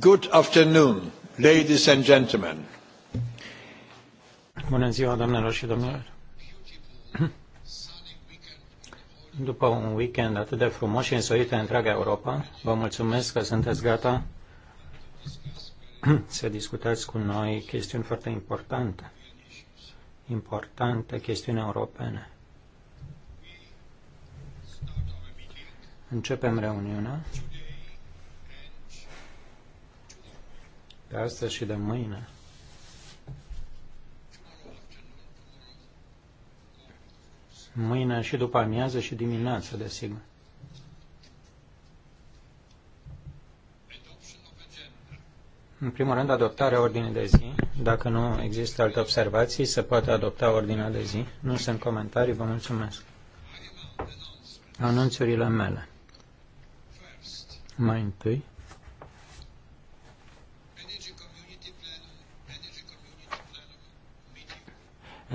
Good afternoon, ladies and gentlemen. Bună ziua, doamnelor și domnilor. După un weekend atât de frumos și însorit în întreaga Europa, vă mulțumesc că sunteți gata să discutați cu noi chestiuni foarte importante, importante chestiuni europene. Începem reuniunea. de astăzi și de mâine. Mâine și după amiază și dimineață, desigur. În primul rând, adoptarea ordinii de zi. Dacă nu există alte observații, se poate adopta ordinea de zi. Nu sunt comentarii, vă mulțumesc. Anunțurile mele. Mai întâi.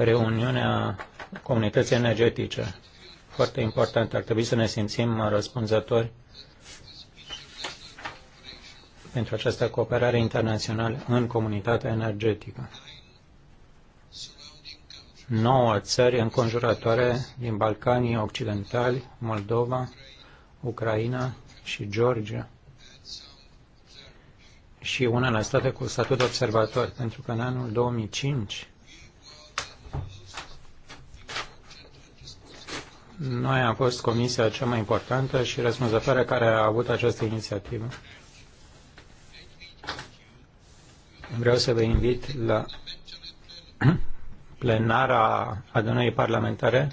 reuniunea comunității energetice. Foarte important, ar trebui să ne simțim răspunzători pentru această cooperare internațională în comunitatea energetică. Nouă țări înconjurătoare din Balcanii Occidentali, Moldova, Ucraina și Georgia și la state cu statut de observator, pentru că în anul 2005 Noi am fost comisia cea mai importantă și răspunzătoare care a avut această inițiativă. Vreau să vă invit la plenara adunării parlamentare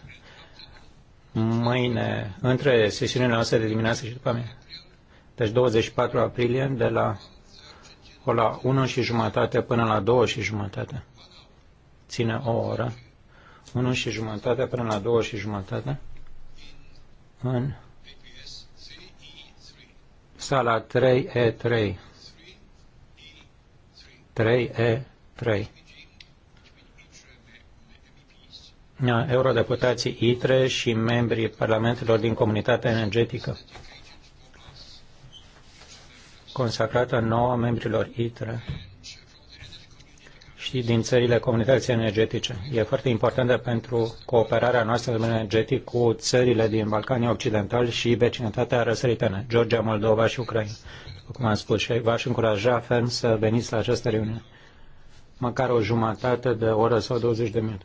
mâine, între sesiunile noastre de dimineață și după mine. Deci 24 aprilie de la o la 1 și jumătate până la 2 și jumătate. Ține o oră. 1 și jumătate până la 2 și jumătate în sala 3E3. 3E3. Eurodeputații ITRE și membrii parlamentelor din comunitatea energetică consacrată nouă membrilor ITRE și din țările comunității energetice. E foarte importantă pentru cooperarea noastră energetic cu țările din Balcanii Occidentali și vecinătatea răsăritene, Georgia, Moldova și Ucraina. După cum am spus și v-aș încuraja ferm să veniți la această reuniune. Măcar o jumătate de oră sau 20 de minute.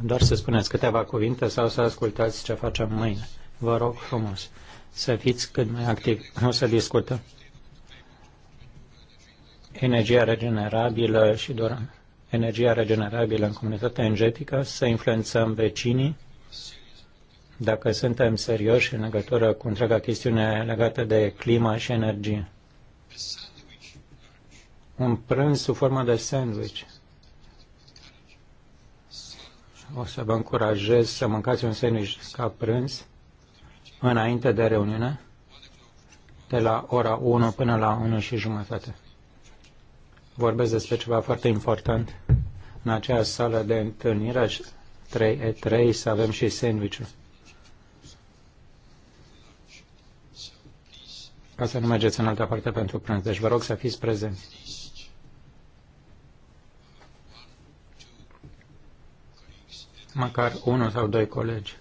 Doar să spuneți câteva cuvinte sau să ascultați ce facem mâine. Vă rog frumos să fiți cât mai activi. O să discutăm energia regenerabilă și doar energia regenerabilă în comunitatea energetică, să influențăm vecinii, dacă suntem serioși în legătură cu întreaga chestiune legată de climă și energie. Un prânz sub formă de sandwich. O să vă încurajez să mâncați un sandwich ca prânz înainte de reuniune, de la ora 1 până la 1 și jumătate vorbesc despre ceva foarte important. În acea sală de întâlnire, 3E3, să avem și sandwich ul Ca să nu mergeți în altă parte pentru prânz. Deci vă rog să fiți prezenți. Măcar unul sau doi colegi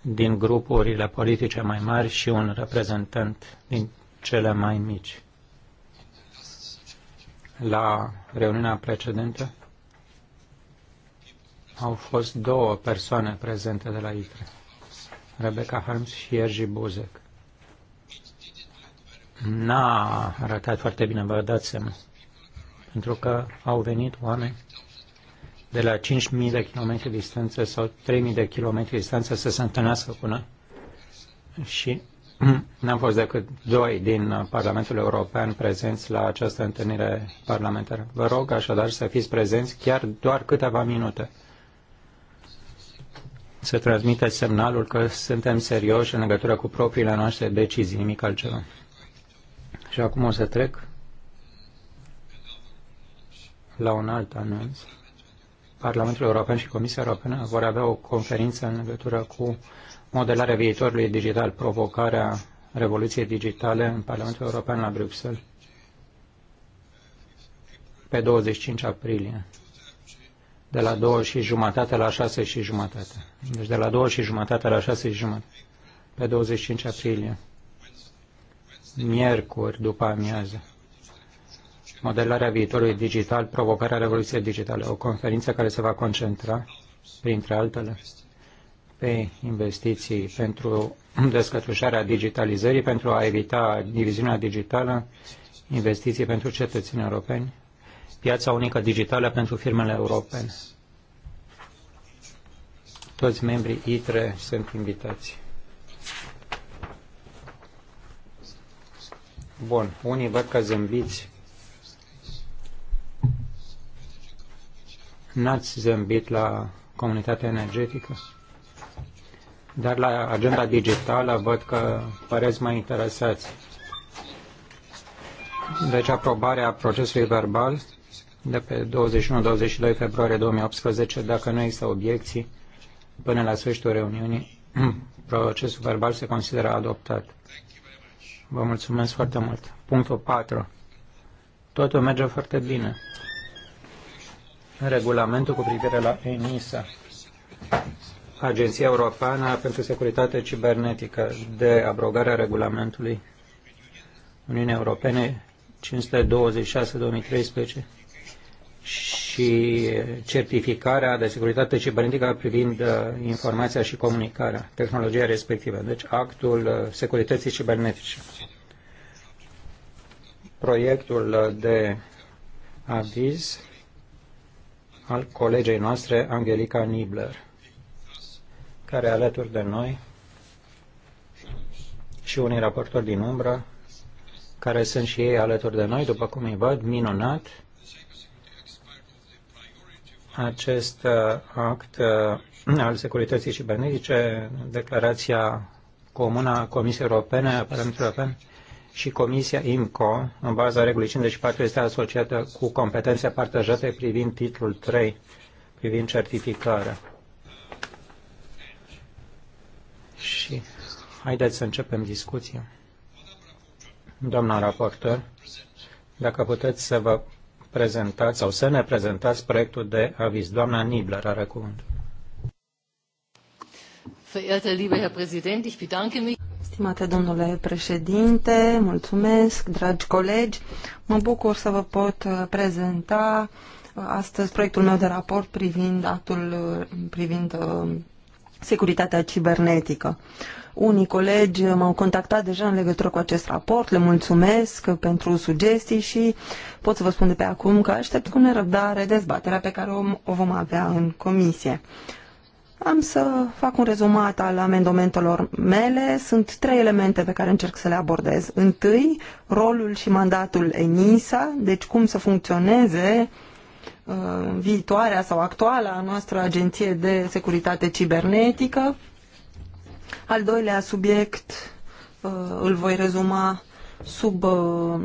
din grupurile politice mai mari și un reprezentant din cele mai mici la reuniunea precedentă au fost două persoane prezente de la ITRE, Rebecca Harms și Erji Buzek. N-a arătat foarte bine, vă dați seama, pentru că au venit oameni de la 5.000 de km distanță sau 3.000 de km distanță să se întâlnească cu noi și N-am fost decât doi din uh, Parlamentul European prezenți la această întâlnire parlamentară. Vă rog așadar să fiți prezenți chiar doar câteva minute. Să transmiteți semnalul că suntem serioși în legătură cu propriile noastre decizii, nimic altceva. Și acum o să trec la un alt anunț. Parlamentul European și Comisia Europeană vor avea o conferință în legătură cu modelarea viitorului digital, provocarea revoluției digitale în Parlamentul European la Bruxelles pe 25 aprilie, de la 2 și jumătate la 6 și jumătate. Deci de la 2 și jumătate la 6 și jumătate, pe 25 aprilie, miercuri după amiază. Modelarea viitorului digital, provocarea revoluției digitale, o conferință care se va concentra, printre altele, pe investiții pentru descătușarea digitalizării, pentru a evita diviziunea digitală, investiții pentru cetățenii europeni, piața unică digitală pentru firmele europene. Toți membrii ITRE sunt invitați. Bun, unii văd că zâmbiți. N-ați zâmbit la comunitatea energetică? Dar la agenda digitală văd că păreți mai interesați. Deci aprobarea procesului verbal de pe 21-22 februarie 2018, dacă nu există obiecții, până la sfârșitul reuniunii, procesul verbal se consideră adoptat. Vă mulțumesc foarte mult. Punctul 4. Totul merge foarte bine. Regulamentul cu privire la ENISA. Agenția Europeană pentru Securitate Cibernetică de abrogarea regulamentului Uniunii Europene 526-2013 și certificarea de securitate cibernetică privind uh, informația și comunicarea, tehnologia respectivă, deci actul uh, securității cibernetice. Proiectul uh, de aviz al colegei noastre, Angelica Nibler care alături de noi și unii raportori din umbră, care sunt și ei alături de noi, după cum îi văd, minunat. Acest uh, act uh, al securității cibernetice, declarația comună a Comisiei Europene, a Parlamentului European și Comisia IMCO, în baza regulii 54, este asociată cu competențe partajate privind titlul 3, privind certificarea. și haideți să începem discuția. Doamna raportor, dacă puteți să vă prezentați sau să ne prezentați proiectul de aviz. Doamna Nibler are cuvântul. Stimate domnule președinte, mulțumesc, dragi colegi. Mă bucur să vă pot uh, prezenta uh, astăzi proiectul meu de raport privind actul uh, privind securitatea cibernetică. Unii colegi m-au contactat deja în legătură cu acest raport, le mulțumesc pentru sugestii și pot să vă spun de pe acum că aștept cu nerăbdare dezbaterea pe care o vom avea în comisie. Am să fac un rezumat al amendamentelor mele. Sunt trei elemente pe care încerc să le abordez. Întâi, rolul și mandatul ENISA, deci cum să funcționeze uh, Uh, viitoarea sau actuala noastră agenție de securitate cibernetică. Al doilea subiect uh, îl voi rezuma sub uh,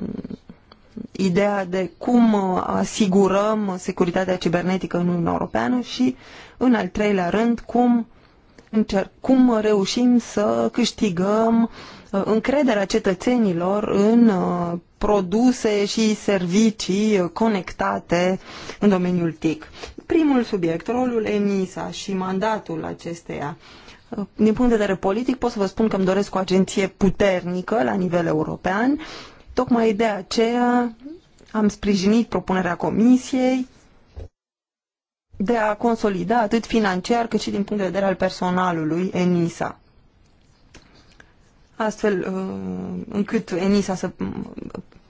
ideea de cum asigurăm securitatea cibernetică în Uniunea Europeană și, în al treilea rând, cum, încerc, cum reușim să câștigăm uh, Uh, încrederea cetățenilor în uh, produse și servicii conectate în domeniul TIC. Primul subiect, rolul ENISA și mandatul acesteia. Uh, din punct de vedere politic pot să vă spun că îmi doresc o agenție puternică la nivel european. Tocmai de aceea am sprijinit propunerea Comisiei de a consolida atât financiar cât și din punct de vedere al personalului ENISA astfel uh, încât ENISA să,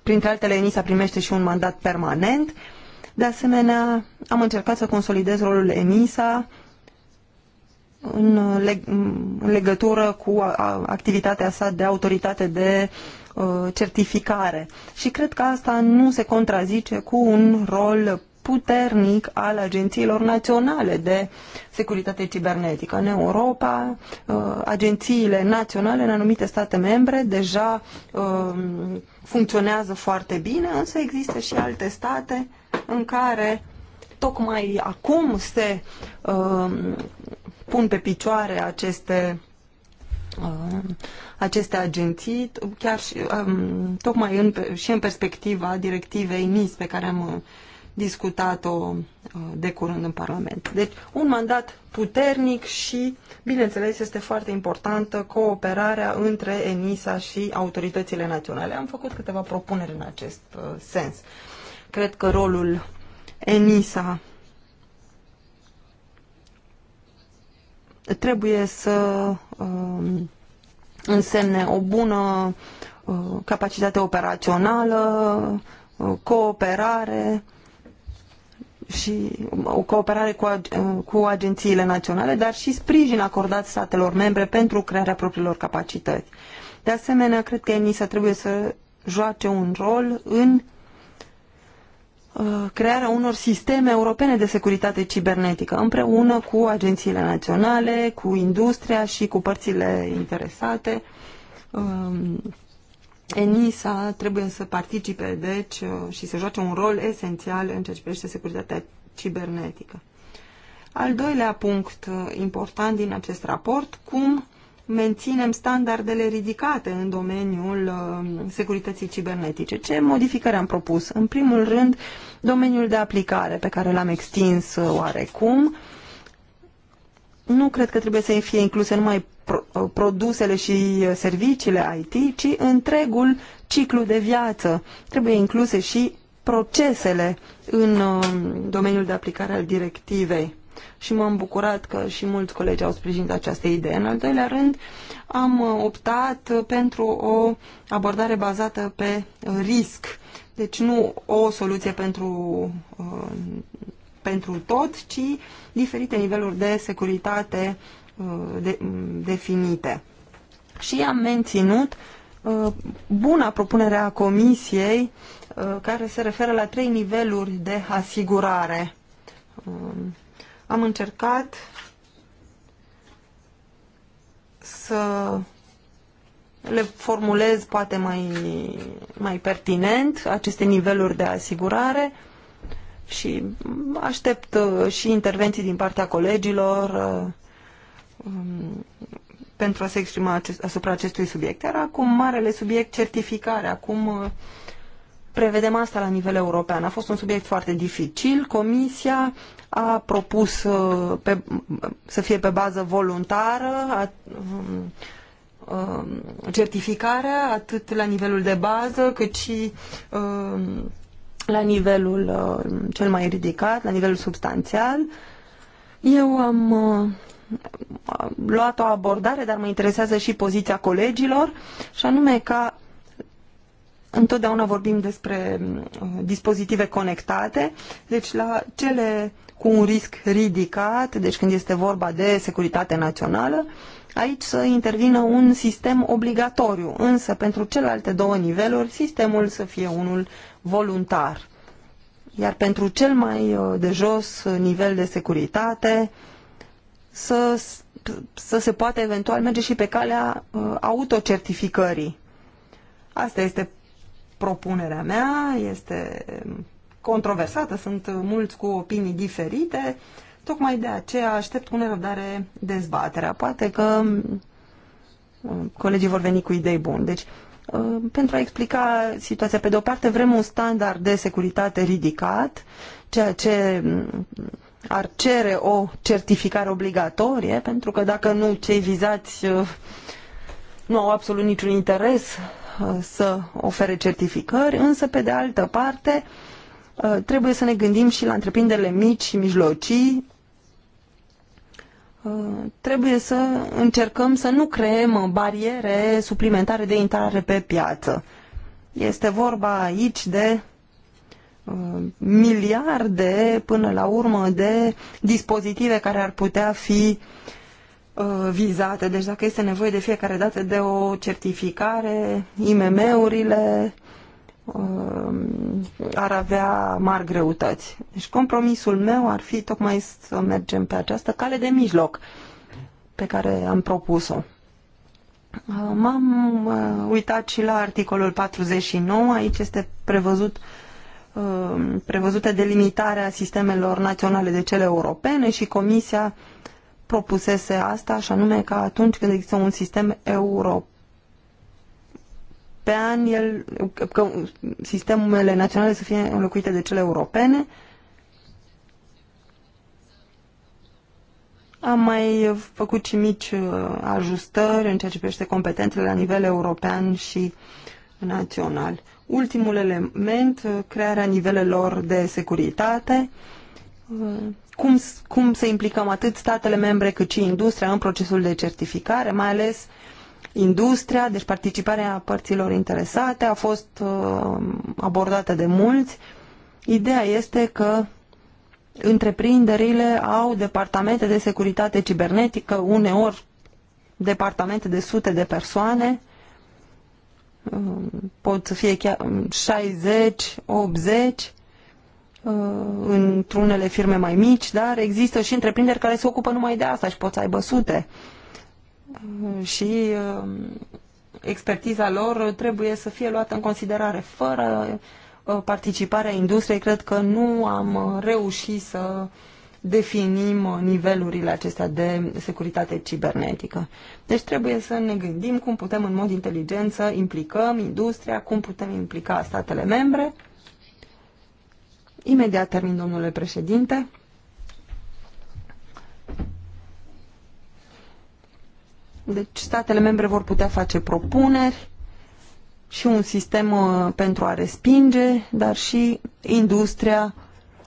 printre altele, ENISA primește și un mandat permanent. De asemenea, am încercat să consolidez rolul ENISA în, leg în legătură cu activitatea sa de autoritate de uh, certificare. Și cred că asta nu se contrazice cu un rol puternic al agențiilor naționale de securitate cibernetică. În Europa, uh, agențiile naționale în anumite state membre deja uh, funcționează foarte bine, însă există și alte state în care tocmai acum se uh, pun pe picioare aceste aceste agenții, chiar și, um, tocmai în, și în perspectiva directivei NIS pe care am discutat-o uh, de curând în Parlament. Deci, un mandat puternic și, bineînțeles, este foarte importantă cooperarea între ENISA și autoritățile naționale. Am făcut câteva propuneri în acest uh, sens. Cred că rolul ENISA trebuie să um, însemne o bună uh, capacitate operațională, cooperare, și o cooperare cu, cu agențiile naționale, dar și sprijin acordat statelor membre pentru crearea propriilor capacități. De asemenea, cred că ENISA trebuie să joace un rol în uh, crearea unor sisteme europene de securitate cibernetică, împreună cu agențiile naționale, cu industria și cu părțile interesate, um, ENISA trebuie să participe, deci, uh, și să joace un rol esențial în ceea ce privește securitatea cibernetică. Al doilea punct uh, important din acest raport, cum menținem standardele ridicate în domeniul uh, securității cibernetice. Ce modificări am propus? În primul rând, domeniul de aplicare pe care l-am extins oarecum, nu cred că trebuie să fie incluse numai produsele și uh, serviciile IT, ci întregul ciclu de viață. Trebuie incluse și procesele în um, domeniul de aplicare al directivei. Și m-am bucurat că și mulți colegi au sprijinit această idee. În al doilea rând, am uh, optat pentru o abordare bazată pe uh, risc. Deci nu o soluție pentru pentru tot, ci diferite niveluri de securitate uh, de, definite. Și am menținut uh, buna propunere a Comisiei uh, care se referă la trei niveluri de asigurare. Um, am încercat să le formulez poate mai, mai pertinent aceste niveluri de asigurare și aștept uh, și intervenții din partea colegilor uh, um, pentru a se exprima asupra acestui subiect. Iar acum, marele subiect, certificare. Acum uh, prevedem asta la nivel european. A fost un subiect foarte dificil. Comisia a propus pe, să fie pe bază voluntară a, um, um, certificarea atât la nivelul de bază cât și a, la nivelul uh, cel mai ridicat, la nivelul substanțial. Eu am uh, luat o abordare, dar mă interesează și poziția colegilor, și anume ca întotdeauna vorbim despre uh, dispozitive conectate, deci la cele cu un risc ridicat, deci când este vorba de securitate națională, uh, aici să intervină un sistem obligatoriu, însă pentru celelalte două niveluri sistemul să fie unul voluntar. Iar pentru cel mai uh, de jos nivel de securitate să, să se poate eventual merge și pe calea uh, autocertificării. Asta este propunerea mea, este controversată, sunt mulți cu opinii diferite, uh, Tocmai de aceea aștept cu nerăbdare dezbaterea. Poate că uh, colegii vor veni cu idei bune. Deci, uh, pentru a explica situația, pe de o parte vrem un standard de securitate ridicat, ceea ce mm, ar cere o certificare obligatorie, pentru că dacă nu, cei vizați uh, nu au absolut niciun interes să ofere certificări, însă, pe de altă parte, trebuie să ne gândim și la întreprinderile mici și mijlocii trebuie să încercăm să nu creăm bariere suplimentare de intrare pe piață. Este vorba aici de uh, miliarde până la urmă de dispozitive care ar putea fi uh, vizate. Deci dacă este nevoie de fiecare dată de o certificare, IMM-urile Um, ar avea mari greutăți. Deci compromisul meu ar fi tocmai să mergem pe această cale de mijloc pe care am propus-o. Uh, m-am uh, uitat și la articolul 49, aici este prevăzut um, prevăzută delimitarea sistemelor naționale de cele europene și Comisia propusese asta, și anume că atunci când există un sistem euro, european, el, că sistemele naționale să fie înlocuite de cele europene. Am mai făcut și mici uh, ajustări în ceea ce privește competențele la nivel european și național. Ultimul element, uh, crearea nivelelor de securitate. Uh, cum, cum să implicăm atât statele membre cât și industria în procesul de certificare, mai ales uh, industria, deci participarea părților interesate a fost uh, abordată de mulți. Ideea este că întreprinderile au departamente de securitate cibernetică, uneori departamente de sute de persoane, uh, pot să fie chiar 60, um, 80 uh, într-unele firme mai mici, dar există și întreprinderi care se ocupă numai de asta și pot să aibă sute și um, expertiza lor trebuie să fie luată în considerare. Fără uh, participarea industriei, cred că nu am uh, reușit să definim uh, nivelurile acestea de securitate cibernetică. Deci trebuie să ne gândim cum putem în mod inteligent să implicăm industria, cum putem implica statele membre. Imediat termin, domnule președinte. Deci statele membre vor putea face propuneri și un sistem uh, pentru a respinge, dar și industria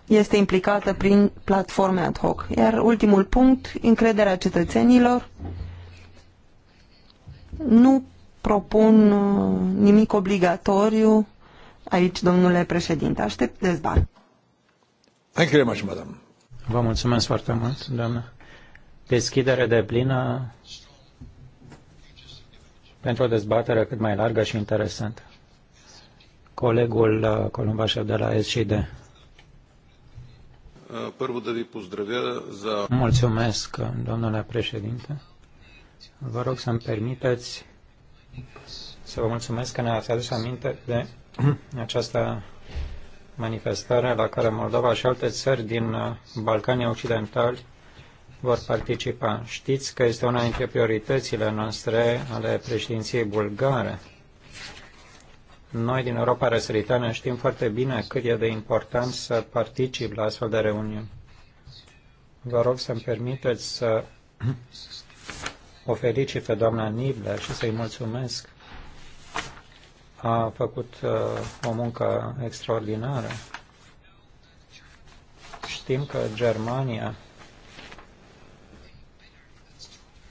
este implicată prin platforme ad hoc. Iar ultimul punct, încrederea cetățenilor. Nu propun uh, nimic obligatoriu aici, domnule președinte. Aștept dezbat. Thank you very much, madam. Vă mulțumesc foarte mult, doamnă. Deschidere de plină pentru o dezbatere cât mai largă și interesantă. Colegul uh, Columbașev de la SCD. Uh, mulțumesc, uh, domnule președinte. Vă rog să-mi permiteți să vă mulțumesc că ne-ați adus aminte de această manifestare la care Moldova și alte țări din Balcanii Occidentali vor participa. Știți că este una dintre prioritățile noastre ale președinției bulgare. Noi din Europa Răsăritană știm foarte bine cât e de important să particip la astfel de reuniuni. Vă rog să-mi permiteți să o felicit pe doamna Nible și să-i mulțumesc. A făcut uh, o muncă extraordinară. Știm că Germania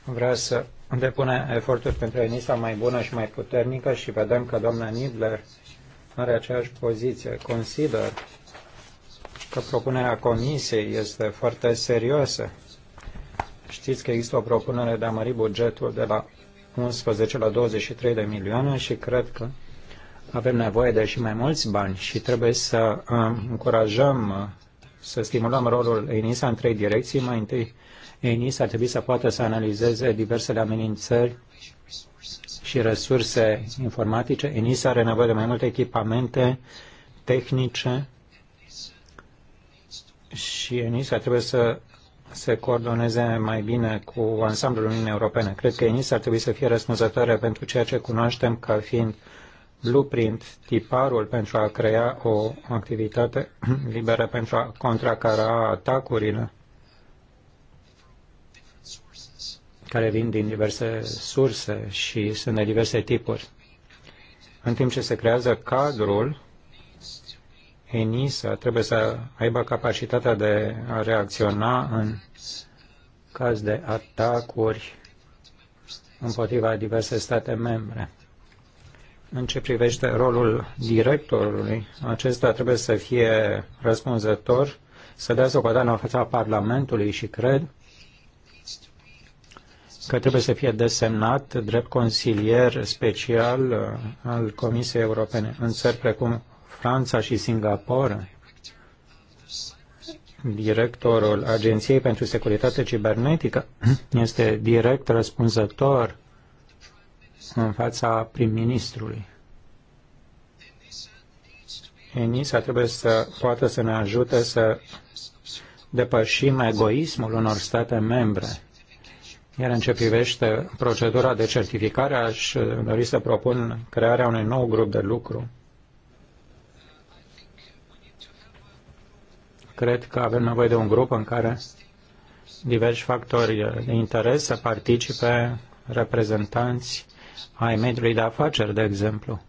vrea să depune eforturi pentru Enisa mai bună și mai puternică și vedem că doamna Nibler are aceeași poziție. Consider că propunerea comisiei este foarte serioasă. Știți că există o propunere de a mări bugetul de la 11 la 23 de milioane și cred că avem nevoie de și mai mulți bani și trebuie să uh, încurajăm, uh, să stimulăm rolul ENISA în trei direcții. Mai întâi, ENIS ar trebui să poată să analizeze diversele amenințări și resurse informatice. ENIS are nevoie de mai multe echipamente tehnice și ENISA trebuie să se coordoneze mai bine cu ansamblul Uniunii Europene. Cred că ENISA ar trebui să fie răspunzătoare pentru ceea ce cunoaștem ca fiind blueprint, tiparul pentru a crea o activitate liberă pentru a contracara atacurile care vin din diverse surse și sunt de diverse tipuri. În timp ce se creează cadrul, ENISA trebuie să aibă capacitatea de a reacționa în caz de atacuri împotriva diverse state membre. În ce privește rolul directorului, acesta trebuie să fie răspunzător, să dea socoteală în fața Parlamentului și cred că trebuie să fie desemnat drept consilier special uh, al Comisiei Europene în țări precum Franța și Singapore. Directorul Agenției pentru Securitate Cibernetică este direct răspunzător în fața prim-ministrului. ENISA trebuie să poată să ne ajute să depășim egoismul unor state membre iar în ce privește procedura de certificare, aș dori să propun crearea unui nou grup de lucru. Cred că avem nevoie de un grup în care diversi factori de interes să participe reprezentanți ai mediului de afaceri, de exemplu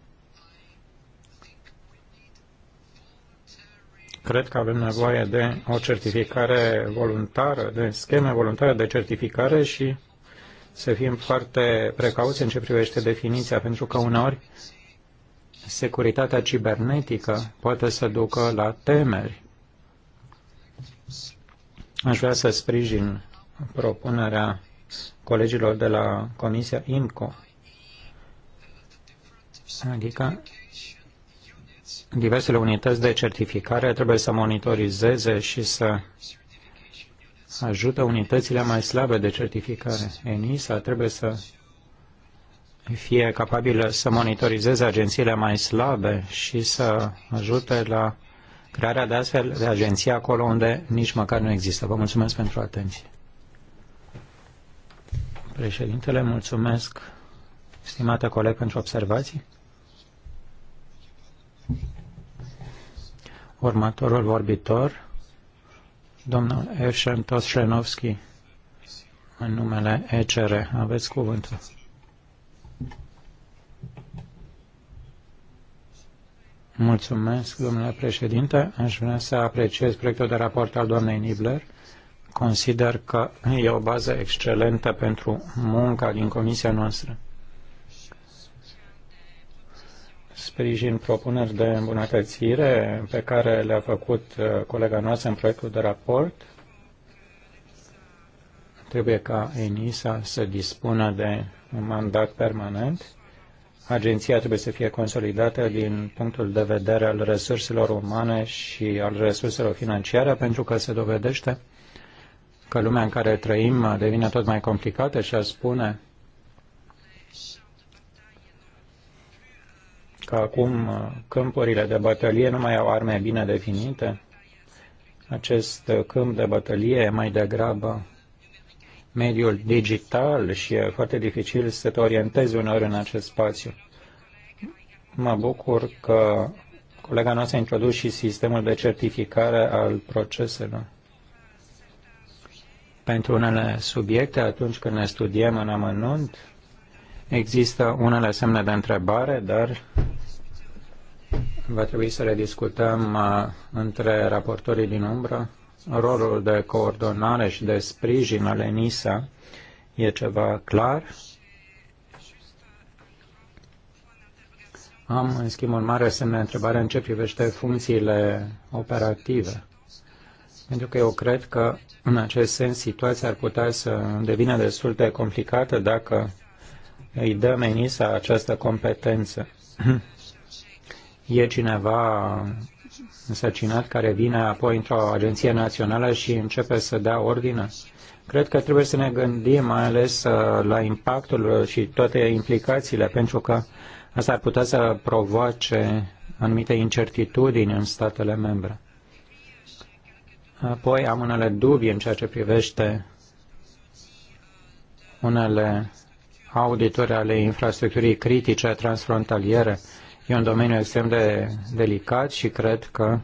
Cred că avem nevoie de o certificare voluntară, de scheme voluntare de certificare și să fim foarte precauți în ce privește definiția, pentru că uneori securitatea cibernetică poate să ducă la temeri. Aș vrea să sprijin propunerea colegilor de la Comisia IMCO, adică diversele unități de certificare trebuie să monitorizeze și să ajută unitățile mai slabe de certificare. ENISA trebuie să fie capabilă să monitorizeze agențiile mai slabe și să ajute la crearea de astfel de agenții acolo unde nici măcar nu există. Vă mulțumesc pentru atenție. Președintele, mulțumesc, stimată coleg, pentru observații. Următorul vorbitor, domnul Evșen Toschenovski, în numele ECR. Aveți cuvântul. Mulțumesc, domnule președinte. Aș vrea să apreciez proiectul de raport al doamnei Nibler. Consider că e o bază excelentă pentru munca din comisia noastră sprijin propuneri de îmbunătățire pe care le-a făcut uh, colega noastră în proiectul de raport. Trebuie ca ENISA să dispună de un mandat permanent. Agenția trebuie să fie consolidată din punctul de vedere al resurselor umane și al resurselor financiare, pentru că se dovedește că lumea în care trăim devine tot mai complicată și a spune că acum câmpurile de bătălie nu mai au arme bine definite. Acest câmp de bătălie e mai degrabă mediul digital și e foarte dificil să te orientezi uneori în acest spațiu. Mă bucur că colega noastră a introdus și sistemul de certificare al proceselor. Pentru unele subiecte, atunci când ne studiem în amănunt, Există unele semne de întrebare, dar va trebui să le discutăm uh, între raportorii din umbră. Rolul de coordonare și de sprijin al ENISA e ceva clar. Am, în schimb, un mare semn de întrebare în ce privește funcțiile operative. Pentru că eu cred că, în acest sens, situația ar putea să devină destul de complicată dacă îi dă menisa această competență. E cineva însăcinat care vine apoi într-o agenție națională și începe să dea ordine? Cred că trebuie să ne gândim mai ales uh, la impactul și toate implicațiile, pentru că asta ar putea să provoace anumite incertitudini în statele membre. Apoi am unele dubii în ceea ce privește unele auditori ale infrastructurii critice transfrontaliere. E un domeniu extrem de delicat și cred că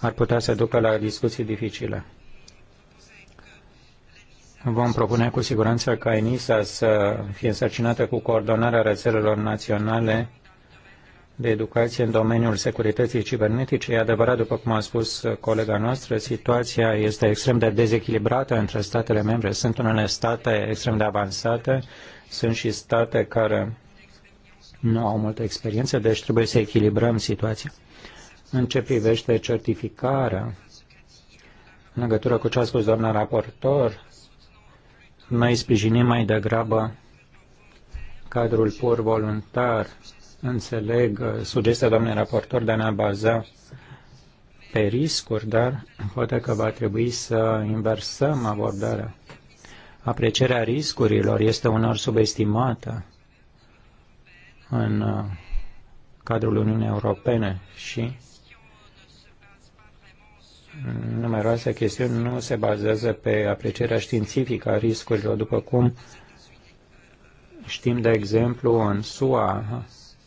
ar putea să ducă la discuții dificile. Vom propune cu siguranță ca ENISA să fie însărcinată cu coordonarea rețelelor naționale de educație în domeniul securității cibernetice. E adevărat, după cum a spus colega noastră, situația este extrem de dezechilibrată între statele membre. Sunt unele state extrem de avansate sunt și state care nu au multă experiență, deci trebuie să echilibrăm situația. În ce privește certificarea, în legătură cu ce a spus doamna raportor, noi sprijinim mai degrabă cadrul pur voluntar. Înțeleg uh, sugestia doamnei raportor de a ne baza pe riscuri, dar poate că va trebui să inversăm abordarea. Aprecierea riscurilor este uneori subestimată în uh, cadrul Uniunii Europene și numeroase chestiuni nu se bazează pe aprecierea științifică a riscurilor, după cum știm, de exemplu, în SUA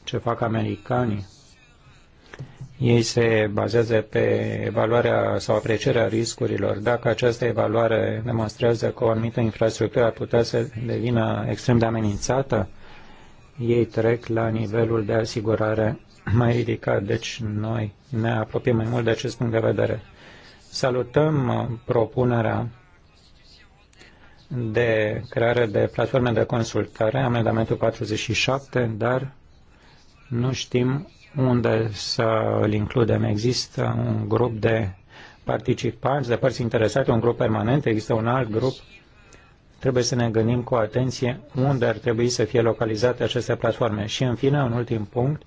ce fac americanii ei se bazează pe evaluarea sau aprecierea riscurilor. Dacă această evaluare demonstrează că o anumită infrastructură ar putea să devină extrem de amenințată, ei trec la nivelul de asigurare mai ridicat. Deci noi ne apropiem mai mult de acest punct de vedere. Salutăm uh, propunerea de creare de platforme de consultare, amendamentul 47, dar nu știm unde să îl includem. Există un grup de participanți, de părți interesate, un grup permanent, există un alt grup. Trebuie să ne gândim cu atenție unde ar trebui să fie localizate aceste platforme. Și în fine, un ultim punct,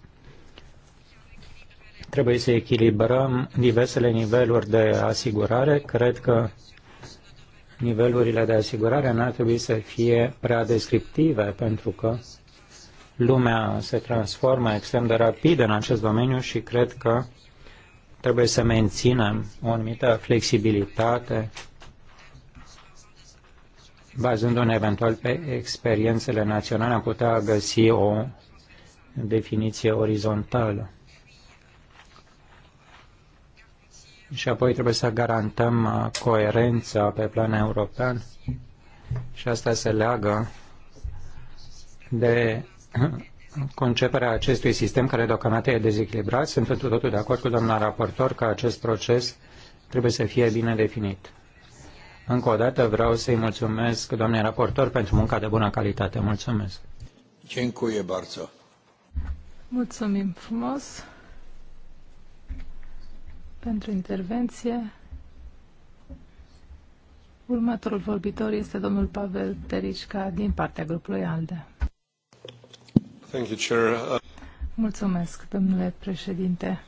trebuie să echilibrăm diversele niveluri de asigurare. Cred că nivelurile de asigurare n-ar trebui să fie prea descriptive, pentru că Lumea se transformă extrem de rapid în acest domeniu și cred că trebuie să menținem o anumită flexibilitate bazându-ne eventual pe experiențele naționale, am putea găsi o definiție orizontală. Și apoi trebuie să garantăm uh, coerența pe plan european și asta se leagă de conceperea acestui sistem care deocamdată e dezechilibrat. Sunt întru totul de acord cu doamna raportor că acest proces trebuie să fie bine definit. Încă o dată vreau să-i mulțumesc doamnei raportor pentru munca de bună calitate. Mulțumesc. Cincuie barță! Mulțumim frumos pentru intervenție. Următorul vorbitor este domnul Pavel Terișca din partea grupului ALDE. Mulțumesc, domnule președinte.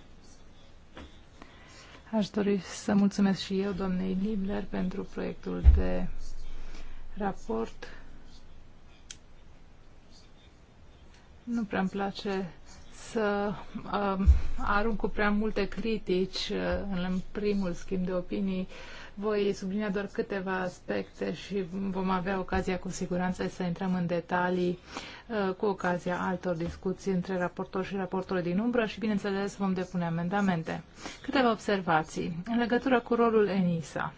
Aș dori să mulțumesc și eu, domnei Nibler, pentru proiectul de raport. Nu prea îmi place să uh, arunc cu prea multe critici uh, în primul schimb de opinii uh, voi sublinia doar câteva aspecte și vom avea ocazia cu siguranță să intrăm în detalii uh, cu ocazia altor discuții între raportor și raportorul din umbră și, bineînțeles, vom depune amendamente. Câteva observații în legătură cu rolul ENISA.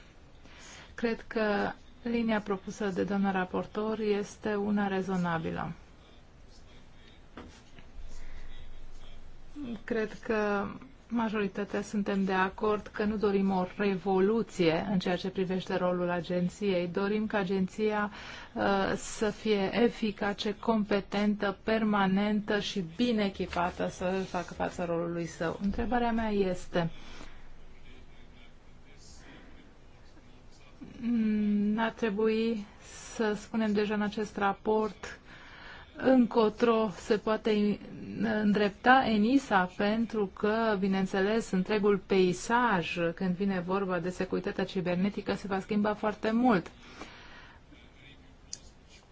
Cred că linia propusă de doamna raportor este una rezonabilă. Cred că majoritatea suntem de acord că nu dorim o revoluție în ceea ce privește rolul agenției. Dorim ca agenția uh, să fie eficace, competentă, permanentă și bine echipată să facă față rolului său. Întrebarea mea este, n-ar trebui să spunem deja în acest raport încotro se poate îndrepta ENISA pentru că, bineînțeles, întregul peisaj când vine vorba de securitatea cibernetică se va schimba foarte mult.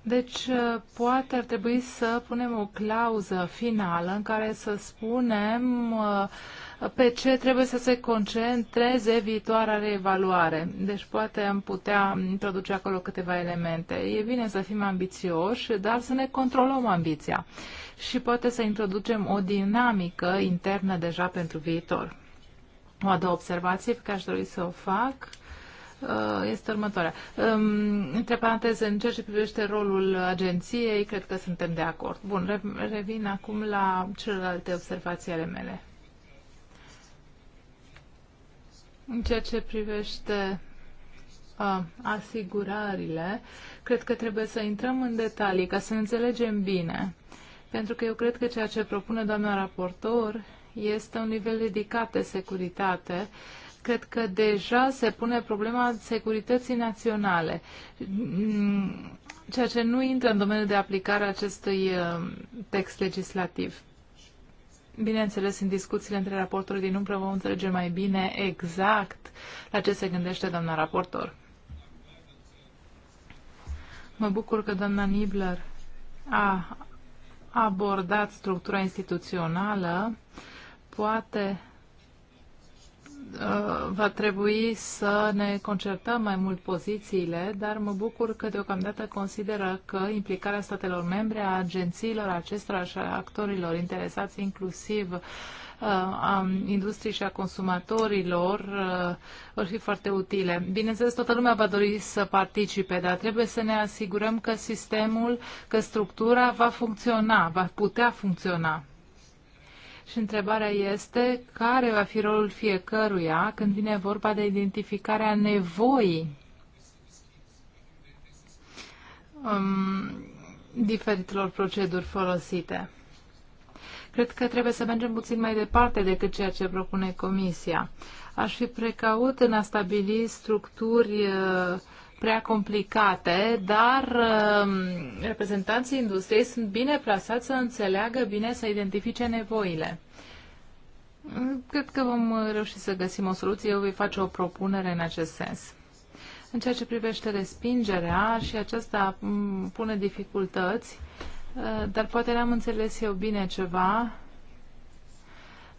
Deci, poate ar trebui să punem o clauză finală în care să spunem uh, pe ce trebuie să se concentreze viitoarea reevaluare. Deci poate am putea introduce acolo câteva elemente. E bine să fim ambițioși, dar să ne controlăm ambiția și poate să introducem o dinamică internă deja pentru viitor. O a doua observație pe care aș dori să o fac uh, este următoarea. Um, între paranteze, în ceea ce privește rolul agenției, cred că suntem de acord. Bun, revin acum la celelalte observații ale mele. În ceea ce privește a, asigurările, cred că trebuie să intrăm în detalii ca să înțelegem bine. Pentru că eu cred că ceea ce propune doamna raportor este un nivel ridicat de securitate. Cred că deja se pune problema securității naționale, ceea ce nu intră în domeniul de aplicare acestui text legislativ. Bineînțeles, în discuțiile între raportori din umbră vom înțelege mai bine exact la ce se gândește doamna raportor. Mă bucur că doamna Nibler a abordat structura instituțională. Poate Uh, va trebui să ne concertăm mai mult pozițiile, dar mă bucur că deocamdată consideră că implicarea statelor membre, a agențiilor acestora și a actorilor interesați inclusiv uh, a industriei și a consumatorilor uh, vor fi foarte utile. Bineînțeles, toată lumea va dori să participe, dar trebuie să ne asigurăm că sistemul, că structura va funcționa, va putea funcționa. Și întrebarea este care va fi rolul fiecăruia când vine vorba de identificarea nevoii um, diferitelor proceduri folosite. Cred că trebuie să mergem puțin mai departe decât ceea ce propune Comisia. Aș fi precaut în a stabili structuri uh, prea complicate, dar um, reprezentanții industriei sunt bine plasați să înțeleagă bine, să identifice nevoile. Cred că vom reuși să găsim o soluție. Eu voi face o propunere în acest sens. În ceea ce privește respingerea, și aceasta pune dificultăți, uh, dar poate n-am înțeles eu bine ceva.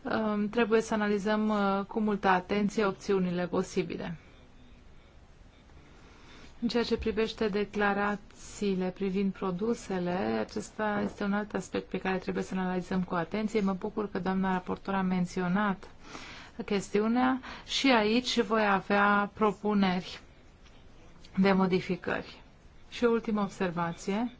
Um, trebuie să analizăm uh, cu multă atenție opțiunile posibile. În ceea ce privește declarațiile privind produsele, acesta este un alt aspect pe care trebuie să analizăm cu atenție. Mă bucur că doamna raportor a menționat chestiunea și aici voi avea propuneri de modificări. Și o ultimă observație.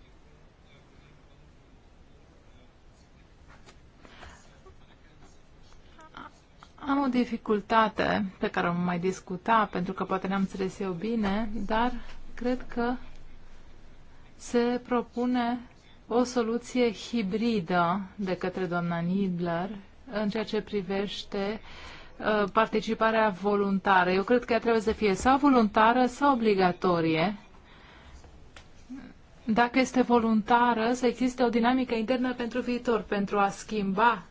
Am o dificultate pe care o mai discuta, pentru că poate ne am înțeles eu bine, dar cred că se propune o soluție hibridă de către doamna Nidler în ceea ce privește uh, participarea voluntară. Eu cred că ea trebuie să fie sau voluntară sau obligatorie dacă este voluntară, să existe o dinamică internă pentru viitor, pentru a schimba,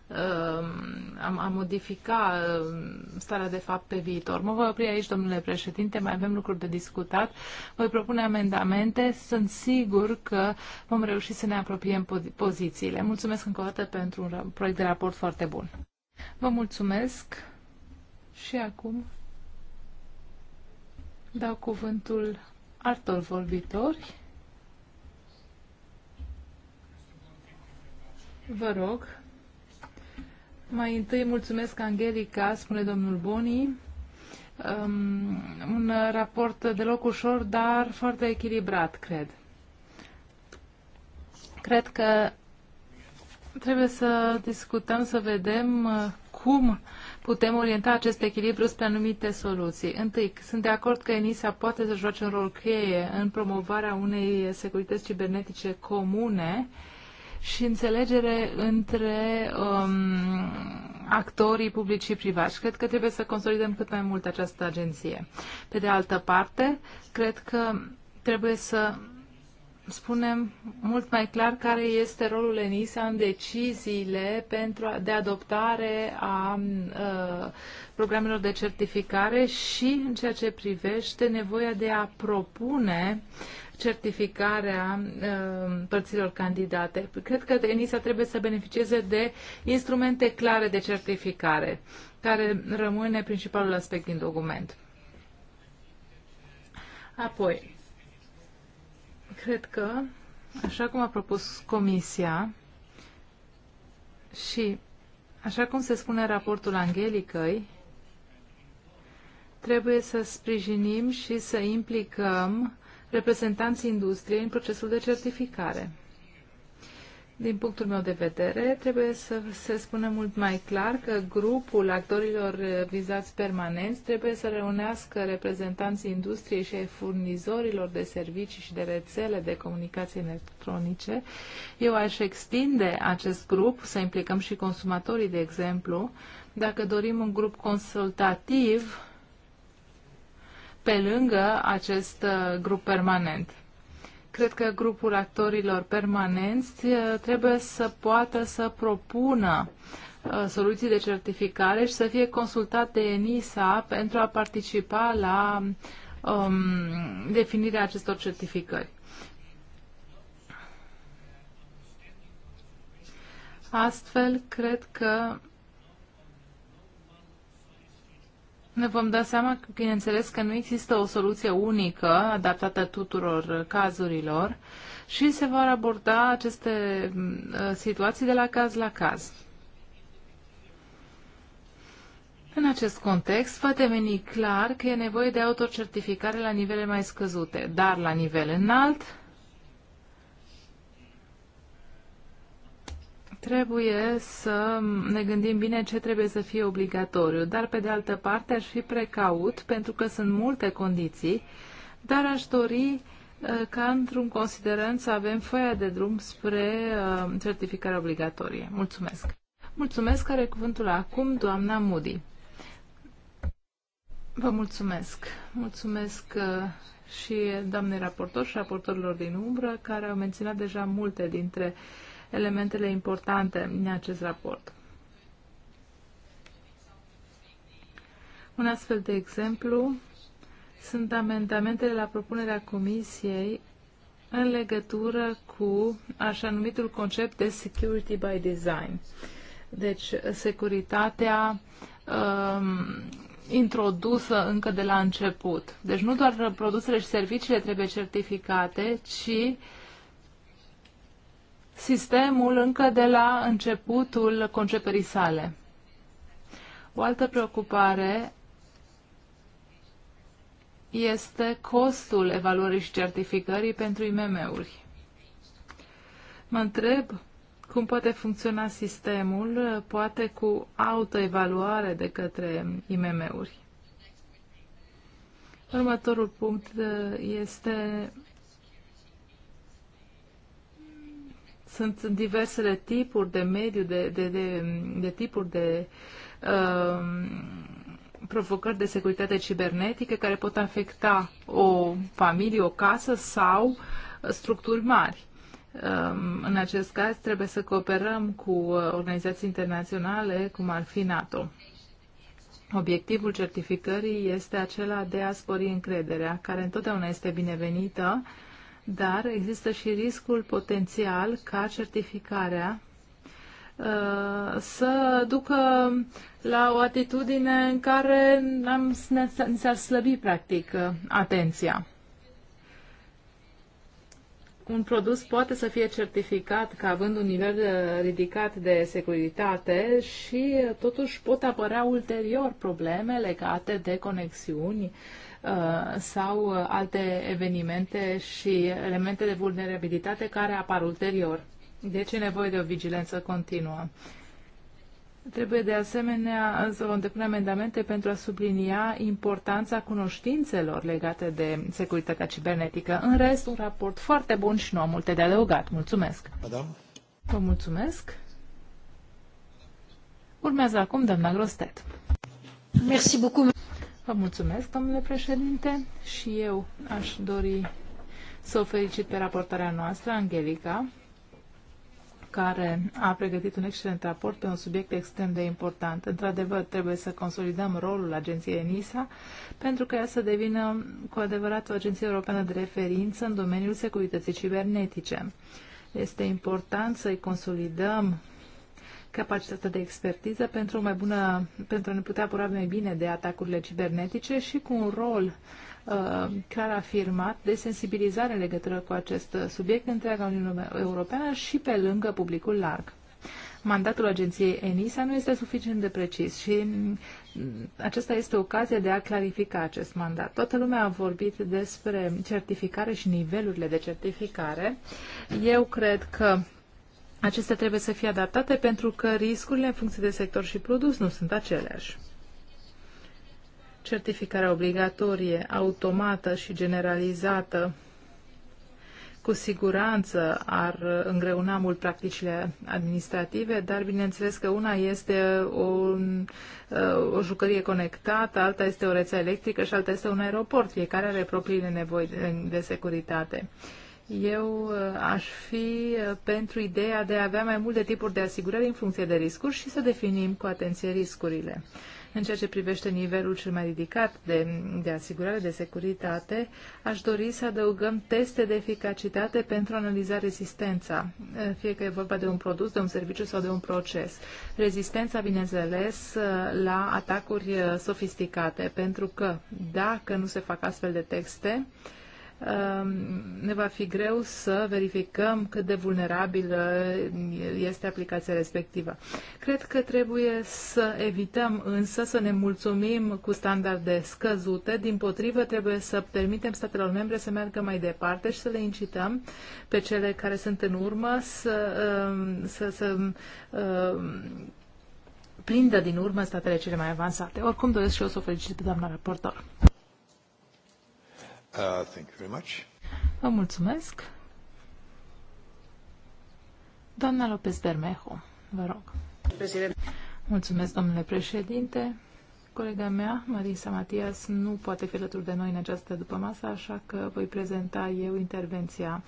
um, a modifica um, starea de fapt pe viitor. Mă voi opri aici, domnule președinte, mai avem lucruri de discutat. Voi propune amendamente. Sunt sigur că vom reuși să ne apropiem pozițiile. Mulțumesc încă o dată pentru un proiect de raport foarte bun. Vă mulțumesc și acum dau cuvântul altor vorbitori. Vă rog. Mai întâi mulțumesc Angelica, spune domnul Boni. Um, un raport deloc ușor, dar foarte echilibrat, cred. Cred că trebuie să discutăm, să vedem uh, cum putem orienta acest echilibru spre anumite soluții. Întâi, sunt de acord că ENISA poate să joace un rol cheie în promovarea unei securități cibernetice comune uh, și înțelegere între um, actorii publici și privați. Cred că trebuie să consolidăm cât mai mult această agenție. Pe de altă parte, cred că trebuie să spunem mult mai clar care este rolul ENISA în deciziile pentru, de adoptare a a ă, programelor de certificare și în ceea ce privește nevoia de a propune certificarea ă, părților candidate. Cred că ENISA trebuie să beneficieze de instrumente clare de certificare, care rămâne principalul aspect din document. Apoi, Cred că, așa cum a propus Comisia și așa cum se spune raportul Angelicăi, trebuie să sprijinim și să implicăm reprezentanții industriei în procesul de certificare. Din punctul meu de vedere, trebuie să se spună mult mai clar că grupul actorilor vizați permanenți trebuie să reunească reprezentanții industriei și ai furnizorilor de servicii și de rețele de comunicații electronice. Eu aș extinde acest grup, să implicăm și consumatorii, de exemplu, dacă dorim un grup consultativ pe lângă acest uh, grup permanent. Cred că grupul actorilor permanenți uh, trebuie să poată să propună uh, soluții de certificare și să fie consultat de ENISA pentru a participa la um, definirea acestor certificări. Astfel, cred că Ne vom da seama, că, bineînțeles, că nu există o soluție unică adaptată tuturor cazurilor și se vor aborda aceste ă, situații de la caz la caz. În acest context, va deveni clar că e nevoie de autocertificare la nivele mai scăzute, dar la nivel înalt, Trebuie să ne gândim bine ce trebuie să fie obligatoriu, dar pe de altă parte aș fi precaut pentru că sunt multe condiții, dar aș dori uh, ca într-un considerent să avem foaia de drum spre uh, certificarea obligatorie. Mulțumesc! Mulțumesc, care cuvântul acum, doamna Moody. Vă mulțumesc. Mulțumesc uh, și doamnei raportor și raportorilor din umbră, care au menționat deja multe dintre uh, elementele importante în acest raport. Un astfel de exemplu sunt amendamentele la propunerea Comisiei în legătură cu așa numitul concept de security by design. Deci, securitatea um, introdusă încă de la început. Deci nu doar produsele și serviciile trebuie certificate, ci sistemul încă de la începutul conceperii sale. O altă preocupare este costul evaluării și certificării pentru IMM-uri. Mă întreb cum poate funcționa sistemul, poate cu autoevaluare de către IMM-uri. Următorul punct este Sunt diversele tipuri de mediu, de, de, de, de tipuri de uh, provocări de securitate cibernetică care pot afecta o familie, o casă sau structuri mari. Um, în acest caz trebuie să cooperăm cu uh, organizații internaționale, cum ar fi NATO. Obiectivul certificării este acela de a spori încrederea, care întotdeauna este binevenită dar există și riscul potențial ca certificarea uh, să ducă la o atitudine în care am, ne-ar slăbi, practic, uh, atenția un produs poate să fie certificat ca având un nivel uh, ridicat de securitate și uh, totuși pot apărea ulterior probleme legate de conexiuni uh, sau alte evenimente și elemente de vulnerabilitate care apar ulterior. Deci e nevoie de o vigilență continuă. Trebuie de asemenea să vom depune amendamente pentru a sublinia importanța cunoștințelor legate de securitatea cibernetică. În rest, un raport foarte bun și nu am multe de adăugat. Mulțumesc! Madame. Vă mulțumesc! Urmează acum doamna Grostet. Merci beaucoup. Vă mulțumesc, domnule președinte, și eu aș dori să o felicit pe raportarea noastră, Angelica, care a pregătit un excelent raport pe un subiect extrem de important. Într-adevăr, trebuie să consolidăm rolul agenției NISA pentru că ea să devină cu adevărat o agenție europeană de referință în domeniul securității cibernetice. Este important să-i consolidăm capacitatea de expertiză pentru, mai bună, pentru a ne putea apura mai bine de atacurile cibernetice și cu un rol uh, Uh, clar afirmat de sensibilizare în legătură cu acest subiect în întreaga Uniune Europeană și pe lângă publicul larg. Mandatul agenției ENISA nu este suficient de precis și mm, aceasta este ocazia de a clarifica acest mandat. Toată lumea a vorbit despre certificare și nivelurile de certificare. Eu cred că acestea trebuie să fie adaptate pentru că riscurile în funcție de sector și produs nu sunt aceleași certificarea obligatorie, automată și generalizată cu siguranță ar îngreuna mult practicile administrative, dar bineînțeles că una este o, o jucărie conectată, alta este o rețea electrică și alta este un aeroport. Fiecare are propriile nevoi de securitate. Eu uh, aș fi uh, pentru ideea de a avea mai multe tipuri de asigurări în funcție de riscuri și să definim cu atenție riscurile. În ceea ce privește nivelul cel mai ridicat de, de asigurare de securitate, aș dori să adăugăm teste de eficacitate pentru a analiza rezistența, fie că e vorba de un produs, de un serviciu sau de un proces. Rezistența, bineînțeles, la atacuri sofisticate, pentru că dacă nu se fac astfel de texte, Ehm, ne va fi greu să verificăm cât de vulnerabilă este aplicația respectivă. Cred că trebuie să evităm însă să ne mulțumim cu standarde scăzute, din potrivă trebuie să permitem statelor membre să meargă mai departe și să le incităm pe cele care sunt în urmă să, ehm, să, să ehm, prindă din urmă statele cele mai avansate. Oricum doresc și eu să o felicit pe doamna raportor. Uh, thank you very much. Vă mulțumesc. Doamna Lopez Bermejo, vă rog. President. Mulțumesc, domnule președinte. Colega mea, Marisa Matias, nu poate fi alături de noi în această dupămasă, așa că voi prezenta eu intervenția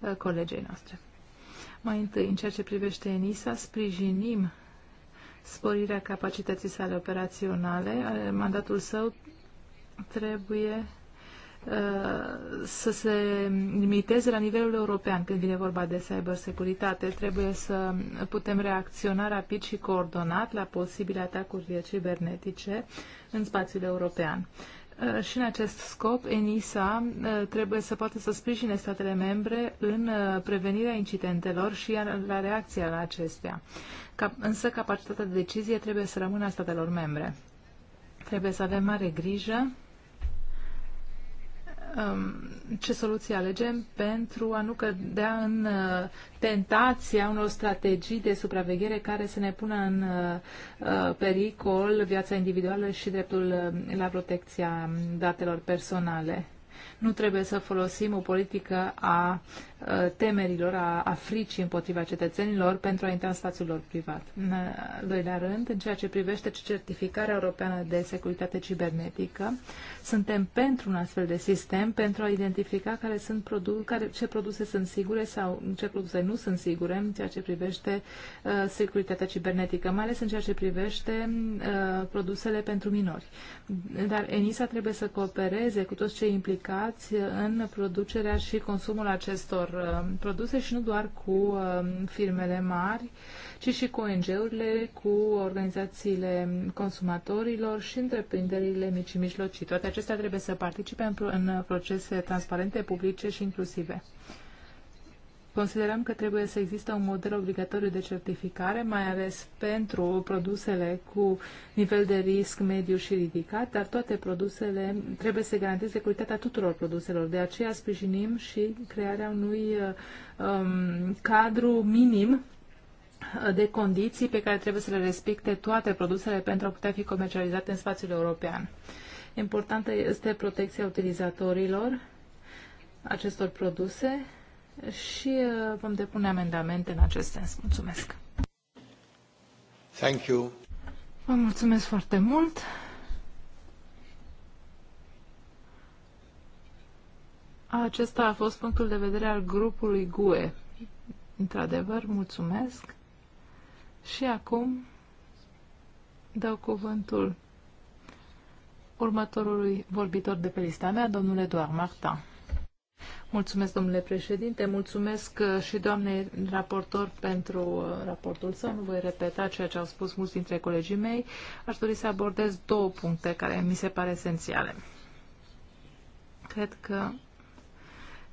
uh, colegei noastre. Mai întâi, în ceea ce privește ENISA, sprijinim sporirea capacității sale operaționale. Uh, mandatul său trebuie Uh, să se limiteze la nivelul european când vine vorba de cybersecuritate. Trebuie să putem reacționa rapid și coordonat la posibile atacuri cibernetice în spațiul european. Uh, și în acest scop, ENISA uh, trebuie să poată să sprijine statele membre în prevenirea incidentelor și la reacția la acestea. Însă capacitatea de decizie trebuie să rămână a statelor membre. Trebuie să avem mare grijă Um, ce soluții alegem pentru a nu cădea în uh, tentația unor strategii de supraveghere care să ne pună în uh, uh, pericol viața individuală și dreptul la protecția datelor personale. Nu trebuie să folosim o politică a temerilor, a, a fricii împotriva cetățenilor pentru a intra în spațiul lor privat. În al doilea rând, în ceea ce privește certificarea europeană de securitate cibernetică, suntem pentru un astfel de sistem pentru a identifica care sunt produ- care, ce produse sunt sigure sau ce produse nu sunt sigure în ceea ce privește uh, securitatea cibernetică, mai ales în ceea ce privește uh, produsele pentru minori. Dar ENISA trebuie să coopereze cu toți cei implicați în producerea și consumul acestor Uh, produse și nu doar cu um, firmele mari, ci și cu ONG-urile, cu organizațiile consumatorilor și întreprinderile mici și mijlocii. Toate acestea trebuie să participe în procese transparente, publice și inclusive. Considerăm că trebuie să existe un model obligatoriu de certificare, mai ales pentru produsele cu nivel de risc mediu și ridicat, dar toate produsele trebuie să garanteze calitatea tuturor produselor. De aceea sprijinim și crearea unui um, cadru minim de condiții pe care trebuie să le respecte toate produsele pentru a putea fi comercializate în spațiul european. Importantă este protecția utilizatorilor acestor produse și uh, vom depune amendamente în acest sens. Mulțumesc! Thank you. Vă mulțumesc foarte mult! Acesta a fost punctul de vedere al grupului GUE. Într-adevăr, mulțumesc. Și acum dau cuvântul următorului vorbitor de pe lista mea, domnul Eduard Martin. Mulțumesc, domnule președinte, mulțumesc uh, și doamnei raportor pentru uh, raportul său. Nu voi repeta ceea ce au spus mulți dintre colegii mei. Aș dori să abordez două puncte care mi se pare esențiale. Cred că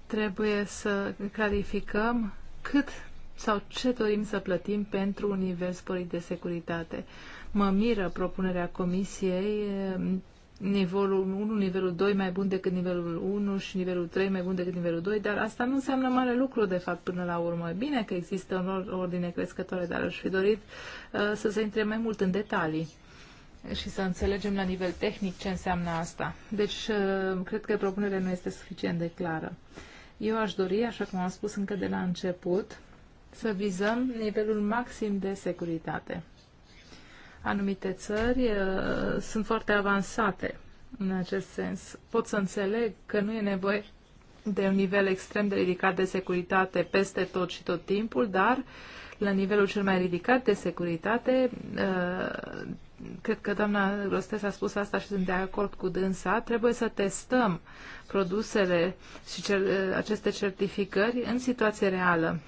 trebuie să clarificăm cât sau ce dorim să plătim pentru un nivel sporit de securitate. Mă miră propunerea Comisiei uh, nivelul 1, nivelul 2 mai bun decât nivelul 1 și nivelul 3 mai bun decât nivelul 2, dar asta nu înseamnă mare lucru, de fapt, până la urmă. bine că există o ordine crescătoare, dar aș fi dorit uh, să se intre mai mult în detalii și să înțelegem la nivel tehnic ce înseamnă asta. Deci, uh, cred că propunerea nu este suficient de clară. Eu aș dori, așa cum am spus încă de la început, să vizăm nivelul maxim de securitate. Anumite țări uh, sunt foarte avansate în acest sens. Pot să înțeleg că nu e nevoie de un nivel extrem de ridicat de securitate peste tot și tot timpul, dar la nivelul cel mai ridicat de securitate, uh, cred că doamna Rostes a spus asta și sunt de acord cu dânsa, trebuie să testăm produsele și uh, aceste certificări în situație reală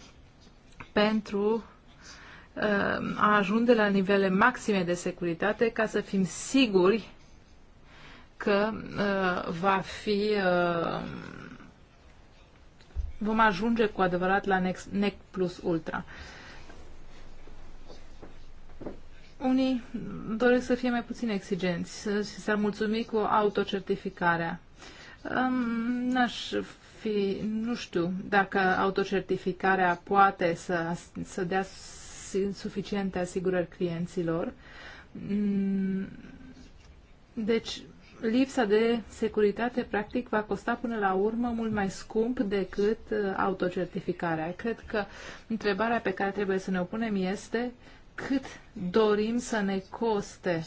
pentru Um, a ajunge la nivele maxime de securitate ca să fim siguri că uh, va fi uh, vom ajunge cu adevărat la NEC plus ultra. Unii doresc să fie mai puțin exigenți și s-ar mulțumi cu autocertificarea. Um, n-aș fi, nu știu dacă autocertificarea poate să, să dea suficiente asigurări clienților. Mm, deci, lipsa de securitate, practic, va costa până la urmă mult mai scump decât uh, autocertificarea. Cred că întrebarea pe care trebuie să ne o punem este cât dorim să ne coste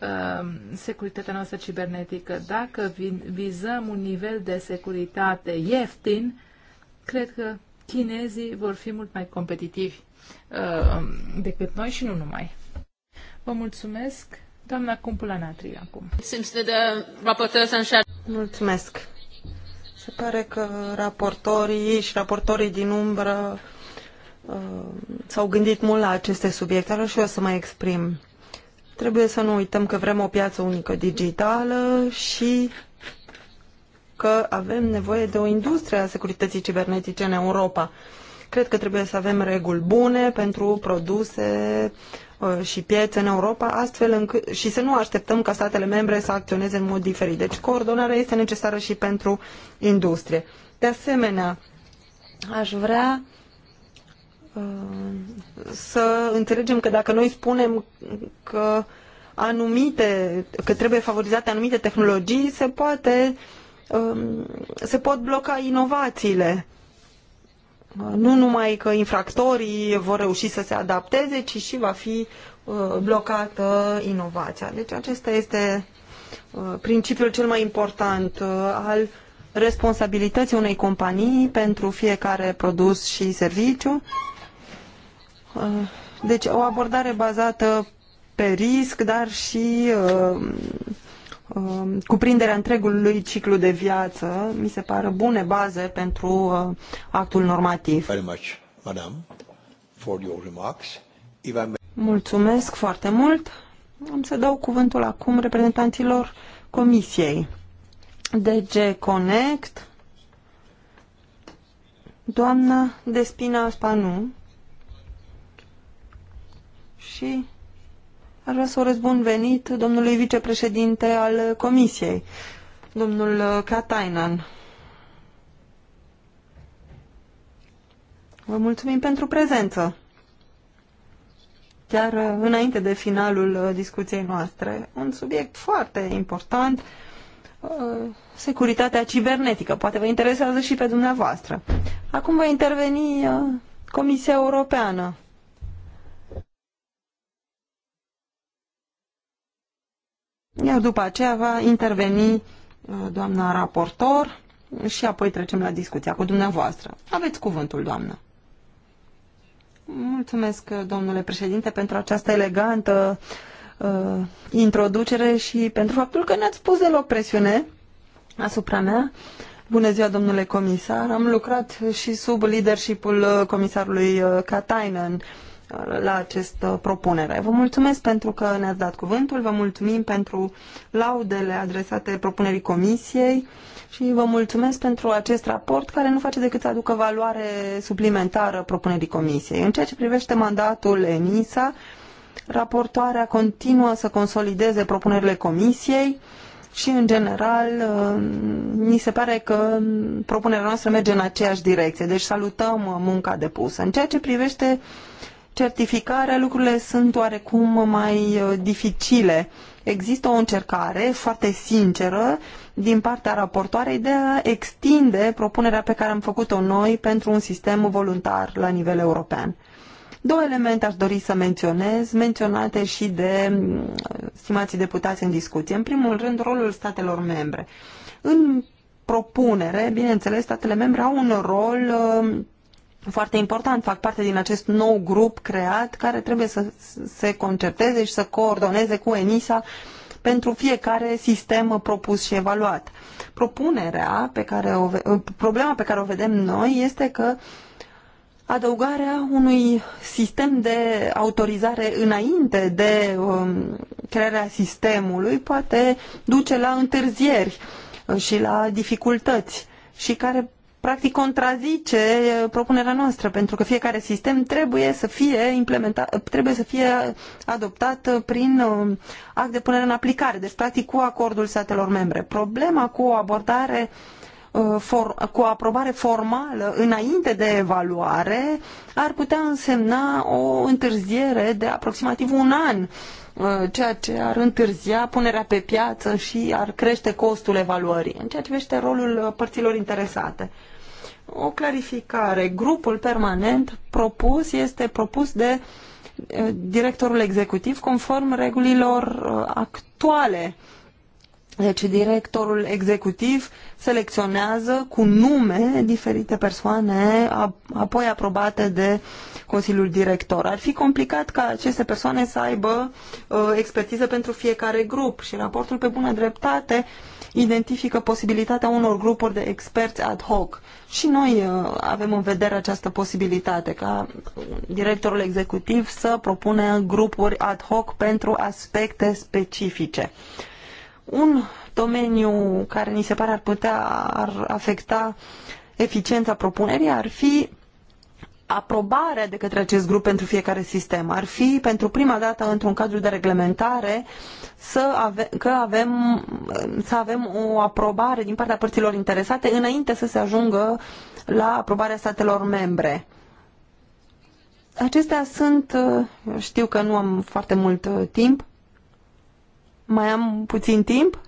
uh, securitatea noastră cibernetică. Dacă vizăm un nivel de securitate ieftin, cred că chinezii vor fi mult mai competitivi Uh, decât noi și nu numai. Vă mulțumesc. Doamna Cumpula Natri, acum. Mulțumesc. Se pare că raportorii și raportorii din umbră uh, s-au gândit mult la aceste subiecte, așa și eu să mă exprim. Trebuie să nu uităm că vrem o piață unică digitală și că avem nevoie de o industrie a securității cibernetice în Europa. Cred că trebuie să avem reguli bune pentru produse uh, și piețe în Europa, astfel încât și să nu așteptăm ca statele membre să acționeze în mod diferit. Deci coordonarea este necesară și pentru industrie. De asemenea, aș vrea uh, să înțelegem că dacă noi spunem că anumite, că trebuie favorizate anumite tehnologii, se poate um, se pot bloca inovațiile nu numai că infractorii vor reuși să se adapteze, ci și va fi uh, blocată inovația. Deci acesta este uh, principiul cel mai important uh, al responsabilității unei companii pentru fiecare produs și serviciu. Deci o abordare bazată pe risc, dar și Um, cuprinderea întregului ciclu de viață mi se pară bune baze pentru uh, actul normativ. Mulțumesc foarte mult. Am să dau cuvântul acum reprezentanților Comisiei. DG Connect, doamna Despina Spanu și Aș vrea să urez bun venit domnului vicepreședinte al Comisiei, domnul uh, Katainen. Vă mulțumim pentru prezență. Chiar uh, înainte de finalul uh, discuției noastre, un subiect foarte important, securitatea cibernetică. Poate vă interesează și pe dumneavoastră. Acum va interveni Comisia Europeană. iar după aceea va interveni uh, doamna raportor și apoi trecem la discuția cu dumneavoastră. Aveți cuvântul, doamnă. Mulțumesc, domnule președinte, pentru această elegantă uh, introducere și pentru faptul că ne-ați pus deloc presiune asupra mea. Bună ziua, domnule comisar. Am lucrat și sub leadership uh, comisarului uh, Katainen. Uh, la această propunere. Vă mulțumesc pentru că ne-ați dat cuvântul, vă mulțumim pentru laudele adresate propunerii comisiei și vă mulțumesc pentru acest raport care nu face decât să aducă valoare suplimentară propunerii comisiei. În ceea ce privește mandatul ENISA, raportoarea continuă să consolideze propunerile comisiei și, în general, uh, mi se pare că propunerea noastră merge în aceeași direcție. Deci salutăm munca depusă. În ceea ce privește certificare, lucrurile sunt oarecum mai uh, dificile. Există o încercare foarte sinceră din partea raportoarei de a extinde propunerea pe care am făcut-o noi pentru un sistem voluntar la nivel european. Două elemente aș dori să menționez, menționate și de mm, stimații deputați în discuție. În primul rând, rolul statelor membre. În propunere, bineînțeles, statele membre au un rol uh, foarte important, fac parte din acest nou grup creat care trebuie să se concerteze și să coordoneze cu ENISA pentru fiecare sistem propus și evaluat. Propunerea pe care o, problema pe care o vedem noi este că adăugarea unui sistem de autorizare înainte de um, crearea sistemului poate duce la întârzieri și la dificultăți și care practic contrazice eh, propunerea noastră, pentru că fiecare sistem trebuie să fie implementat, trebuie să fie adoptat eh, prin eh, act de punere în aplicare, deci practic cu acordul statelor membre. Problema cu o abordare For, cu o aprobare formală înainte de evaluare ar putea însemna o întârziere de aproximativ un an, ceea ce ar întârzia punerea pe piață și ar crește costul evaluării, în ceea ce vește rolul părților interesate o clarificare. Grupul permanent propus este propus de eh, directorul executiv conform regulilor eh, actuale. Deci directorul executiv selecționează cu nume diferite persoane apoi aprobate de Consiliul Director. Ar fi complicat ca aceste persoane să aibă uh, expertiză pentru fiecare grup și raportul pe bună dreptate uh, identifică posibilitatea unor grupuri de experți ad hoc. Și noi uh, avem în vedere această posibilitate ca directorul executiv să propune grupuri ad hoc pentru aspecte specifice. Un domeniu care ni se pare ar putea ar afecta eficiența propunerii ar fi aprobarea de către acest grup pentru fiecare sistem. Ar fi pentru prima dată într-un cadru de reglementare să, ave- că avem, să avem o aprobare din partea părților interesate înainte să se ajungă la aprobarea statelor membre. Acestea sunt, știu că nu am foarte mult uh, timp, mai am puțin timp,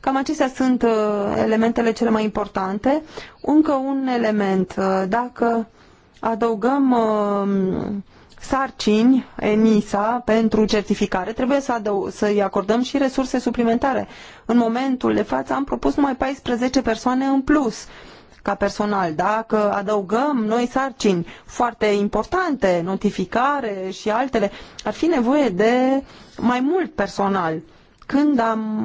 Cam acestea sunt uh, elementele cele mai importante. Încă un element, uh, dacă adăugăm um, sarcini ENISA pentru certificare, trebuie să, adău- să îi acordăm și resurse suplimentare. În momentul de față am propus numai 14 persoane în plus ca personal. Dacă adăugăm noi sarcini foarte importante, notificare și altele, ar fi nevoie de mai mult personal. Când am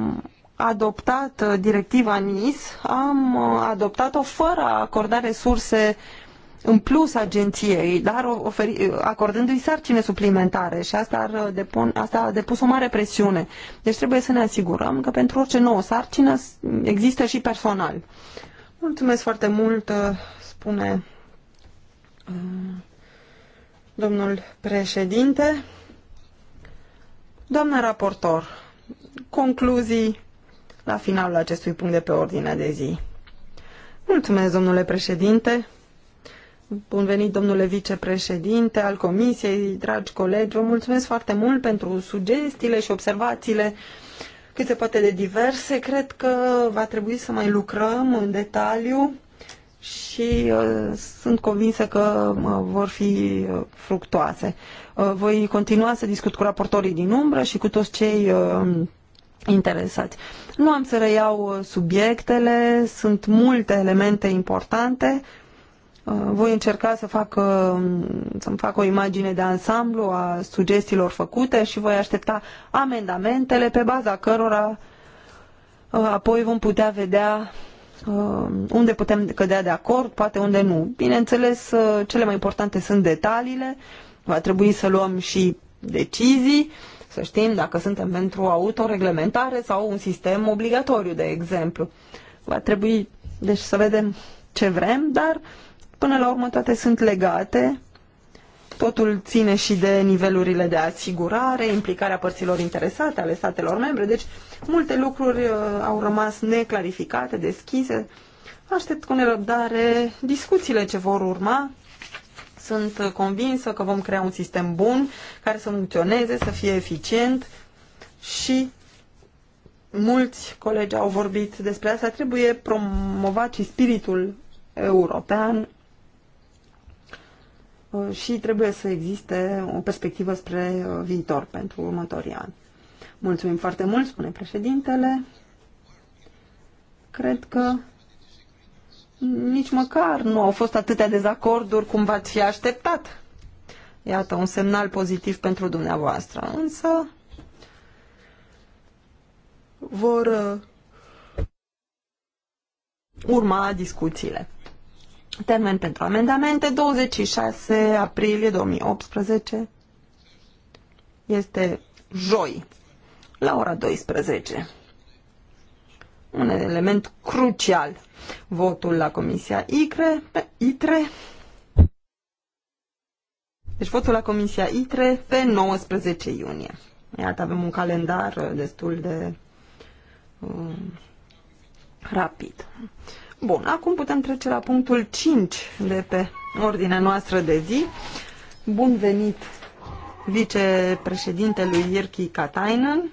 adoptat uh, directiva NIS, am uh, adoptat-o fără a acorda resurse uh, în plus agenției, dar oferi, acordându-i sarcine suplimentare și asta, ar uh, depun, asta a depus o mare presiune. Deci trebuie să ne asigurăm că pentru orice nouă sarcină există și personal. Mulțumesc foarte mult, uh, spune uh, domnul președinte. Doamna raportor, concluzii la finalul acestui punct de pe ordinea de zi. Mulțumesc, domnule președinte. Bun venit, domnule vicepreședinte al Comisiei, dragi colegi. Vă mulțumesc foarte mult pentru sugestiile și observațiile cât se poate de diverse. Cred că va trebui să mai lucrăm în detaliu și uh, sunt convinsă că uh, vor fi uh, fructoase. Uh, voi continua să discut cu raportorii din umbră și cu toți cei uh, interesați. Nu am să reiau uh, subiectele, sunt multe elemente importante. Uh, voi încerca să fac, uh, să-mi fac o imagine de ansamblu a sugestiilor făcute și voi aștepta amendamentele pe baza cărora uh, apoi vom putea vedea unde putem cădea de acord, poate unde nu. Bineînțeles, cele mai importante sunt detaliile, va trebui să luăm și decizii, să știm dacă suntem pentru autoreglementare sau un sistem obligatoriu, de exemplu. Va trebui, deci, să vedem ce vrem, dar uh, Până la urmă toate sunt legate, totul ține și de nivelurile de asigurare, implicarea părților interesate ale statelor membre, deci multe lucruri uh, au rămas neclarificate, deschise. Aștept cu nerăbdare discuțiile ce vor urma. Sunt uh, convinsă că vom crea un sistem bun care să funcționeze, să fie eficient și mulți colegi au vorbit despre asta, trebuie promovat și spiritul european Uh, și trebuie să existe o perspectivă spre uh, viitor pentru următorii ani. Mulțumim foarte mult, spune președintele. Cred că nici măcar nu au fost atâtea dezacorduri cum v-ați fi așteptat. Iată, un semnal pozitiv pentru dumneavoastră. Însă vor uh, urma discuțiile. Termen pentru amendamente 26 aprilie 2018 este joi la ora 12. Un element crucial. Votul la Comisia ICRE, ITRE. Deci votul la Comisia ITRE pe 19 iunie. Iată, avem un calendar destul de um, rapid. Bun, acum putem trece la punctul 5 de pe ordinea noastră de zi. Bun venit vicepreședintelui Irki Katainen.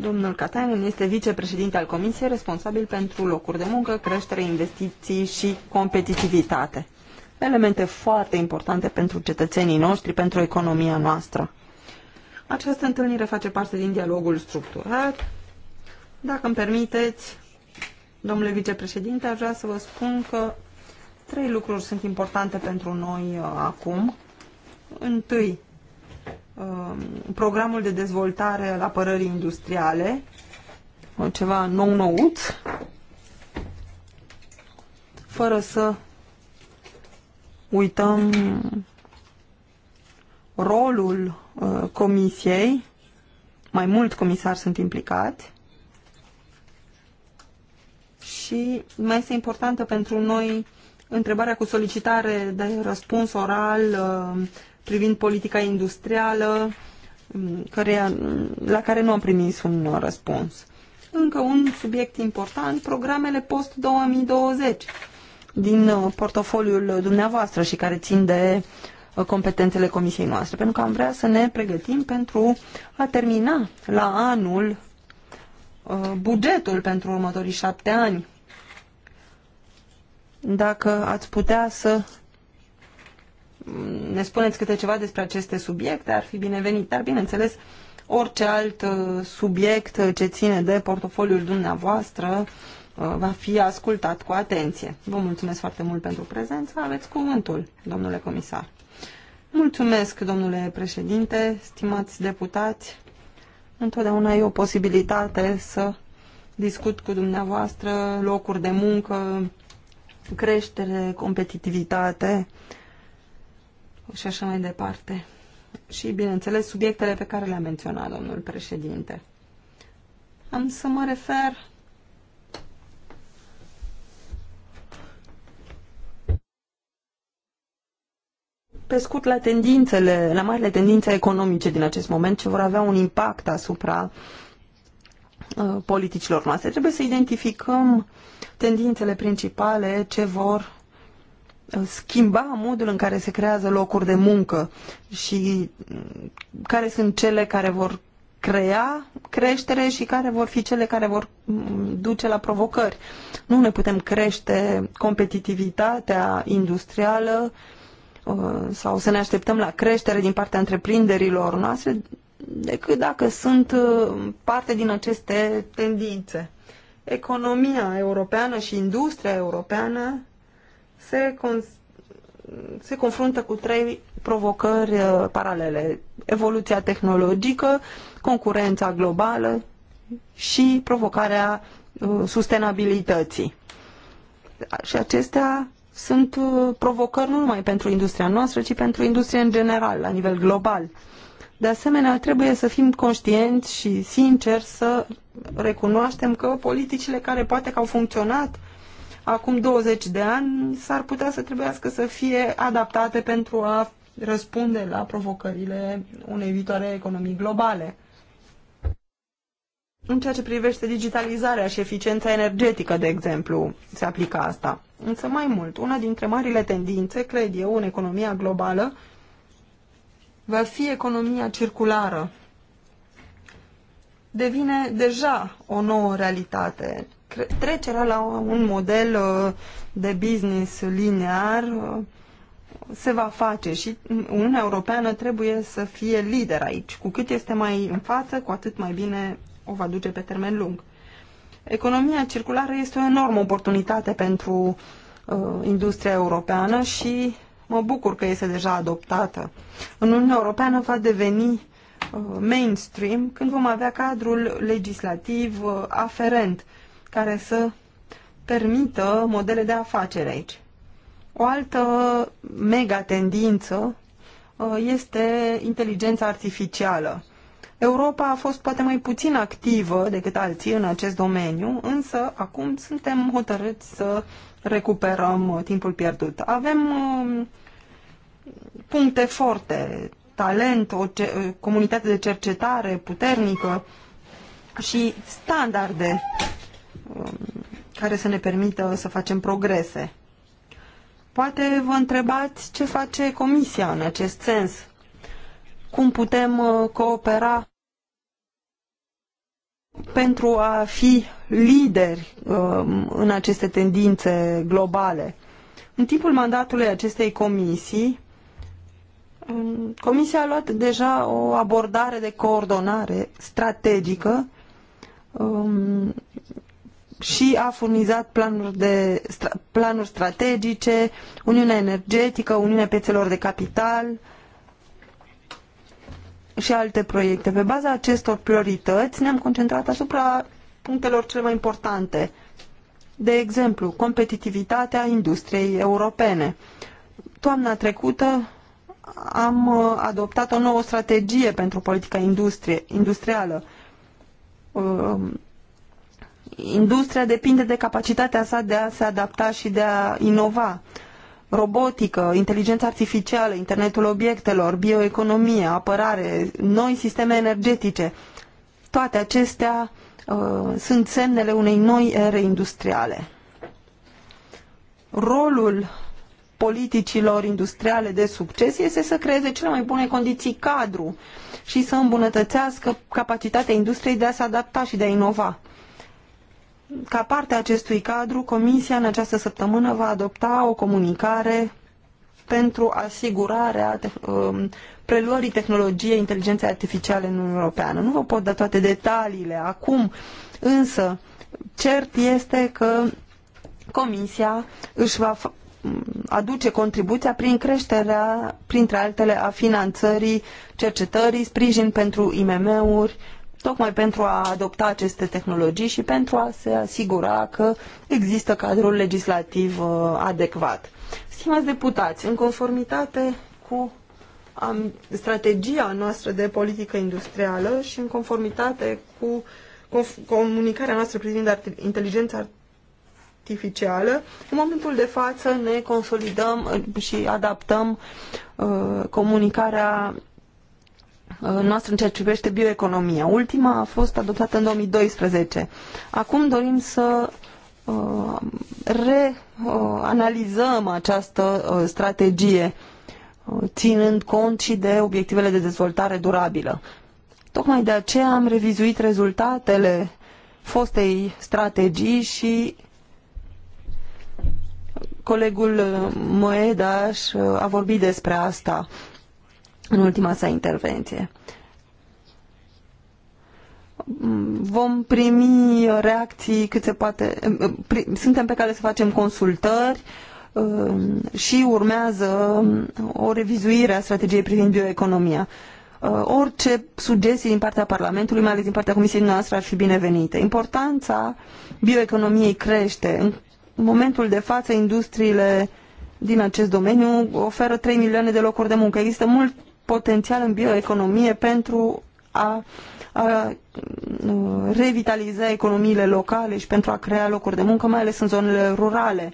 Domnul Katainen este vicepreședinte al Comisiei responsabil pentru locuri de muncă, creștere, investiții și competitivitate. Elemente foarte importante pentru cetățenii noștri, pentru economia noastră. Această întâlnire face parte din dialogul structurat. Dacă îmi permiteți, domnule vicepreședinte, aș vrea să vă spun că trei lucruri sunt importante pentru noi uh, acum. Întâi, uh, programul de dezvoltare al apărării industriale, uh, ceva nou-nouț, fără să uităm rolul uh, comisiei, mai mulți comisari sunt implicați și mai este importantă pentru noi întrebarea cu solicitare de răspuns oral uh, privind politica industrială, um, la care nu am primit un răspuns. Încă un subiect important, programele post-2020 din uh, portofoliul dumneavoastră și care țin de Uh, competențele comisiei noastre, pentru că am vrea să ne pregătim pentru a termina la anul uh, bugetul pentru următorii șapte ani. Dacă ați putea să mm, ne spuneți câte ceva despre aceste subiecte, ar fi binevenit. Dar, bineînțeles, orice alt uh, subiect ce ține de portofoliul dumneavoastră va fi ascultat cu atenție. Vă mulțumesc foarte mult pentru prezență. Aveți cuvântul, domnule comisar. Mulțumesc, domnule președinte, stimați deputați. Întotdeauna e o posibilitate să discut cu dumneavoastră locuri de muncă, creștere, competitivitate și așa mai departe. Și, bineînțeles, subiectele pe care le-a menționat domnul președinte. Am să mă refer pe scurt la tendințele, la marile tendințe economice din acest moment ce vor avea un impact asupra uh, politicilor noastre. Trebuie să identificăm tendințele principale ce vor uh, schimba modul în care se creează locuri de muncă și mm, care sunt cele care vor crea creștere și care vor fi cele care vor mm, duce la provocări. Nu ne putem crește competitivitatea industrială uh, Uh, sau să ne așteptăm la creștere din partea întreprinderilor noastre decât dacă sunt uh, parte din aceste tendințe. Economia europeană și industria europeană se, con se confruntă cu trei provocări uh, paralele. Evoluția tehnologică, concurența globală și provocarea sustenabilității. Și acestea sunt uh, provocări nu numai pentru industria noastră, ci pentru industria în general, la nivel global. De asemenea, trebuie să fim conștienți și sinceri să recunoaștem că politicile care poate că au funcționat acum 20 de ani s-ar putea să trebuiască să fie adaptate pentru a răspunde la provocările unei viitoare economii globale. În ceea ce privește digitalizarea și eficiența energetică, de exemplu, se aplică asta. Însă mai mult, una dintre marile tendințe, cred eu, în economia globală, va fi economia circulară. Devine deja o nouă realitate. Trecerea la un model uh, de business linear uh, se va face și Uniunea Europeană trebuie să fie lider aici. Cu cât este mai în față, cu atât mai bine o va duce pe termen lung. Economia circulară este o enormă oportunitate pentru uh, industria europeană și mă bucur că este deja adoptată. În Uniunea Europeană va deveni uh, mainstream când vom avea cadrul legislativ uh, aferent care să permită modele de afaceri aici. O altă mega tendință uh, este inteligența artificială. Europa a fost poate mai puțin activă decât alții în acest domeniu, însă acum suntem hotărâți să recuperăm timpul pierdut. Avem um, puncte forte, talent, o comunitate de cercetare puternică și standarde um, care să ne permită să facem progrese. Poate vă întrebați ce face Comisia în acest sens. Cum putem uh, coopera pentru a fi lideri um, în aceste tendințe globale. În timpul mandatului acestei comisii, um, Comisia a luat deja o abordare de coordonare strategică um, și a furnizat planuri, de, stra, planuri strategice, Uniunea Energetică, Uniunea Piețelor de Capital, și alte proiecte. Pe baza acestor priorități ne-am concentrat asupra punctelor cele mai importante. De exemplu, competitivitatea industriei europene. Toamna trecută am uh, adoptat o nouă strategie pentru politica industrie, industrială. Uh, industria depinde de capacitatea sa de a se adapta și de a inova robotică, inteligența artificială, internetul obiectelor, bioeconomie, apărare, noi sisteme energetice. Toate acestea uh, sunt semnele unei noi ere industriale. Rolul politicilor industriale de succes este să creeze cele mai bune condiții cadru și să îmbunătățească capacitatea industriei de a se adapta și de a inova. Ca parte a acestui cadru, Comisia în această săptămână va adopta o comunicare pentru asigurarea um, preluării tehnologiei inteligenței artificiale în Uniunea Europeană. Nu vă pot da toate detaliile acum, însă cert este că Comisia își va aduce contribuția prin creșterea, printre altele, a finanțării, cercetării, sprijin pentru IMM-uri, tocmai pentru a adopta aceste tehnologii și pentru a se asigura că există cadrul legislativ uh, adecvat. Stimați deputați, în conformitate cu strategia noastră de politică industrială și în conformitate cu comunicarea noastră privind inteligența artificială. În momentul de față ne consolidăm și adaptăm uh, comunicarea Uh, noastră în ceea ce privește bioeconomia. Ultima a fost adoptată în 2012. Acum dorim să uh, reanalizăm această uh, strategie ținând cont și de obiectivele de dezvoltare durabilă. Tocmai de aceea am revizuit rezultatele fostei strategii și colegul Moedaș a vorbit despre asta în ultima sa intervenție. Vom primi reacții cât se poate... Suntem pe care să facem consultări um, și urmează o revizuire a strategiei privind bioeconomia uh, orice sugestii din partea Parlamentului, mai ales din partea Comisiei noastre, ar fi binevenite. Importanța bioeconomiei crește. În momentul de față, industriile din acest domeniu oferă 3 milioane de locuri de muncă. Există mult potențial în bioeconomie pentru a, a uh, revitaliza economiile locale și pentru a crea locuri de muncă, mai ales în zonele rurale.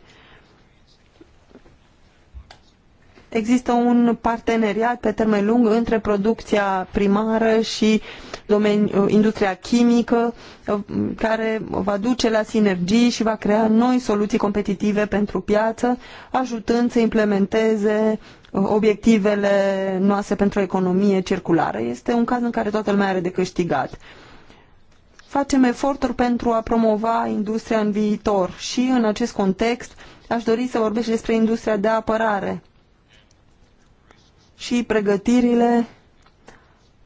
Există un parteneriat pe termen lung între producția primară și uh, industria chimică uh, care va duce la sinergii și va crea noi soluții competitive pentru piață, ajutând să implementeze obiectivele noastre pentru economie circulară. Este un caz în care toată lumea are de câștigat. Facem eforturi pentru a promova industria în viitor și în acest context aș dori să vorbesc despre industria de apărare și pregătirile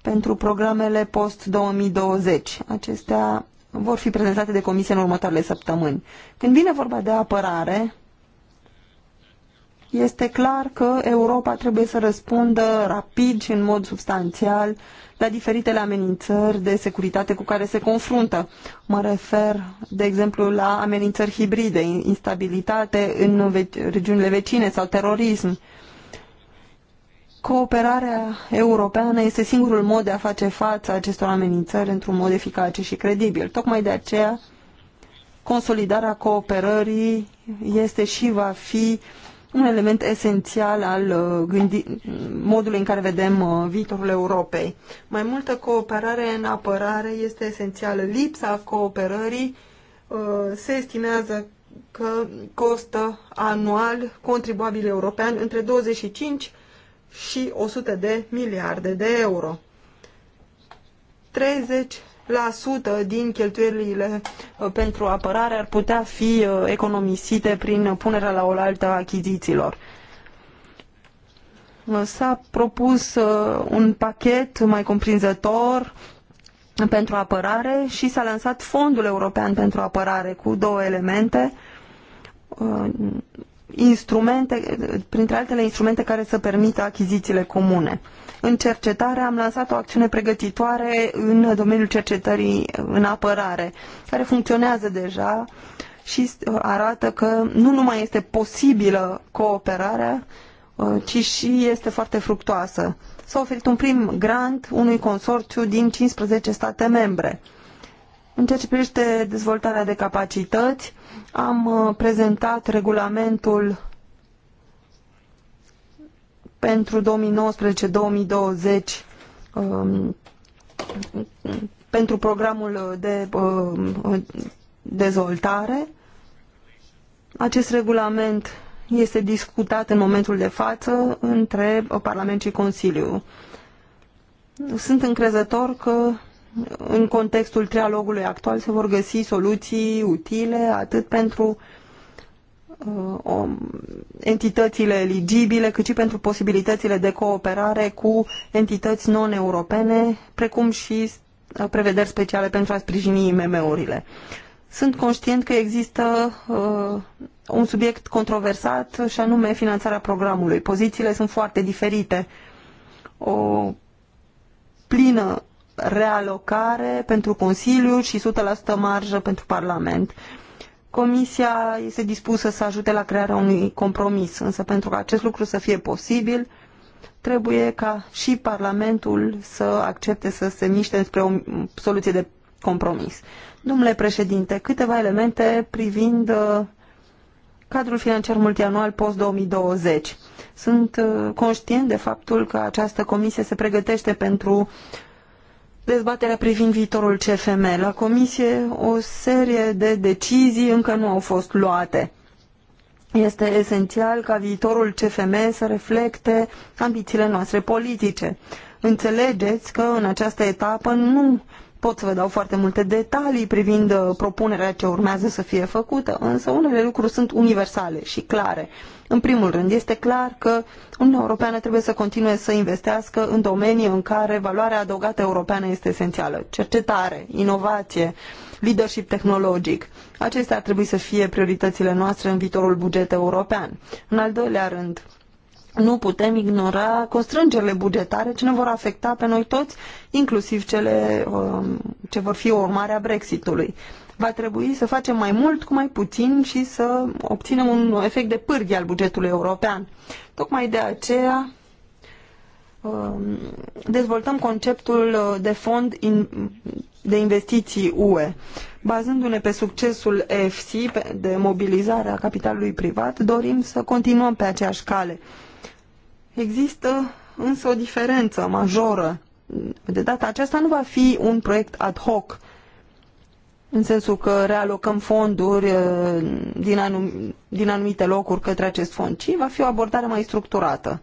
pentru programele post-2020. Acestea vor fi prezentate de comisie în următoarele săptămâni. Când vine vorba de apărare, este clar că Europa trebuie să răspundă rapid și în mod substanțial la diferitele amenințări de securitate cu care se confruntă. Mă refer, de exemplu, la amenințări hibride, instabilitate în ve regiunile vecine sau terorism. Cooperarea europeană este singurul mod de a face față acestor amenințări într-un mod eficace și credibil. Tocmai de aceea, consolidarea cooperării este și va fi un element esențial al uh, gândi- modului în care vedem uh, viitorul Europei. Mai multă cooperare în apărare este esențială. Lipsa cooperării uh, se estimează că costă anual contribuabil european între 25 și 100 de miliarde de euro. 30 din cheltuielile uh, pentru apărare ar putea fi uh, economisite prin punerea la oaltă a achizițiilor. Uh, s-a propus un pachet mai cuprinzător pentru apărare și s-a lansat Fondul European pentru Apărare cu două elemente instrumente, printre altele instrumente care să permită achizițiile comune. În cercetare am lansat o acțiune pregătitoare în domeniul cercetării în apărare, care funcționează deja și arată că nu numai este posibilă cooperarea, uh, ci și este foarte fructoasă. S-a oferit un prim grant unui consorțiu din 15 state membre. În ceea ce privește dezvoltarea de capacități, am uh, prezentat regulamentul pentru 2019-2020 um, pentru programul de um, dezvoltare. Acest regulament este discutat în momentul de față între Parlament și Consiliu. Sunt încrezător că în contextul trialogului actual se vor găsi soluții utile atât pentru uh, entitățile eligibile, cât și pentru posibilitățile de cooperare cu entități non-europene, precum și uh, prevederi speciale pentru a sprijini IMM-urile. Sunt conștient că există uh, un subiect controversat și anume finanțarea programului. Pozițiile sunt foarte diferite. O plină realocare pentru Consiliu și 100% marjă pentru Parlament. Comisia este dispusă să ajute la crearea unui compromis, însă pentru ca acest lucru să fie posibil, trebuie ca și Parlamentul să accepte să se miște spre o soluție de compromis. Domnule președinte, câteva elemente privind uh, cadrul financiar multianual post-2020. Sunt uh, conștient de faptul că această comisie se pregătește pentru dezbaterea privind viitorul CFM. La comisie o serie de decizii încă nu au fost luate. Este esențial ca viitorul CFM să reflecte ambițiile noastre politice. Înțelegeți că în această etapă nu Pot să vă dau foarte multe detalii privind uh, propunerea ce urmează să fie făcută, însă unele lucruri sunt universale și clare. În primul rând, este clar că Uniunea Europeană trebuie să continue să investească în domenii în care valoarea adăugată europeană este esențială. Cercetare, inovație, leadership tehnologic. Acestea ar trebui să fie prioritățile noastre în viitorul buget european. În al doilea rând, nu putem ignora constrângerile bugetare ce ne vor afecta pe noi toți, inclusiv cele um, ce vor fi o urmare a Brexitului. Va trebui să facem mai mult cu mai puțin și să obținem un efect de pârghie al bugetului european. Tocmai de aceea um, dezvoltăm conceptul uh, de fond de investiții UE. Bazându-ne pe succesul EFSI de mobilizare a capitalului privat, dorim să continuăm pe aceeași cale Există însă o diferență majoră. De data aceasta nu va fi un proiect ad hoc, în sensul că realocăm fonduri uh, din, anum din anumite locuri către acest fond, ci va fi o abordare mai structurată.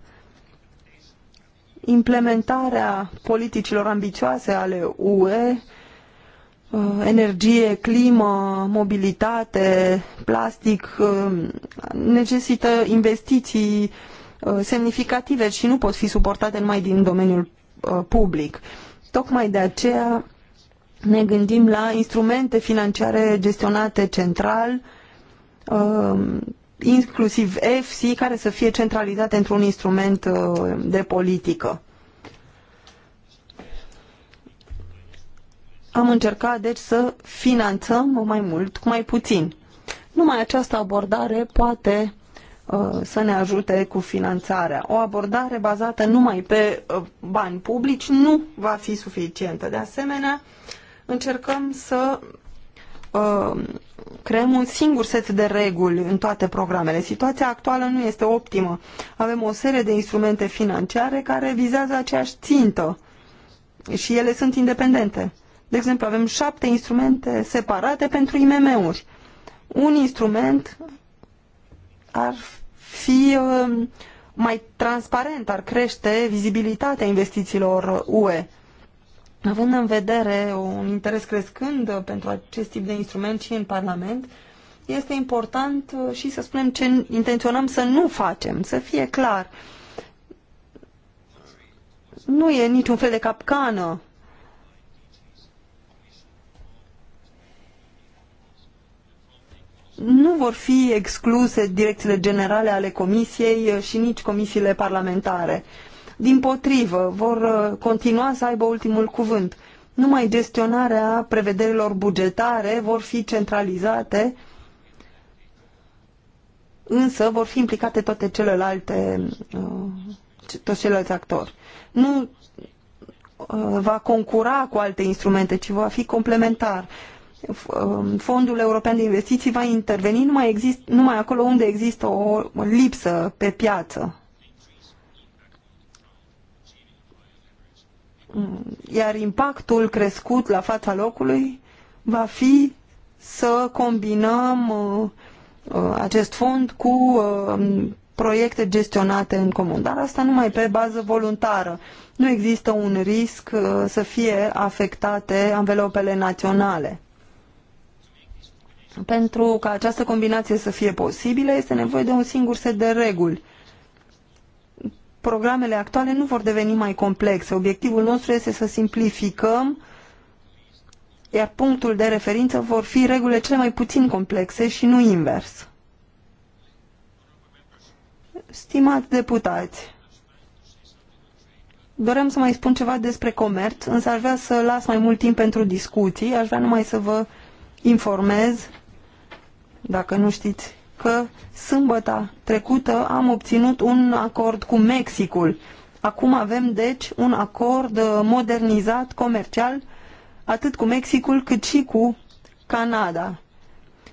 Implementarea politicilor ambițioase ale UE, uh, energie, climă, mobilitate, plastic, uh, necesită investiții Uh, semnificative și nu pot fi suportate numai din domeniul uh, public. Tocmai de aceea ne gândim la instrumente financiare gestionate central, uh, inclusiv EFSI, care să fie centralizate într-un instrument de politică. Am încercat, deci, să finanțăm mai mult cu mai puțin. Numai această abordare poate Uh, să ne ajute cu finanțarea. O abordare bazată numai pe uh, bani publici nu va fi suficientă. De asemenea, încercăm să uh, creăm un singur set de reguli în toate programele. Situația actuală nu este optimă. Avem o serie de instrumente financiare care vizează aceeași țintă și ele sunt independente. De exemplu, avem șapte instrumente separate pentru IMM-uri. Un instrument ar fi um, mai transparent, ar crește vizibilitatea investițiilor UE. Având în vedere un interes crescând uh, pentru acest tip de instrument și în Parlament, este important uh, și să spunem ce intenționăm să nu facem, să fie clar. Nu e niciun fel de capcană nu vor fi excluse direcțiile generale ale comisiei uh, și nici comisiile parlamentare. Din potrivă, vor uh, continua să aibă ultimul cuvânt. Numai gestionarea prevederilor bugetare vor fi centralizate, însă vor fi implicate toate celelalte, uh, toți ceilalți actori. Nu va concura cu alte instrumente, ci va fi complementar. Um, Fondul European de Investiții va interveni numai, exist, numai acolo unde există o lipsă pe piață. Iar impactul crescut la fața locului va fi să combinăm uh, uh, acest fond cu um, proiecte gestionate în comun, dar asta numai pe bază voluntară. Nu există un risc uh, să fie afectate anvelopele naționale. Pentru ca această combinație să fie posibilă, este nevoie de un singur set de reguli. Programele actuale nu vor deveni mai complexe. Obiectivul nostru este să simplificăm, iar punctul de referință vor fi regulile cele mai puțin complexe și nu invers. Stimați deputați, doream să mai spun ceva despre comerț, însă aș vrea să las mai mult timp pentru discuții, aș vrea numai să vă informez, dacă nu știți, că sâmbăta trecută am obținut un acord cu Mexicul. Acum avem, deci, un acord uh, modernizat, comercial, atât cu Mexicul cât și cu Canada.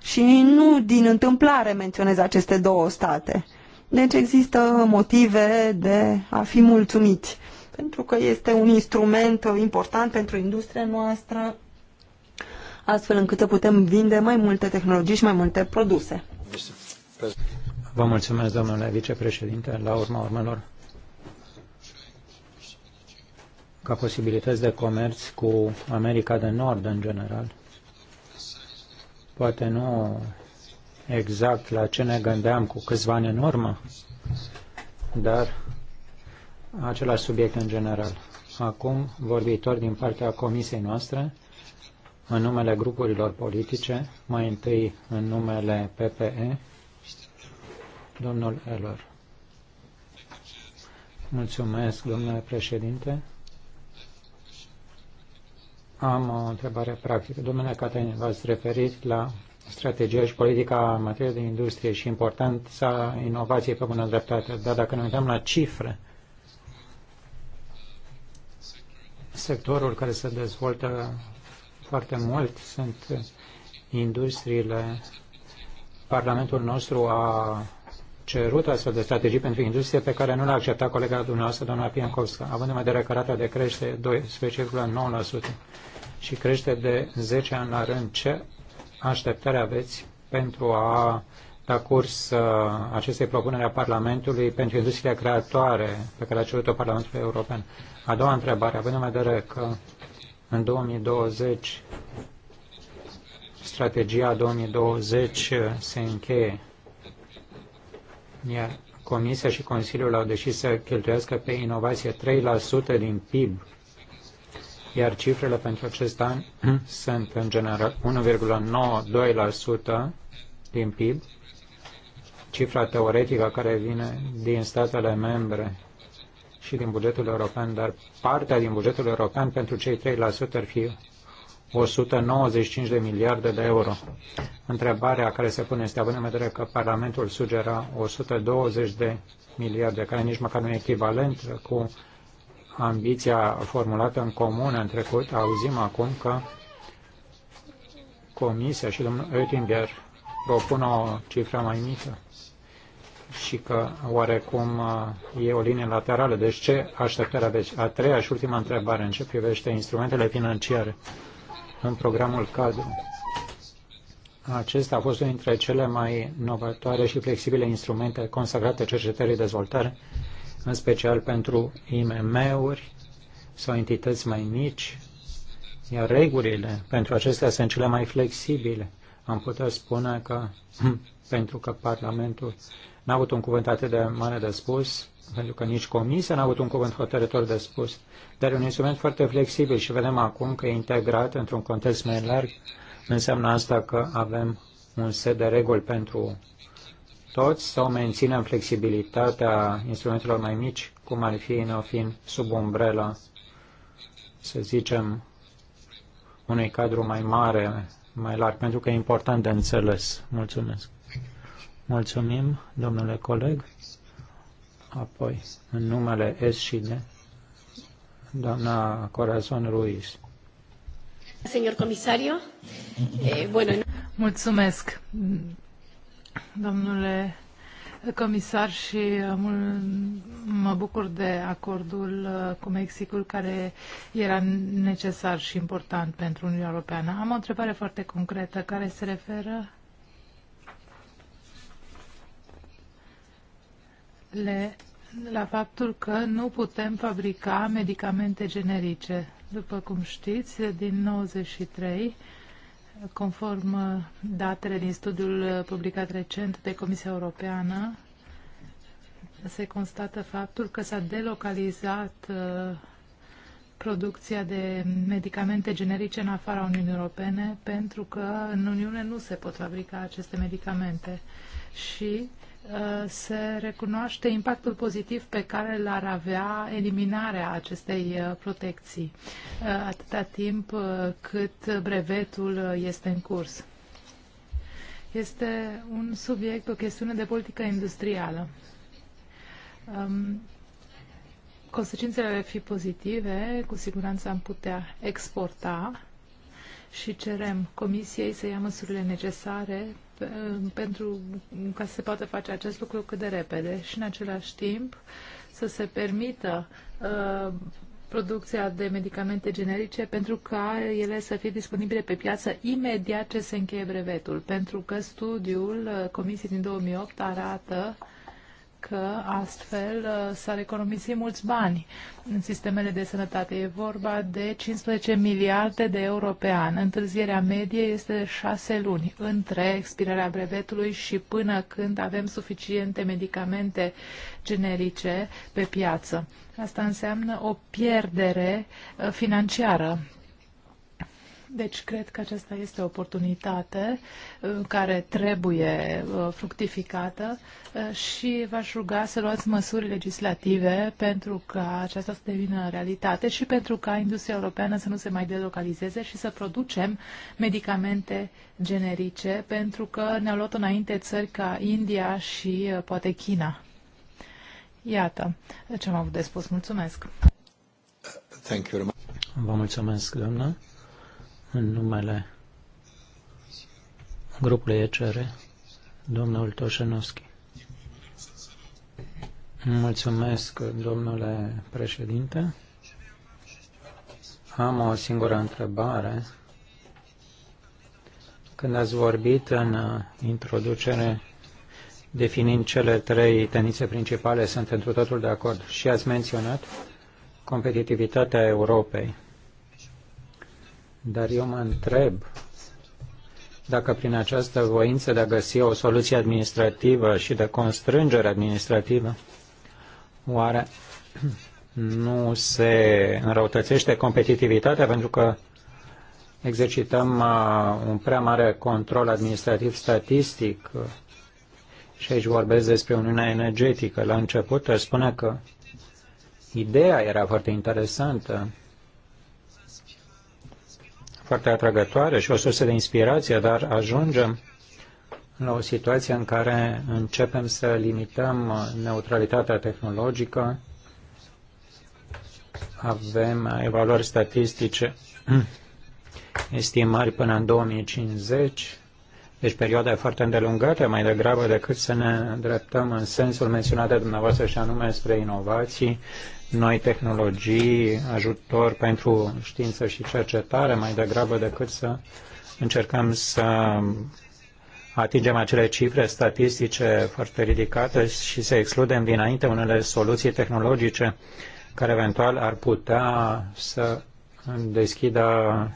Și nu din întâmplare menționez aceste două state. Deci există motive de a fi mulțumiți, pentru că este un instrument uh, important pentru industria noastră astfel încât să putem vinde mai multe tehnologii și mai multe produse. Vă mulțumesc, domnule vicepreședinte. La urma urmelor, ca posibilități de comerț cu America de Nord în general, poate nu exact la ce ne gândeam cu câțiva ani în urmă, dar același subiect în general. Acum, vorbitor din partea comisiei noastre, în numele grupurilor politice, mai întâi în numele PPE, domnul Elor. Mulțumesc, domnule președinte. Am o întrebare practică. Domnule Catain, v-ați referit la strategia și politica în materie de industrie și importanța inovației pe bună dreptate. Dar dacă ne uităm la cifre, sectorul care se dezvoltă foarte mult. Sunt industriile. Parlamentul nostru a cerut astfel de strategii pentru industrie pe care nu l-a acceptat colega dumneavoastră, doamna Piancovska, având în vedere că rata de crește 12,9% și crește de 10 ani la rând. Ce așteptare aveți pentru a da curs uh, acestei propuneri a Parlamentului pentru industria creatoare pe care a cerut-o Parlamentul European? A doua întrebare, având în vedere că în 2020, strategia 2020 uh, se încheie, iar Comisia și Consiliul au decis să cheltuiască pe inovație 3% din PIB, iar cifrele pentru acest an sunt în general 1,92% din PIB, cifra teoretică care vine din statele membre și din bugetul european, dar partea din bugetul european pentru cei 3% ar fi 195 de miliarde de euro. Întrebarea care se pune este, având în vedere că Parlamentul sugera 120 de miliarde, care nici măcar nu e echivalent cu ambiția formulată în comun în trecut, auzim acum că Comisia și domnul Oettinger propun o cifră mai mică și că oarecum uh, e o linie laterală. Deci ce așteptări deci aveți? A treia și ultima întrebare în ce privește instrumentele financiare în programul cadru. Acesta a fost unul dintre cele mai novatoare și flexibile instrumente consacrate cercetării dezvoltare, în special pentru IMM-uri sau entități mai mici, iar regulile pentru acestea sunt cele mai flexibile. Am putea spune că, pentru că Parlamentul n-a avut un cuvânt atât de mare de spus, pentru că nici comisia n-a avut un cuvânt hotărător de spus, dar e un instrument foarte flexibil și vedem acum că e integrat într-un context mai larg. Înseamnă asta că avem un set de reguli pentru toți sau menținem flexibilitatea instrumentelor mai mici, cum ar fi neofin sub umbrela, să zicem, unui cadru mai mare, mai larg, pentru că e important de înțeles. Mulțumesc. Mulțumim, domnule coleg. Apoi, în numele S și D, doamna Corazon Ruiz. Señor comisario, eh, bueno... Mulțumesc, domnule comisar, și uh, mă bucur de acordul uh, cu Mexicul care era necesar și important pentru Uniunea Europeană. Am o întrebare foarte concretă care se referă le, la faptul că nu putem fabrica medicamente generice. După cum știți, din 93, conform datele din studiul publicat recent de Comisia Europeană, se constată faptul că s-a delocalizat uh, producția de medicamente generice în afara Uniunii Europene, pentru că în Uniune nu se pot fabrica aceste medicamente. Și Uh, se recunoaște impactul pozitiv pe care l-ar avea eliminarea acestei uh, protecții, uh, atâta timp cât brevetul este în curs. Este un subiect, o chestiune de politică industrială. Um, consecințele ar fi pozitive, cu siguranță am putea exporta și cerem Comisiei să ia măsurile necesare pentru ca să se poată face acest lucru cât de repede și în același timp să se permită uh, producția de medicamente generice pentru ca ele să fie disponibile pe piață imediat ce se încheie brevetul, pentru că studiul uh, Comisiei din 2008 arată că astfel uh, s-ar economisi mulți bani în sistemele de sănătate. E vorba de 15 miliarde de euro pe an. Întârzierea medie este de 6 luni între expirarea brevetului și până când avem suficiente medicamente generice pe piață. Asta înseamnă o pierdere uh, financiară deci cred că aceasta este o oportunitate uh, care trebuie uh, fructificată uh, și v-aș ruga să luați măsuri legislative pentru ca aceasta să devină realitate și pentru ca industria europeană să nu se mai delocalizeze și să producem medicamente generice pentru că ne-au luat înainte țări ca India și poate China. Iată ce am avut de spus. Mulțumesc! Thank you very much. Vă mulțumesc, doamnă în numele grupului ECR, domnul Toșenovski. Mulțumesc, domnule președinte. Am o singură întrebare. Când ați vorbit în introducere definind cele trei tenițe principale, sunt întru totul de acord și ați menționat competitivitatea Europei dar eu mă întreb dacă prin această voință de a găsi o soluție administrativă și de constrângere administrativă, oare nu se înrăutățește competitivitatea pentru că exercităm uh, un prea mare control administrativ statistic uh, și aici vorbesc despre Uniunea Energetică. La început spune că ideea era foarte interesantă foarte atrăgătoare și o sursă de inspirație, dar ajungem la o situație în care începem să limităm neutralitatea tehnologică, avem evaluări statistice, estimări până în 2050, deci perioada e foarte îndelungată, mai degrabă decât să ne îndreptăm în sensul menționat de dumneavoastră și anume spre inovații noi tehnologii, ajutor pentru știință și cercetare, mai degrabă decât să încercăm să atingem acele cifre statistice foarte ridicate și să excludem dinainte unele soluții tehnologice care eventual ar putea să deschidă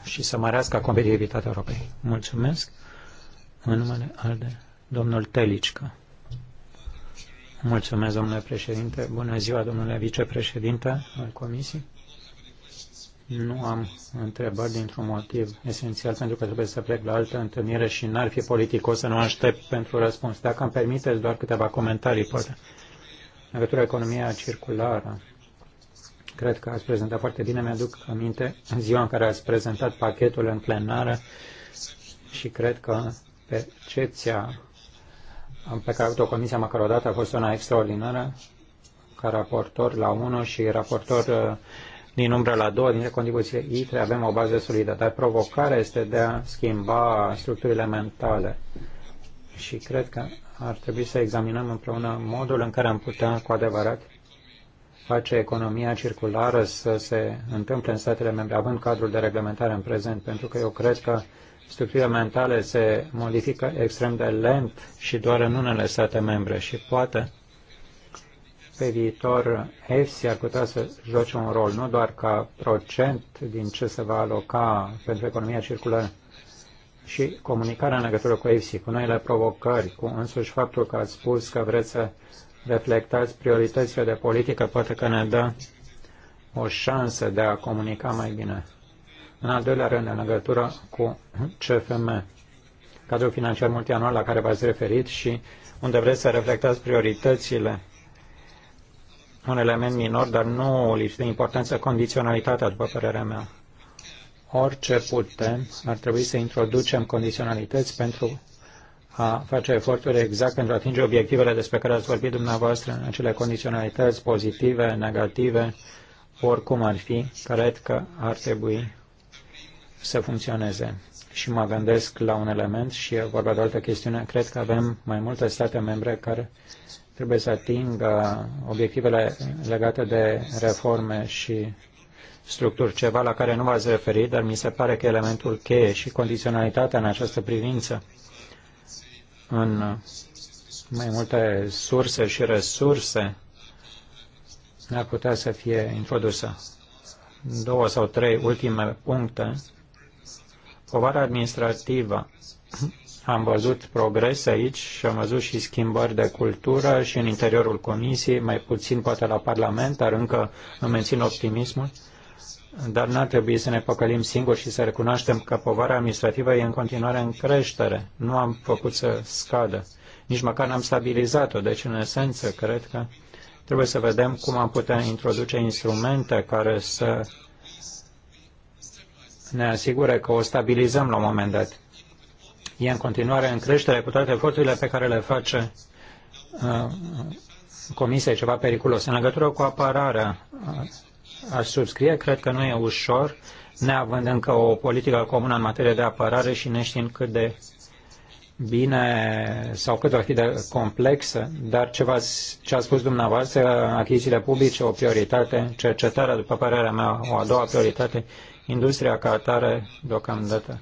și să mărească competitivitatea Europei. Mulțumesc. În numele al de domnul Telicca. Mulțumesc, domnule președinte. Bună ziua, domnule vicepreședinte al Comisiei. Nu am întrebări dintr-un motiv esențial, pentru că trebuie să plec la altă întâlnire și n-ar fi politicos să nu aștept pentru răspuns. Dacă îmi permiteți doar câteva comentarii, poate. În legătură economia circulară, cred că ați prezentat foarte bine. Mi-aduc aminte în ziua în care ați prezentat pachetul în plenară și cred că percepția am plecat o comisie măcar o dată, a fost una extraordinară, ca raportor la 1 și raportor uh, din umbră la 2, dintre contribuțiile ITRE, avem o bază solidă. Dar provocarea este de a schimba structurile mentale. Și cred că ar trebui să examinăm împreună modul în care am putea cu adevărat face economia circulară să se întâmple în statele membre, având cadrul de reglementare în prezent, pentru că eu cred că structura mentală se modifică extrem de lent și doar în unele state membre și poate pe viitor EFSI ar putea să joace un rol, nu doar ca procent din ce se va aloca pentru economia circulară, și comunicarea în legătură cu EFSI, cu noile provocări, cu însuși faptul că ați spus că vreți să reflectați prioritățile de politică, poate că ne dă o șansă de a comunica mai bine. În al doilea rând, în legătură cu CFM, cadrul financiar multianual la care v-ați referit și unde vreți să reflectați prioritățile, un element minor, dar nu lipsă de importanță, condiționalitatea, după părerea mea. Orice putem, ar trebui să introducem condiționalități pentru a face eforturi exact pentru a atinge obiectivele despre care ați vorbit dumneavoastră, acele condiționalități pozitive, negative, oricum ar fi, cred că ar trebui să funcționeze. Și mă gândesc la un element și e vorba de altă chestiune. Cred că avem mai multe state membre care trebuie să atingă obiectivele legate de reforme și structuri, ceva la care nu v-ați referit, dar mi se pare că elementul cheie și condiționalitatea în această privință în mai multe surse și resurse ar putea să fie introdusă. Două sau trei ultime puncte Povara administrativă. Am văzut progres aici și am văzut și schimbări de cultură și în interiorul comisiei, mai puțin poate la Parlament, dar încă îmi mențin optimismul. Dar n-ar trebui să ne păcălim singuri și să recunoaștem că povara administrativă e în continuare în creștere. Nu am făcut să scadă. Nici măcar n-am stabilizat-o. Deci, în esență, cred că trebuie să vedem cum am putea introduce instrumente care să ne asigure că o stabilizăm la un moment dat. E în continuare în creștere cu toate eforturile pe care le face uh, Comisia, e ceva periculos. În legătură cu apărarea, uh, aș subscrie, cred că nu e ușor, neavând încă o politică comună în materie de apărare și neștiind cât de bine sau cât va fi de complexă, dar ce, ce a spus dumneavoastră, achizițiile publice o prioritate, cercetarea, după părerea mea, o a doua prioritate Industria ca atare, deocamdată,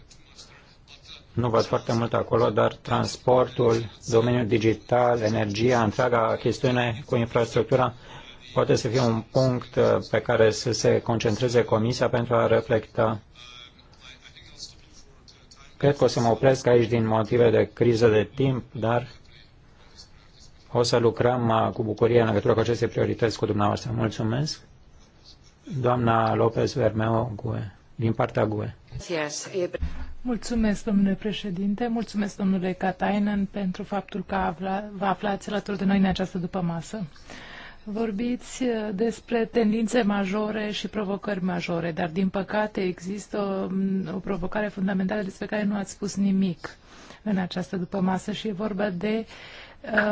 nu văd foarte mult acolo, dar transportul, domeniul digital, energia, întreaga chestiune cu infrastructura poate să fie un punct uh, pe care să se concentreze Comisia pentru a reflecta. Cred că o să mă opresc aici din motive de criză de timp, dar o să lucrăm uh, cu bucurie în legătură cu aceste priorități cu dumneavoastră. Mulțumesc! Doamna Lopez Vermeo, GUE, din partea GUE. Mulțumesc, domnule președinte, mulțumesc, domnule Katainen, pentru faptul că afla, vă aflați alături de noi în această dupămasă. masă. Vorbiți uh, despre tendințe majore și provocări majore, dar din păcate există o, um, o provocare fundamentală despre care nu ați spus nimic în această dupămasă și e vorba de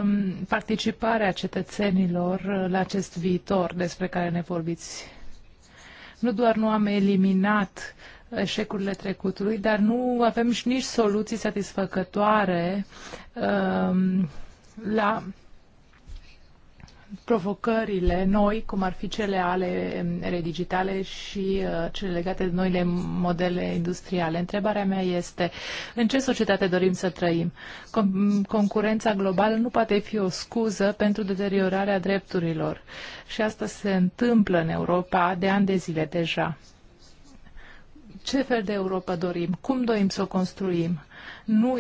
um, participarea cetățenilor uh, la acest viitor despre care ne vorbiți nu doar nu am eliminat eșecurile trecutului, dar nu avem și nici soluții satisfăcătoare um, la provocările noi, cum ar fi cele ale mm, redigitale și uh, cele legate de noile modele industriale. Întrebarea mea este, în ce societate dorim să trăim? Concurența globală nu poate fi o scuză pentru deteriorarea drepturilor. Și asta se întâmplă în Europa de ani de zile deja. Ce fel de Europa dorim? Cum dorim să o construim? nu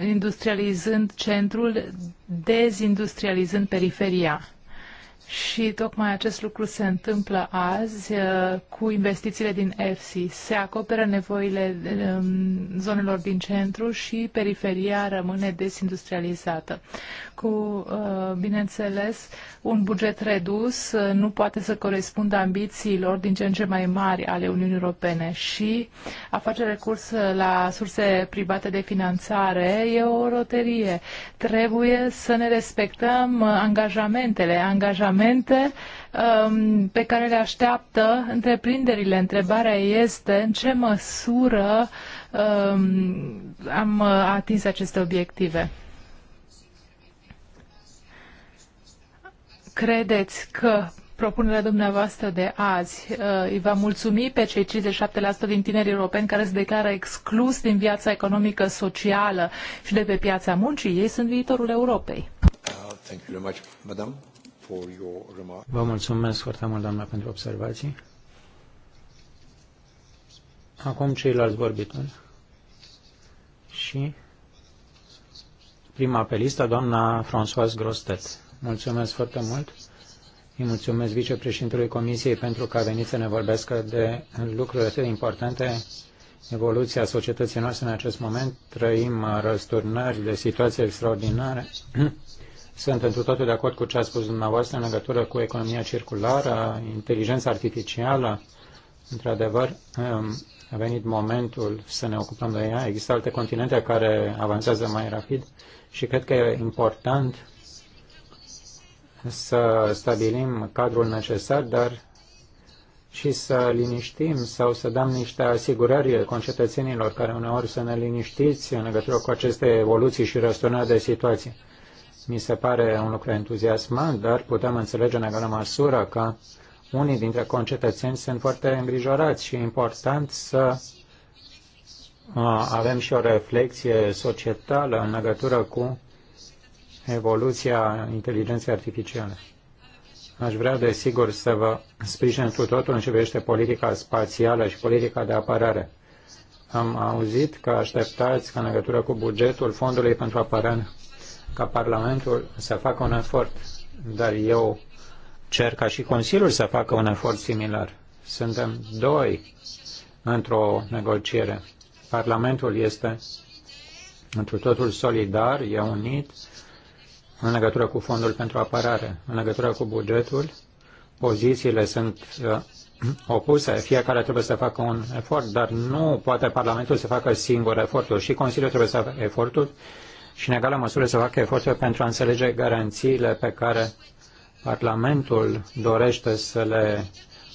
industrializând centrul, dezindustrializând periferia. Și tocmai acest lucru se întâmplă azi uh, cu investițiile din EFSI. Se acoperă nevoile um, zonelor din centru și periferia rămâne desindustrializată. Cu, uh, bineînțeles, un buget redus uh, nu poate să corespundă ambițiilor din ce în ce mai mari ale Uniunii Europene și a face recurs la surse private de finanțare e o roterie. Trebuie să ne respectăm angajamentele, angajamentele documente um, pe care le așteaptă întreprinderile. Întrebarea este în ce măsură um, am uh, atins aceste obiective. Credeți că propunerea dumneavoastră de azi uh, îi va mulțumi pe cei 57% din tinerii europeni care se declară exclus din viața economică, socială și de pe piața muncii? Ei sunt viitorul Europei. Uh, thank you very much, for your Vă mulțumesc foarte mult, doamna, pentru observații. Acum ceilalți vorbitori. Și prima pe listă, doamna Françoise Grostet. Mulțumesc foarte mult. Îi mulțumesc vicepreședintelui Comisiei pentru că a venit să ne vorbească de lucruri atât de importante, evoluția societății noastre în acest moment. Trăim răsturnări de situații extraordinare Sunt pentru totul de acord cu ce a spus dumneavoastră în legătură cu economia circulară, inteligența artificială. Într-adevăr, um, a venit momentul să ne ocupăm de ea. Există alte continente care avansează mai rapid și cred că e important să stabilim cadrul necesar, dar și să liniștim sau să dăm niște asigurări concetățenilor care uneori să ne liniștiți în legătură cu aceste evoluții și răsturnări de situație. Mi se pare un lucru entuziasmant, dar putem înțelege în egală măsură că unii dintre concetățeni sunt foarte îngrijorați și e important să uh, avem și o reflexie societală în legătură cu evoluția inteligenței artificiale. Aș vrea, desigur, să vă sprijin cu totul în ce privește politica spațială și politica de apărare. Am auzit că așteptați că în legătură cu bugetul Fondului pentru Apărare ca Parlamentul să facă un efort, dar eu cer ca și Consiliul să facă un efort similar. Suntem doi într-o negociere. Parlamentul este întru totul solidar, e unit în legătură cu fondul pentru apărare, în legătură cu bugetul. Pozițiile sunt uh, opuse, fiecare trebuie să facă un efort, dar nu poate Parlamentul să facă singur efortul și Consiliul trebuie să facă efortul și în egală măsură să facă eforturi pentru a înțelege garanțiile pe care Parlamentul dorește să le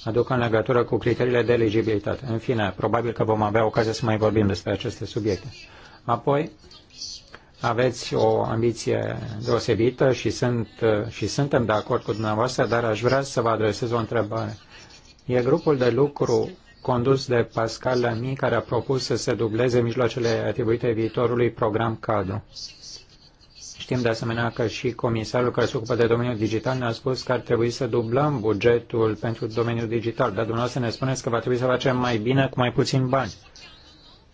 aducă în legătură cu criteriile de eligibilitate. În fine, probabil că vom avea ocazia să mai vorbim despre aceste subiecte. Apoi, aveți o ambiție deosebită și, sunt, și suntem de acord cu dumneavoastră, dar aș vrea să vă adresez o întrebare. E grupul de lucru condus de Pascal Lamy, care a propus să se dubleze mijloacele atribuite viitorului program cadru. Știm de asemenea că și comisarul care se ocupă de domeniul digital ne-a spus că ar trebui să dublăm bugetul pentru domeniul digital, dar dumneavoastră ne spuneți că va trebui să facem mai bine cu mai puțin bani.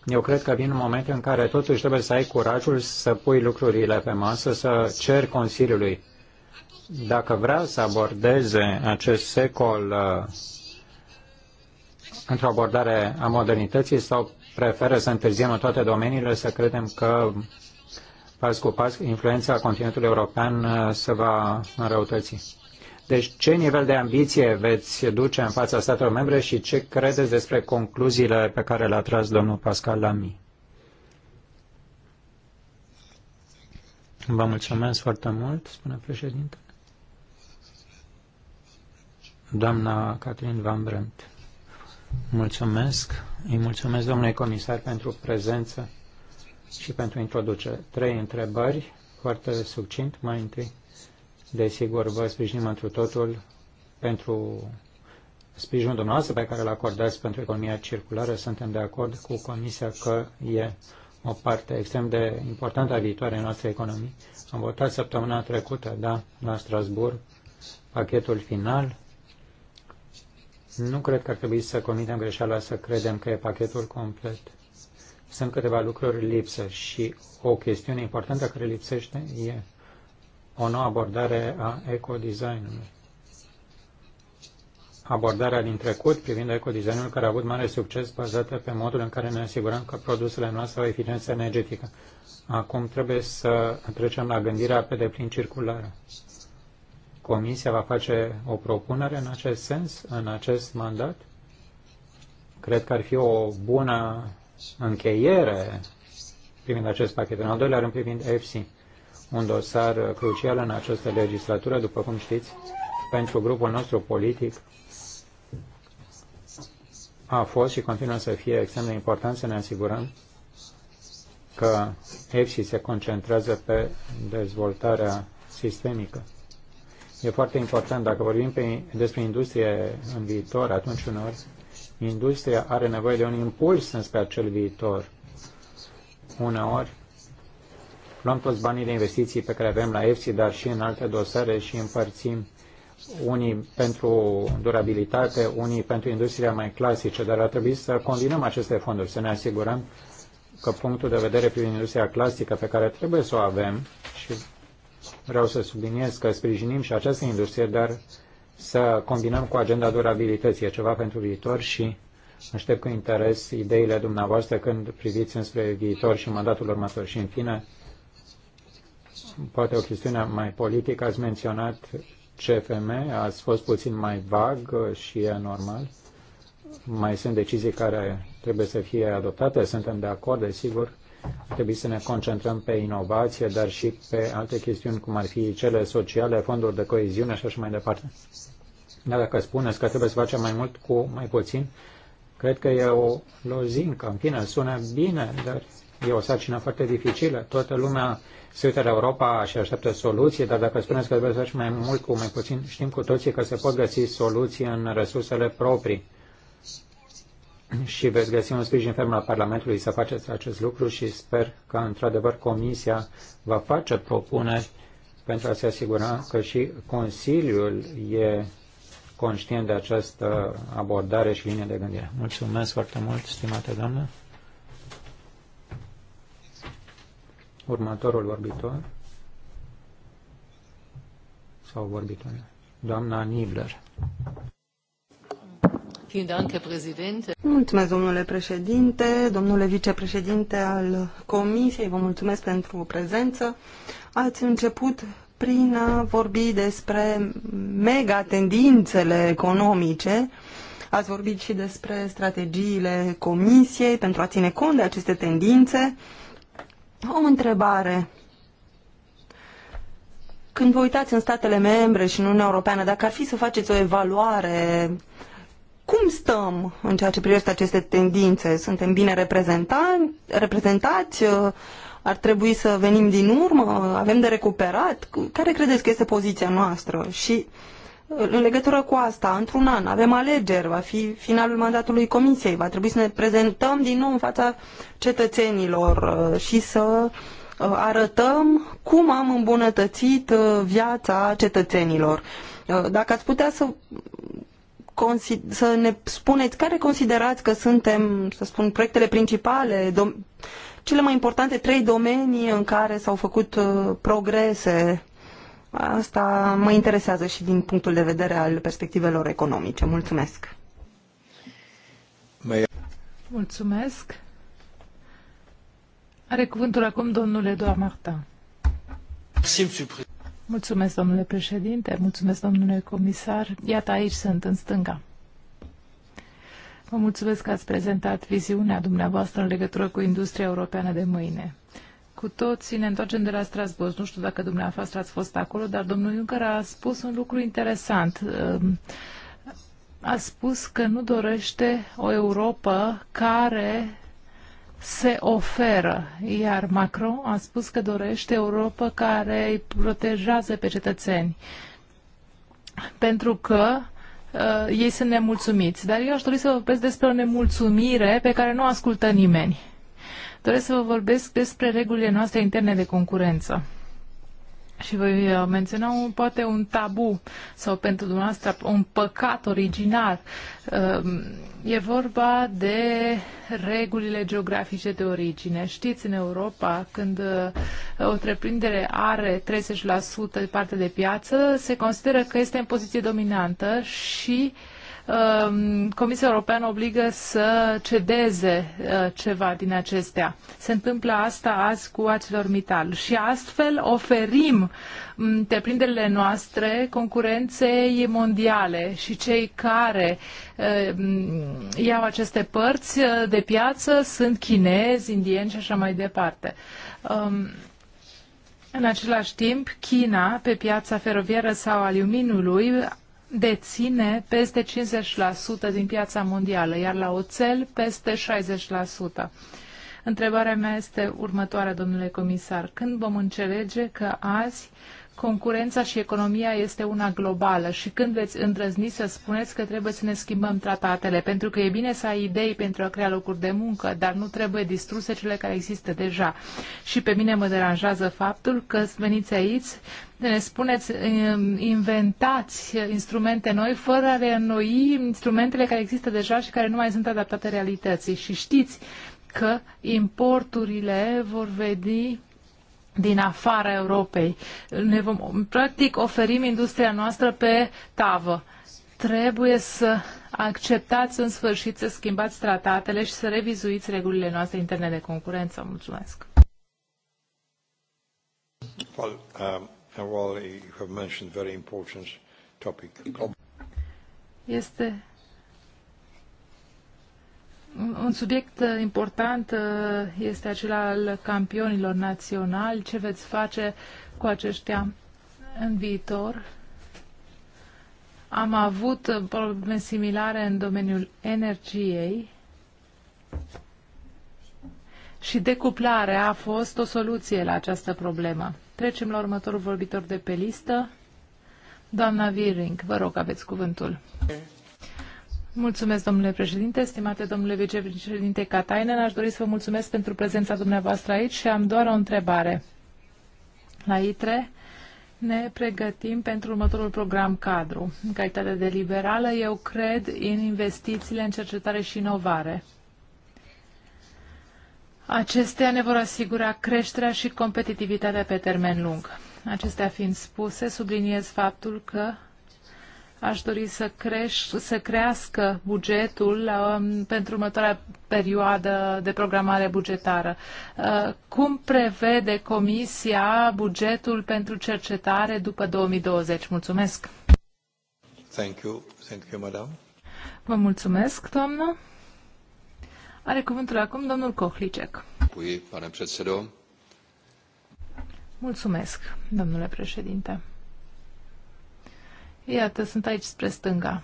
Eu cred că vin un moment în care totuși trebuie să ai curajul să pui lucrurile pe masă, să ceri Consiliului. Dacă vrea să abordeze acest secol uh, într-o abordare a modernității sau preferă să întârziem în toate domeniile, să credem că pas cu pas influența continentului european uh, se va înrăutăți. Deci ce nivel de ambiție veți duce în fața statelor membre și ce credeți despre concluziile pe care le-a tras domnul Pascal Lamy? Vă mulțumesc foarte mult, spune președinte. Doamna Catherine Van Brandt. Mulțumesc. Îi mulțumesc, domnule comisar, pentru prezență și pentru introducere. Trei întrebări, foarte succint, mai întâi. Desigur, vă sprijinim întru totul pentru sprijinul dumneavoastră pe care îl acordați pentru economia circulară. Suntem de acord cu Comisia că e o parte extrem de importantă a viitoarei noastre economii. Am votat săptămâna trecută, da, la Strasburg, pachetul final nu cred că ar trebui să comitem greșeala să credem că e pachetul complet. Sunt câteva lucruri lipsă și o chestiune importantă care lipsește e o nouă abordare a ecodesignului. Abordarea din trecut privind ecodesignul care a avut mare succes bazată pe modul în care ne asigurăm că produsele noastre au eficiență energetică. Acum trebuie să trecem la gândirea pe deplin circulară. Comisia va face o propunere în acest sens, în acest mandat? Cred că ar fi o bună încheiere privind acest pachet. În al doilea rând, privind EFSI, un dosar crucial în această legislatură, după cum știți, pentru grupul nostru politic a fost și continuă să fie extrem de important să ne asigurăm că EFSI se concentrează pe dezvoltarea sistemică. E foarte important. Dacă vorbim pe, despre industrie în viitor, atunci uneori industria are nevoie de un impuls înspre acel viitor. Uneori luăm toți banii de investiții pe care avem la EFSI, dar și în alte dosare și împărțim unii pentru durabilitate, unii pentru industria mai clasice, dar ar trebui să combinăm aceste fonduri, să ne asigurăm că punctul de vedere privind industria clasică pe care trebuie să o avem și Vreau să subliniez că sprijinim și această industrie, dar să combinăm cu agenda durabilității, e ceva pentru viitor și aștept cu interes ideile dumneavoastră când priviți înspre viitor și mandatul următor. Și în fine, poate o chestiune mai politică, ați menționat CFM, ați fost puțin mai vag și e normal. Mai sunt decizii care trebuie să fie adoptate, suntem de acord, desigur, Trebuie să ne concentrăm pe inovație, dar și pe alte chestiuni, cum ar fi cele sociale, fonduri de coeziune și așa mai departe. Dar dacă spuneți că trebuie să facem mai mult cu mai puțin, cred că e o lozincă. În fine, sună bine, dar e o sarcină foarte dificilă. Toată lumea se uită la Europa și așteaptă soluții, dar dacă spuneți că trebuie să facem mai mult cu mai puțin, știm cu toții că se pot găsi soluții în resursele proprii și veți găsi un sprijin ferm la Parlamentului să faceți acest lucru și sper că, într-adevăr, Comisia va face propuneri pentru a se asigura că și Consiliul e conștient de această abordare și linie de gândire. Mulțumesc foarte mult, stimate doamnă. Următorul vorbitor sau vorbitor, doamna Nibler. Mulțumesc, domnule președinte, domnule vicepreședinte al Comisiei, vă mulțumesc pentru prezență. Ați început prin a vorbi despre mega tendințele economice. Ați vorbit și despre strategiile Comisiei pentru a ține cont de aceste tendințe. O întrebare. Când vă uitați în statele membre și în Uniunea Europeană, dacă ar fi să faceți o evaluare uh, cum stăm în ceea ce privește aceste tendințe? Suntem bine reprezentați? Ar trebui să venim din urmă? Avem de recuperat? Care credeți că este poziția noastră? Și în legătură cu asta, într-un an avem alegeri, va fi finalul mandatului comisiei, va trebui să ne prezentăm din nou în fața cetățenilor uh, și să uh, arătăm cum am îmbunătățit uh, viața cetățenilor. Dacă ați putea să să ne spuneți care considerați că suntem, să spun, proiectele principale, cele mai importante trei domenii în care s-au făcut uh, progrese. Asta mă interesează și din punctul de vedere al perspectivelor economice. Mulțumesc! Mulțumesc! Are cuvântul acum domnul Eduard Martin. Mulțumesc, domnule președinte, mulțumesc, domnule comisar. Iată, aici sunt, în stânga. Vă mulțumesc că ați prezentat viziunea dumneavoastră în legătură cu industria europeană de mâine. Cu toții ne întoarcem de la Strasbourg. Nu știu dacă dumneavoastră ați fost acolo, dar domnul Juncker a spus un lucru interesant. Ehm, a spus că nu dorește o Europa care se oferă, iar Macron a spus că dorește Europa care îi protejează pe cetățeni, pentru că uh, ei sunt nemulțumiți. Dar eu aș dori să vorbesc despre o nemulțumire pe care nu o ascultă nimeni. Doresc să vă vorbesc despre regulile noastre interne de concurență. Și voi uh, menționa un, poate un tabu sau pentru dumneavoastră un păcat original, um, E vorba de regulile geografice de origine. Știți, în Europa, când uh, o întreprindere are 30% parte de piață, se consideră că este în poziție dominantă și uh, Ehm, Comisia Europeană obligă să cedeze eh, ceva din acestea. Se întâmplă asta azi cu ArcelorMittal și astfel oferim mm, întreprinderile noastre concurenței mondiale și cei care eh, iau aceste părți eh, de piață sunt chinezi, indieni și așa mai departe. Ehm, în același timp, China, pe piața feroviară sau aluminiului, deține peste 50% din piața mondială, iar la oțel peste 60%. Întrebarea mea este următoarea, domnule comisar. Când vom înțelege că azi concurența și economia este una globală și când veți îndrăzni să spuneți că trebuie să ne schimbăm tratatele, pentru că e bine să ai idei pentru a crea locuri de muncă, dar nu trebuie distruse cele care există deja. Și pe mine mă deranjează faptul că veniți aici ne spuneți, um, inventați instrumente noi fără a reînnoi instrumentele care există deja și care nu mai sunt adaptate realității. Și știți că importurile vor veni din afara Europei. Ne vom, practic oferim industria noastră pe tavă. Trebuie să acceptați în sfârșit să schimbați tratatele și să revizuiți regulile noastre interne de concurență. Mulțumesc. Well, um, well, you have mentioned very important topic. Este un subiect uh, important uh, este acela al campionilor naționali. Ce veți face cu aceștia în viitor? Am avut uh, probleme similare în domeniul energiei și decuplarea a fost o soluție la această problemă. Trecem la următorul vorbitor de pe listă. Doamna Viring, vă rog, aveți cuvântul. Okay. Mulțumesc, domnule președinte, stimate domnule vicepreședinte Catainen, Aș dori să vă mulțumesc pentru prezența dumneavoastră aici și am doar o întrebare. La ITRE ne pregătim pentru următorul program cadru. În calitate de liberală, eu cred în investițiile în cercetare și inovare. Acestea ne vor asigura creșterea și competitivitatea pe termen lung. Acestea fiind spuse, subliniez faptul că aș dori să, creș- să crească bugetul uh, pentru următoarea perioadă de programare bugetară. Uh, cum prevede Comisia bugetul pentru cercetare după 2020? Mulțumesc! Thank you. Thank you, madam. Vă mulțumesc, doamnă. Are cuvântul acum domnul Kohlicek. Mulțumesc, domnule președinte. Iată, sunt aici spre stânga.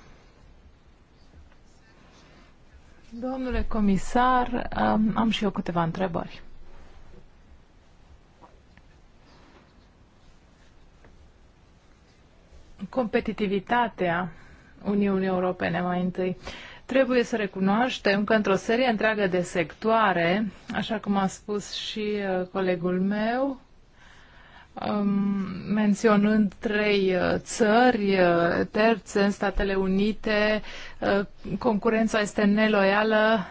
Domnule comisar, am și eu câteva întrebări. Competitivitatea Uniunii Europene mai întâi. Trebuie să recunoaștem că într-o serie întreagă de sectoare, așa cum a spus și uh, colegul meu, Um, menționând trei uh, țări uh, terțe în Statele Unite, uh, concurența este neloială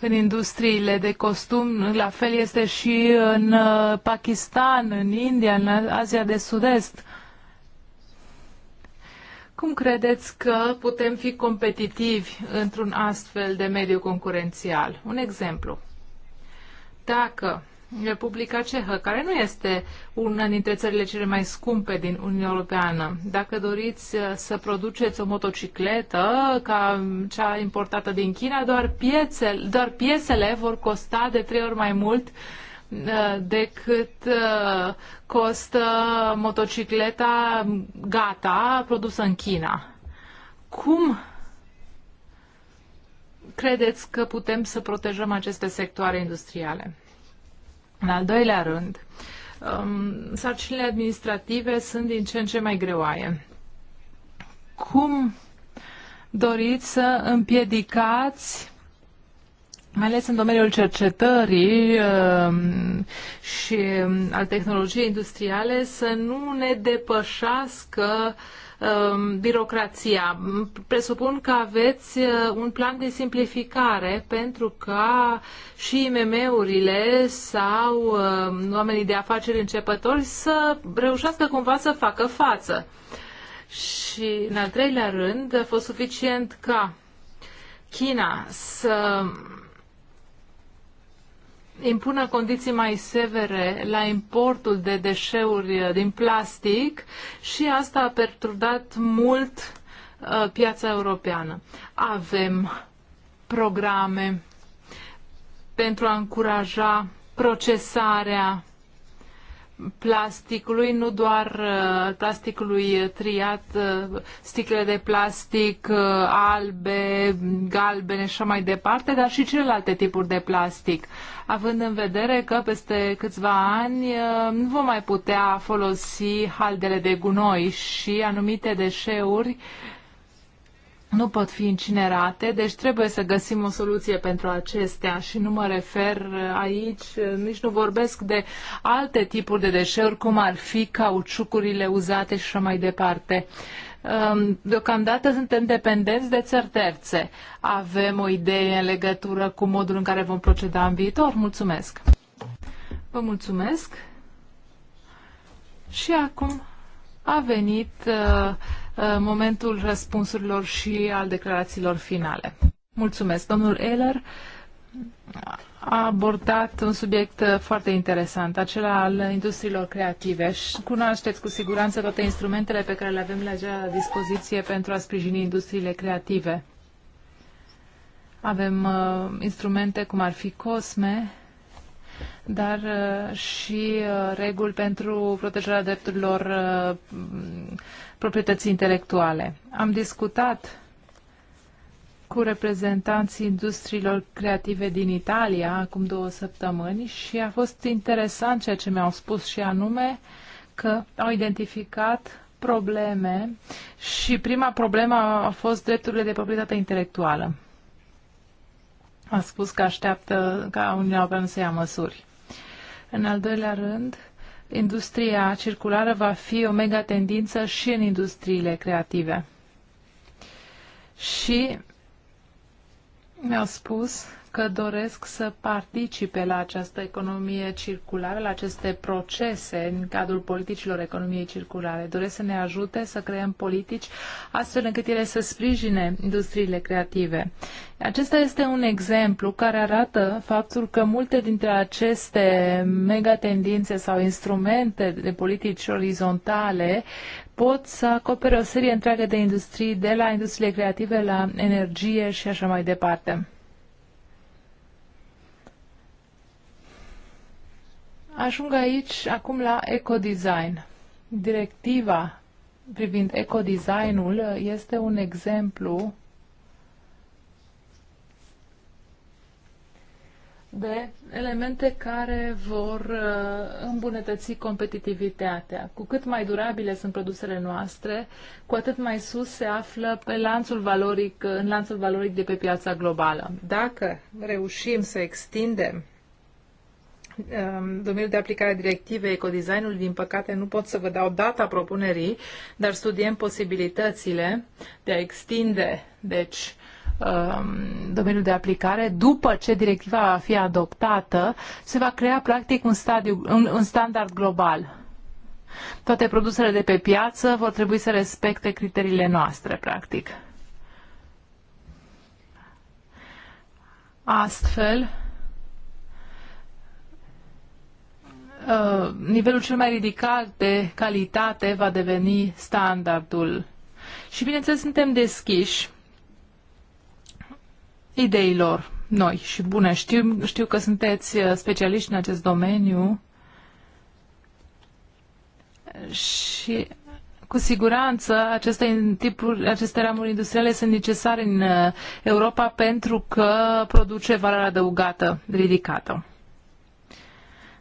în industriile de costum, la fel este și în Pakistan, în India, în Asia de Sud-Est. Cum credeți că putem fi competitivi într-un astfel de mediu concurențial? Un exemplu. Dacă Republica Cehă, care nu este una dintre țările cele mai scumpe din Uniunea Europeană. Dacă doriți uh, să produceți o motocicletă ca cea importată din China, doar, piețele, doar piesele vor costa de trei ori mai mult uh, decât uh, costă motocicleta gata produsă în China. Cum credeți că putem să protejăm aceste sectoare industriale? În al doilea rând, um, sarcinile administrative sunt din ce în ce mai greoaie. Cum doriți să împiedicați mai ales în domeniul cercetării um, și um, al tehnologiei industriale, să nu ne depășească Um, birocrația. Presupun că aveți uh, un plan de simplificare pentru ca și IMM-urile sau um, oamenii de afaceri începători să reușească cumva să facă față. Și în al treilea rând a fost suficient ca China să impună condiții mai severe la importul de deșeuri uh, din plastic și asta a perturbat mult uh, piața europeană. Avem programe pentru a încuraja procesarea plasticului, nu doar uh, plasticului triat, uh, sticlele de plastic uh, albe, galbene și așa mai departe, dar și celelalte tipuri de plastic, având în vedere că peste câțiva ani nu vom mai putea folosi haldele de gunoi și anumite deșeuri nu pot fi incinerate, deci trebuie să găsim o soluție pentru acestea și nu mă refer aici, nici nu vorbesc de alte tipuri de deșeuri, cum ar fi cauciucurile uzate și așa mai departe. Um, deocamdată suntem dependenți de țări terțe. Avem o idee în legătură cu modul în care vom proceda în viitor? Mulțumesc! Vă mulțumesc! Și acum a venit uh, Uh, momentul răspunsurilor și al declarațiilor finale. Mulțumesc. Domnul Eller a abordat un subiect uh, foarte interesant, acela al industriilor creative. Cunoașteți cu siguranță toate instrumentele pe care le avem la dispoziție pentru a sprijini industriile creative. Avem uh, instrumente cum ar fi COSME, dar uh, și uh, reguli pentru protejarea drepturilor uh, proprietății intelectuale. Am discutat cu reprezentanții industriilor creative din Italia acum două săptămâni și a fost interesant ceea ce mi-au spus și anume că au identificat probleme și prima problemă a fost drepturile de proprietate intelectuală. A spus că așteaptă ca Uniunea Europeană să ia măsuri. În al doilea rând, industria circulară va fi o mega tendință și în industriile creative. Și mi-au spus că doresc să participe la această economie circulară, la aceste procese în cadrul politicilor economiei circulare. Doresc să ne ajute să creăm politici astfel încât ele să sprijine industriile creative. Acesta este un exemplu care arată faptul că multe dintre aceste mega tendințe sau instrumente de politici orizontale pot să acopere o serie întreagă de industrii, de la industriile creative la energie și așa mai departe. Ajung aici acum la ecodesign. Directiva privind ecodesignul este un exemplu de elemente care vor uh, îmbunătăți competitivitatea. Cu cât mai durabile sunt produsele noastre, cu atât mai sus se află pe lanțul valoric, în lanțul valoric de pe piața globală. Dacă reușim să extindem Ehm, domeniul de aplicare a directivei ecodesignul, din păcate nu pot să vă dau data propunerii, dar studiem posibilitățile de a extinde, deci, ehm, domeniul de aplicare, după ce directiva va fi adoptată, se va crea practic un, stadiu, un, un standard global. Toate produsele de pe piață vor trebui să respecte criteriile noastre, practic. Astfel, Uh, nivelul cel mai ridicat de calitate va deveni standardul. Și bineînțeles suntem deschiși ideilor noi și bune. Știu, știu că sunteți uh, specialiști în acest domeniu și cu siguranță aceste, tipuri, aceste ramuri industriale sunt necesare în uh, Europa pentru că produce valoarea adăugată ridicată.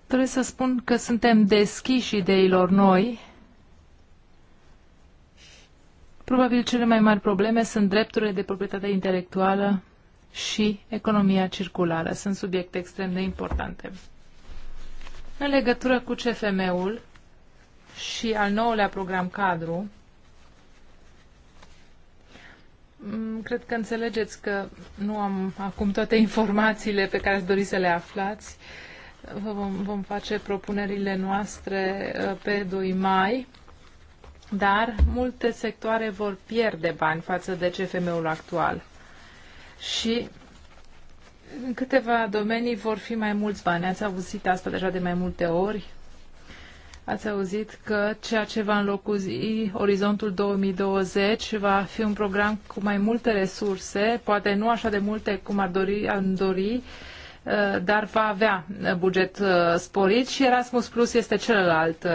Trebuie să spun că suntem deschiși ideilor noi. Probabil cele mai mari probleme sunt drepturile de proprietate intelectuală și economia circulară. Sunt subiecte extrem de importante. În legătură cu CFM-ul și al nouălea program cadru, mm, Cred că înțelegeți că nu am acum toate informațiile pe care ați dori să le aflați vom, vom face propunerile noastre uh, pe 2 mai, dar multe sectoare vor pierde bani față de CFM-ul actual. Și în câteva domenii vor fi mai mulți bani. Ați auzit asta deja de mai multe ori. Ați auzit că ceea ce va înlocui Orizontul 2020 va fi un program cu mai multe resurse, poate nu așa de multe cum ar dori, am dori, Eh, dar va avea eh, buget eh, sporit și Erasmus Plus este celălalt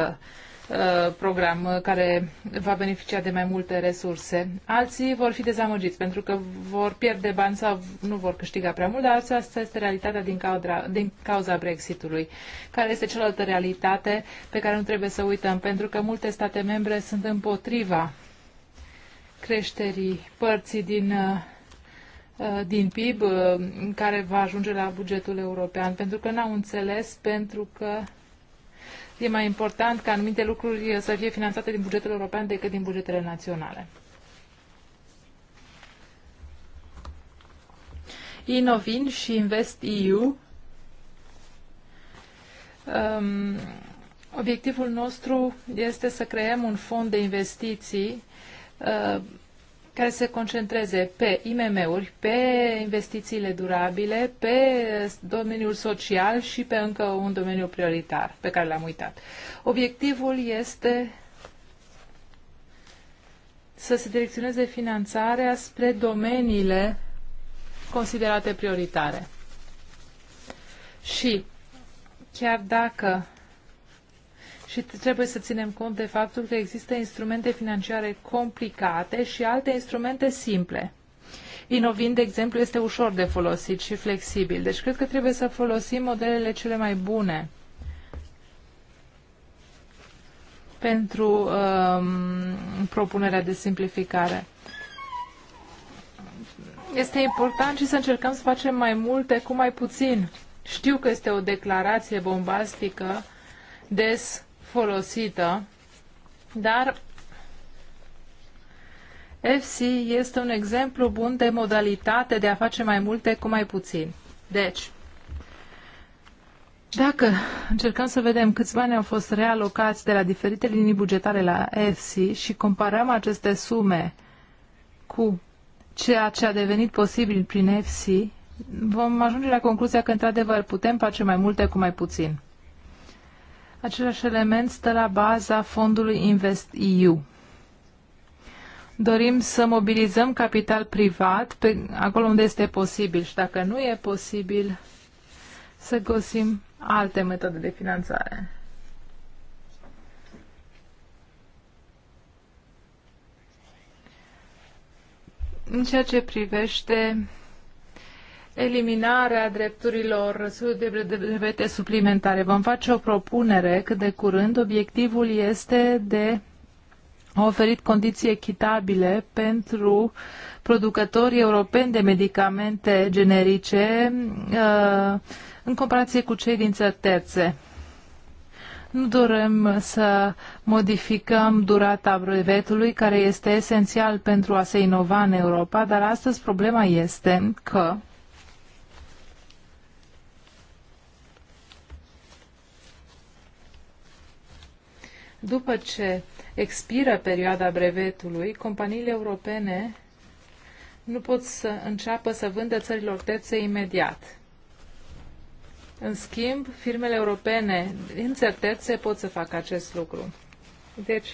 program care va beneficia de mai multe resurse. Alții vor fi dezamăgiți pentru că vor pierde bani sau nu vor câștiga prea mult, dar asta este realitatea din cauza, din cauza Brexitului, care este cealaltă realitate pe care nu trebuie să uităm, pentru că multe state membre sunt împotriva creșterii părții din Uh, din PIB uh, care va ajunge la bugetul european, pentru că n-au înțeles, pentru că e mai important ca anumite lucruri uh, să fie finanțate din bugetul european decât din bugetele naționale. Inovin și Invest EU. Um, obiectivul nostru este să creăm un fond de investiții uh, care se concentreze pe IMM-uri, pe investițiile durabile, pe eh, domeniul social și pe încă un domeniu prioritar pe care l-am uitat. Obiectivul este să se direcționeze finanțarea spre domeniile considerate prioritare. Și chiar dacă și trebuie să ținem cont de faptul că există instrumente financiare complicate și alte instrumente simple. Inovin, de exemplu, este ușor de folosit și flexibil. Deci cred că trebuie să folosim modelele cele mai bune pentru um, propunerea de simplificare. Este important și să încercăm să facem mai multe cu mai puțin. Știu că este o declarație bombastică des folosită, dar FC este un exemplu bun de modalitate de a face mai multe cu mai puțin. Deci, dacă încercăm să vedem câți bani au fost realocați de la diferite linii bugetare la FC și comparăm aceste sume cu ceea ce a devenit posibil prin FC, vom ajunge la concluzia că, într-adevăr, putem face mai multe cu mai puțin. Același element stă la baza fondului InvestEU. Dorim să mobilizăm capital privat pe, acolo unde este posibil și dacă nu e posibil, să găsim alte metode de finanțare. În ceea ce privește eliminarea drepturilor de vete suplimentare. Vom face o propunere cât de curând. Obiectivul este de a oferit condiții echitabile pentru producătorii europeni de medicamente generice uh, în comparație cu cei din țări terțe. Nu dorem să modificăm durata brevetului, care este esențial pentru a se inova în Europa, dar astăzi problema este că După ce expiră perioada brevetului, companiile europene nu pot să înceapă să vândă țărilor terțe imediat. În schimb, firmele europene din terțe pot să facă acest lucru. Deci,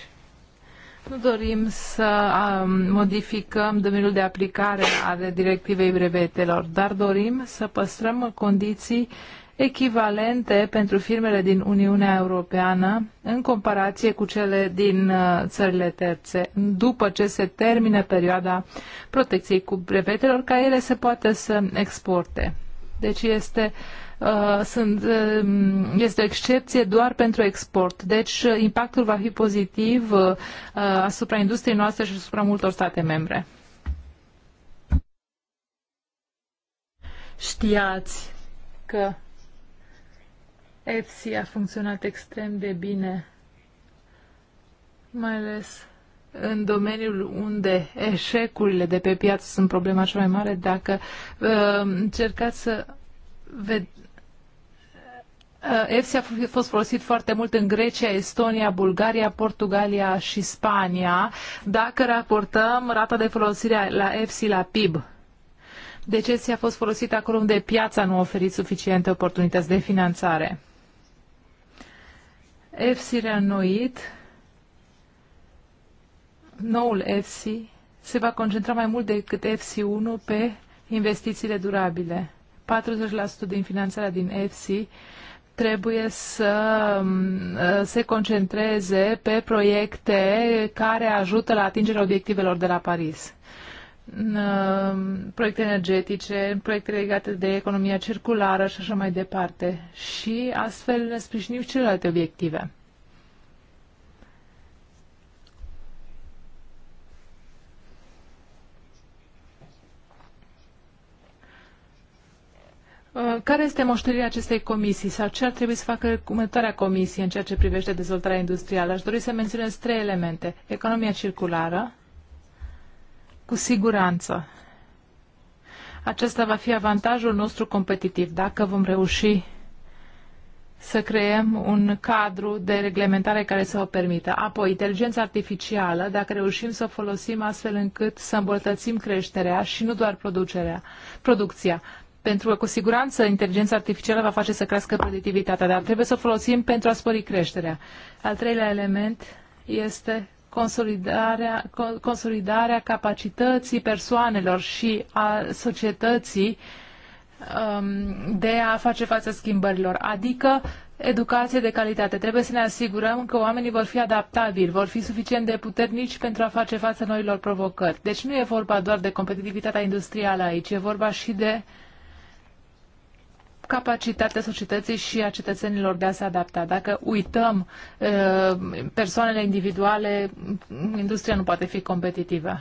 nu dorim să um, modificăm domeniul de aplicare a directivei brevetelor, dar dorim să păstrăm condiții uh, echivalente pentru firmele din Uniunea Europeană în comparație cu cele din uh, țările terțe, după ce se termine perioada protecției cu brevetelor, ca ele se poate să exporte. Deci este, uh, sunt, uh, este o excepție doar pentru export. Deci uh, impactul va fi pozitiv uh, uh, asupra industriei noastre și asupra multor state membre. Știați că EFSI a funcționat extrem de bine, mai ales în domeniul unde eșecurile de pe piață sunt problema cea mai mare, dacă uh, încercați să vedeți EFSI uh, a fost folosit foarte mult în Grecia, Estonia, Bulgaria, Portugalia și Spania, dacă raportăm rata de folosire la EFSI la PIB. Deci EFSI a fost folosit acolo unde piața nu a oferit suficiente oportunități de finanțare. EFSI reanoit, noul EFSI, se va concentra mai mult decât EFSI 1 pe investițiile durabile. 40% din finanțarea din EFSI trebuie să mm, se concentreze pe proiecte care ajută la atingerea obiectivelor de la Paris în uh, proiecte energetice, în proiecte legate de economia circulară și așa mai departe. Și astfel ne sprijinim celelalte obiective. Uh, care este moștenirea acestei comisii sau ce ar trebui să facă următoarea comisie în ceea ce privește dezvoltarea industrială? Aș dori să menționez trei elemente. Economia circulară, cu siguranță. Acesta va fi avantajul nostru competitiv, dacă vom reuși să creăm un cadru de reglementare care să o permită. Apoi, inteligența artificială, dacă reușim să o folosim astfel încât să îmbolătățim creșterea și nu doar producerea, producția. Pentru că, cu siguranță, inteligența artificială va face să crească productivitatea, dar trebuie să o folosim pentru a spori creșterea. Al treilea element este consolidarea, consolidarea capacității persoanelor și a societății um, de a face față schimbărilor, adică educație de calitate. Trebuie să ne asigurăm că oamenii vor fi adaptabili, vor fi suficient de puternici pentru a face față noilor provocări. Deci nu e vorba doar de competitivitatea industrială aici, e vorba și de uh, capacitatea societății și a cetățenilor de a se adapta. Dacă uităm uh, persoanele individuale, industria nu poate fi competitivă.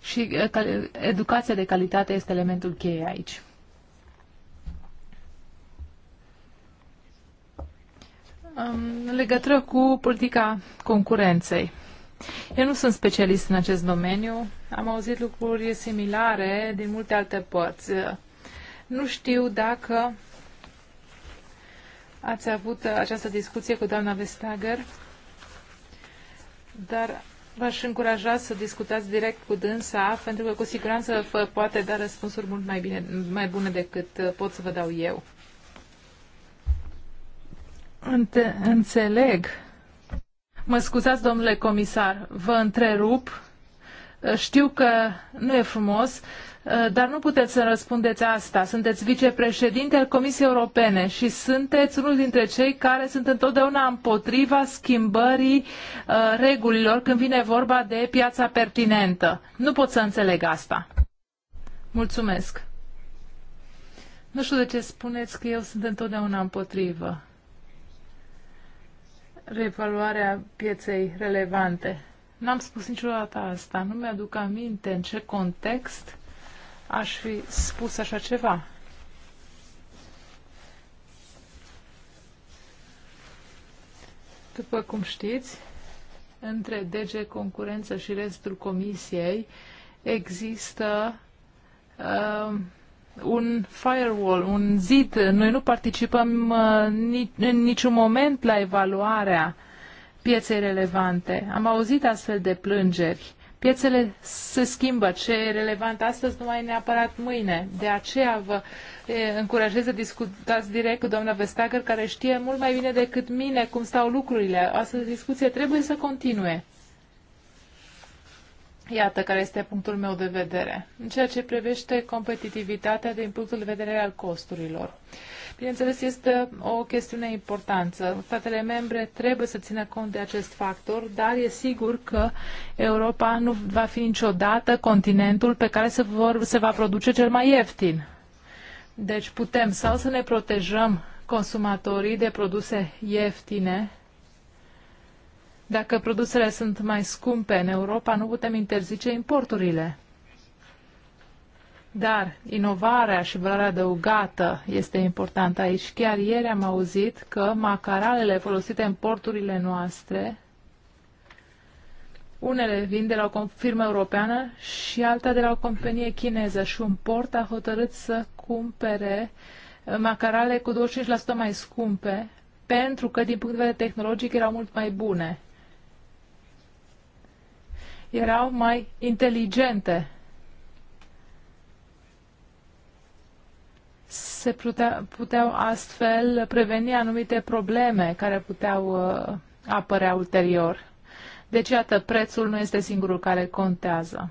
Și uh, educația de calitate este elementul cheie aici. În legătură cu politica concurenței. Eu nu sunt specialist în acest domeniu. Am auzit lucruri similare din multe alte părți. Nu știu dacă ați avut uh, această discuție cu doamna Vestager, dar v-aș încuraja să discutați direct cu dânsa, pentru că cu siguranță vă poate da răspunsuri mult mai, bine, mai bune decât uh, pot să vă dau eu. Înte înțeleg. Mă scuzați, domnule comisar, vă întrerup. Știu că nu e frumos. Eh, dar nu puteți să răspundeți asta. Sunteți vicepreședinte al Comisiei Europene și sunteți unul dintre cei care sunt întotdeauna împotriva schimbării eh, regulilor când vine vorba de piața pertinentă. Nu pot să înțeleg asta. Mulțumesc. Nu știu de ce spuneți că eu sunt întotdeauna împotrivă. Revaluarea pieței relevante. N-am spus niciodată asta. Nu mi-aduc aminte în ce context aș fi spus așa ceva. După cum știți, între DG Concurență și restul comisiei există uh, un firewall, un zid. Noi nu participăm uh, nici, în niciun moment la evaluarea pieței relevante. Am auzit astfel de plângeri Piețele se schimbă. Ce e relevant astăzi nu mai e neapărat mâine. De aceea vă încurajez să discutați direct cu doamna Vestager, care știe mult mai bine decât mine cum stau lucrurile. Astăzi discuție trebuie să continue. Iată care este punctul meu de vedere. În ceea ce privește competitivitatea din punctul de vedere al costurilor. Bineînțeles, este o chestiune importantă. Statele membre trebuie să țină cont de acest factor, dar e sigur că Europa nu va fi niciodată continentul pe care se, vor, se va produce cel mai ieftin. Deci putem sau să ne protejăm consumatorii de produse ieftine, dacă produsele sunt mai scumpe în Europa, nu putem interzice importurile. Dar inovarea și valoarea adăugată este importantă aici. Chiar ieri am auzit că macaralele folosite în porturile noastre, unele vin de la o firmă europeană și alta de la o companie chineză și un port a hotărât să cumpere uh, macarale cu 25% mai scumpe pentru că din punct de vedere tehnologic erau mult mai bune erau mai inteligente. Se putea, puteau astfel preveni anumite probleme care puteau uh, apărea ulterior. Deci, iată, prețul nu este singurul care contează.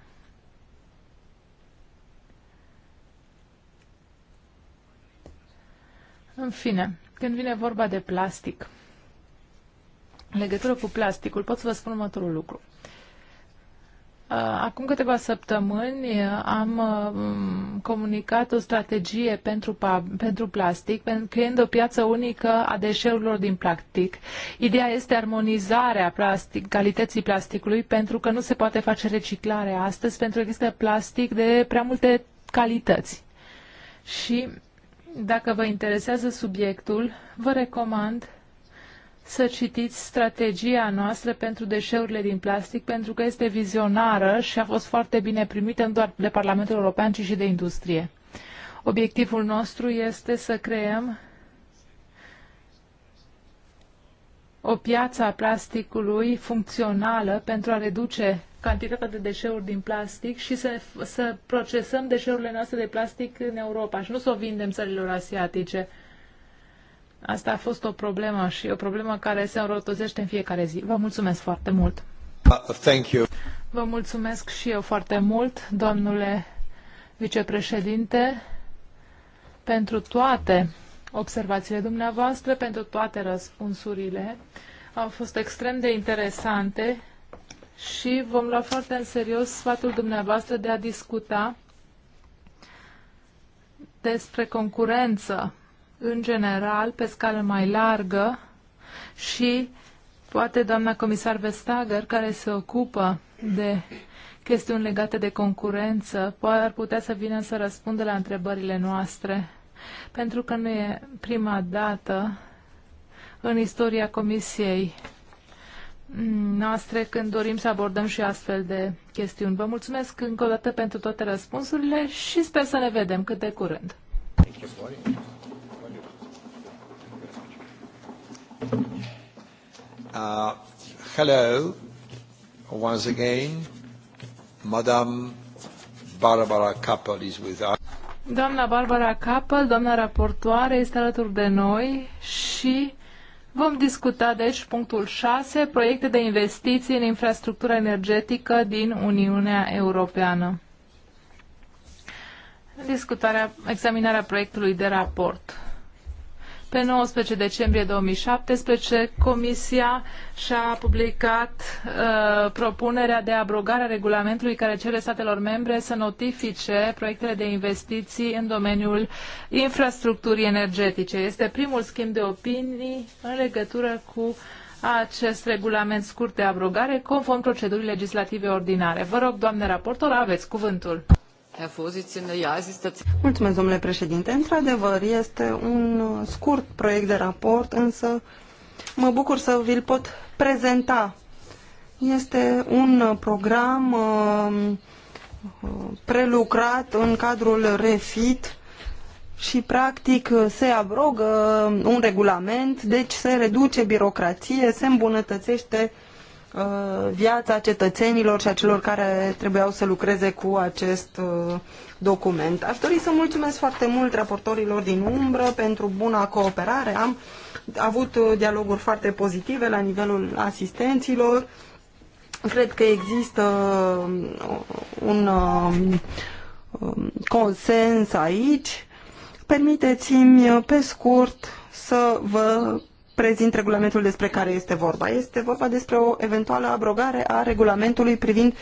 În fine, când vine vorba de plastic, legătură cu plasticul, pot să vă spun următorul lucru. Uh, Uh, acum câteva săptămâni uh, am uh, comunicat o strategie pentru, pentru plastic, creând o piață unică a deșeurilor din plastic. Ideea este armonizarea plastic, calității plasticului, pentru că nu se poate face reciclare astăzi, pentru că există plastic de prea multe calități. Și dacă vă interesează subiectul, vă recomand să citiți strategia noastră pentru deșeurile din plastic, pentru că este vizionară și a fost foarte bine primită nu doar de Parlamentul European, ci și de industrie. Obiectivul nostru este să creăm o piață a plasticului funcțională pentru a reduce cantitatea de deșeuri din plastic și să, să procesăm deșeurile noastre de plastic în Europa și nu să o vindem țărilor asiatice. Asta a fost o problemă și o problemă care se înrotozește în fiecare zi. Vă mulțumesc foarte mult! Uh, thank you. Vă mulțumesc și eu foarte mult, domnule vicepreședinte, pentru toate observațiile dumneavoastră, pentru toate răspunsurile. Au fost extrem de interesante și vom lua foarte în serios sfatul dumneavoastră de a discuta despre concurență în general, pe scală mai largă și poate doamna comisar Vestager, care se ocupă de chestiuni legate de concurență, ar putea să vină să răspundă la întrebările noastre, pentru că nu e prima dată în istoria Comisiei noastre când dorim să abordăm și astfel de chestiuni. Vă mulțumesc încă o dată pentru toate răspunsurile și sper să ne vedem cât de curând. Uh, hello, once again, Madame Barbara Kappel is with us. Doamna Barbara Kappel, doamna raportoare, este alături de noi și vom discuta, deci, punctul 6, proiecte de investiții în infrastructura energetică din Uniunea Europeană. Discutarea, examinarea proiectului de raport. Pe 19 decembrie 2017, Comisia și-a publicat uh, propunerea de abrogare a regulamentului care cere statelor membre să notifice proiectele de investiții în domeniul infrastructurii energetice. Este primul schimb de opinii în legătură cu acest regulament scurt de abrogare conform procedurii legislative ordinare. Vă rog, doamne raportor, aveți cuvântul. Mulțumesc, domnule președinte. Într-adevăr, este un scurt proiect de raport, însă mă bucur să vi-l pot prezenta. Este un program um, prelucrat în cadrul REFIT și, practic, se abrogă un regulament, deci se reduce birocrație, se îmbunătățește Uh, viața cetățenilor și a celor care trebuiau să lucreze cu acest uh, document. Aș dori să mulțumesc foarte mult raportorilor din umbră pentru buna cooperare. Am avut uh, dialoguri foarte pozitive la nivelul asistenților. Cred că există un um, consens aici. Permiteți-mi pe scurt să vă prezint regulamentul despre care este vorba. Este vorba despre o eventuală abrogare a regulamentului privind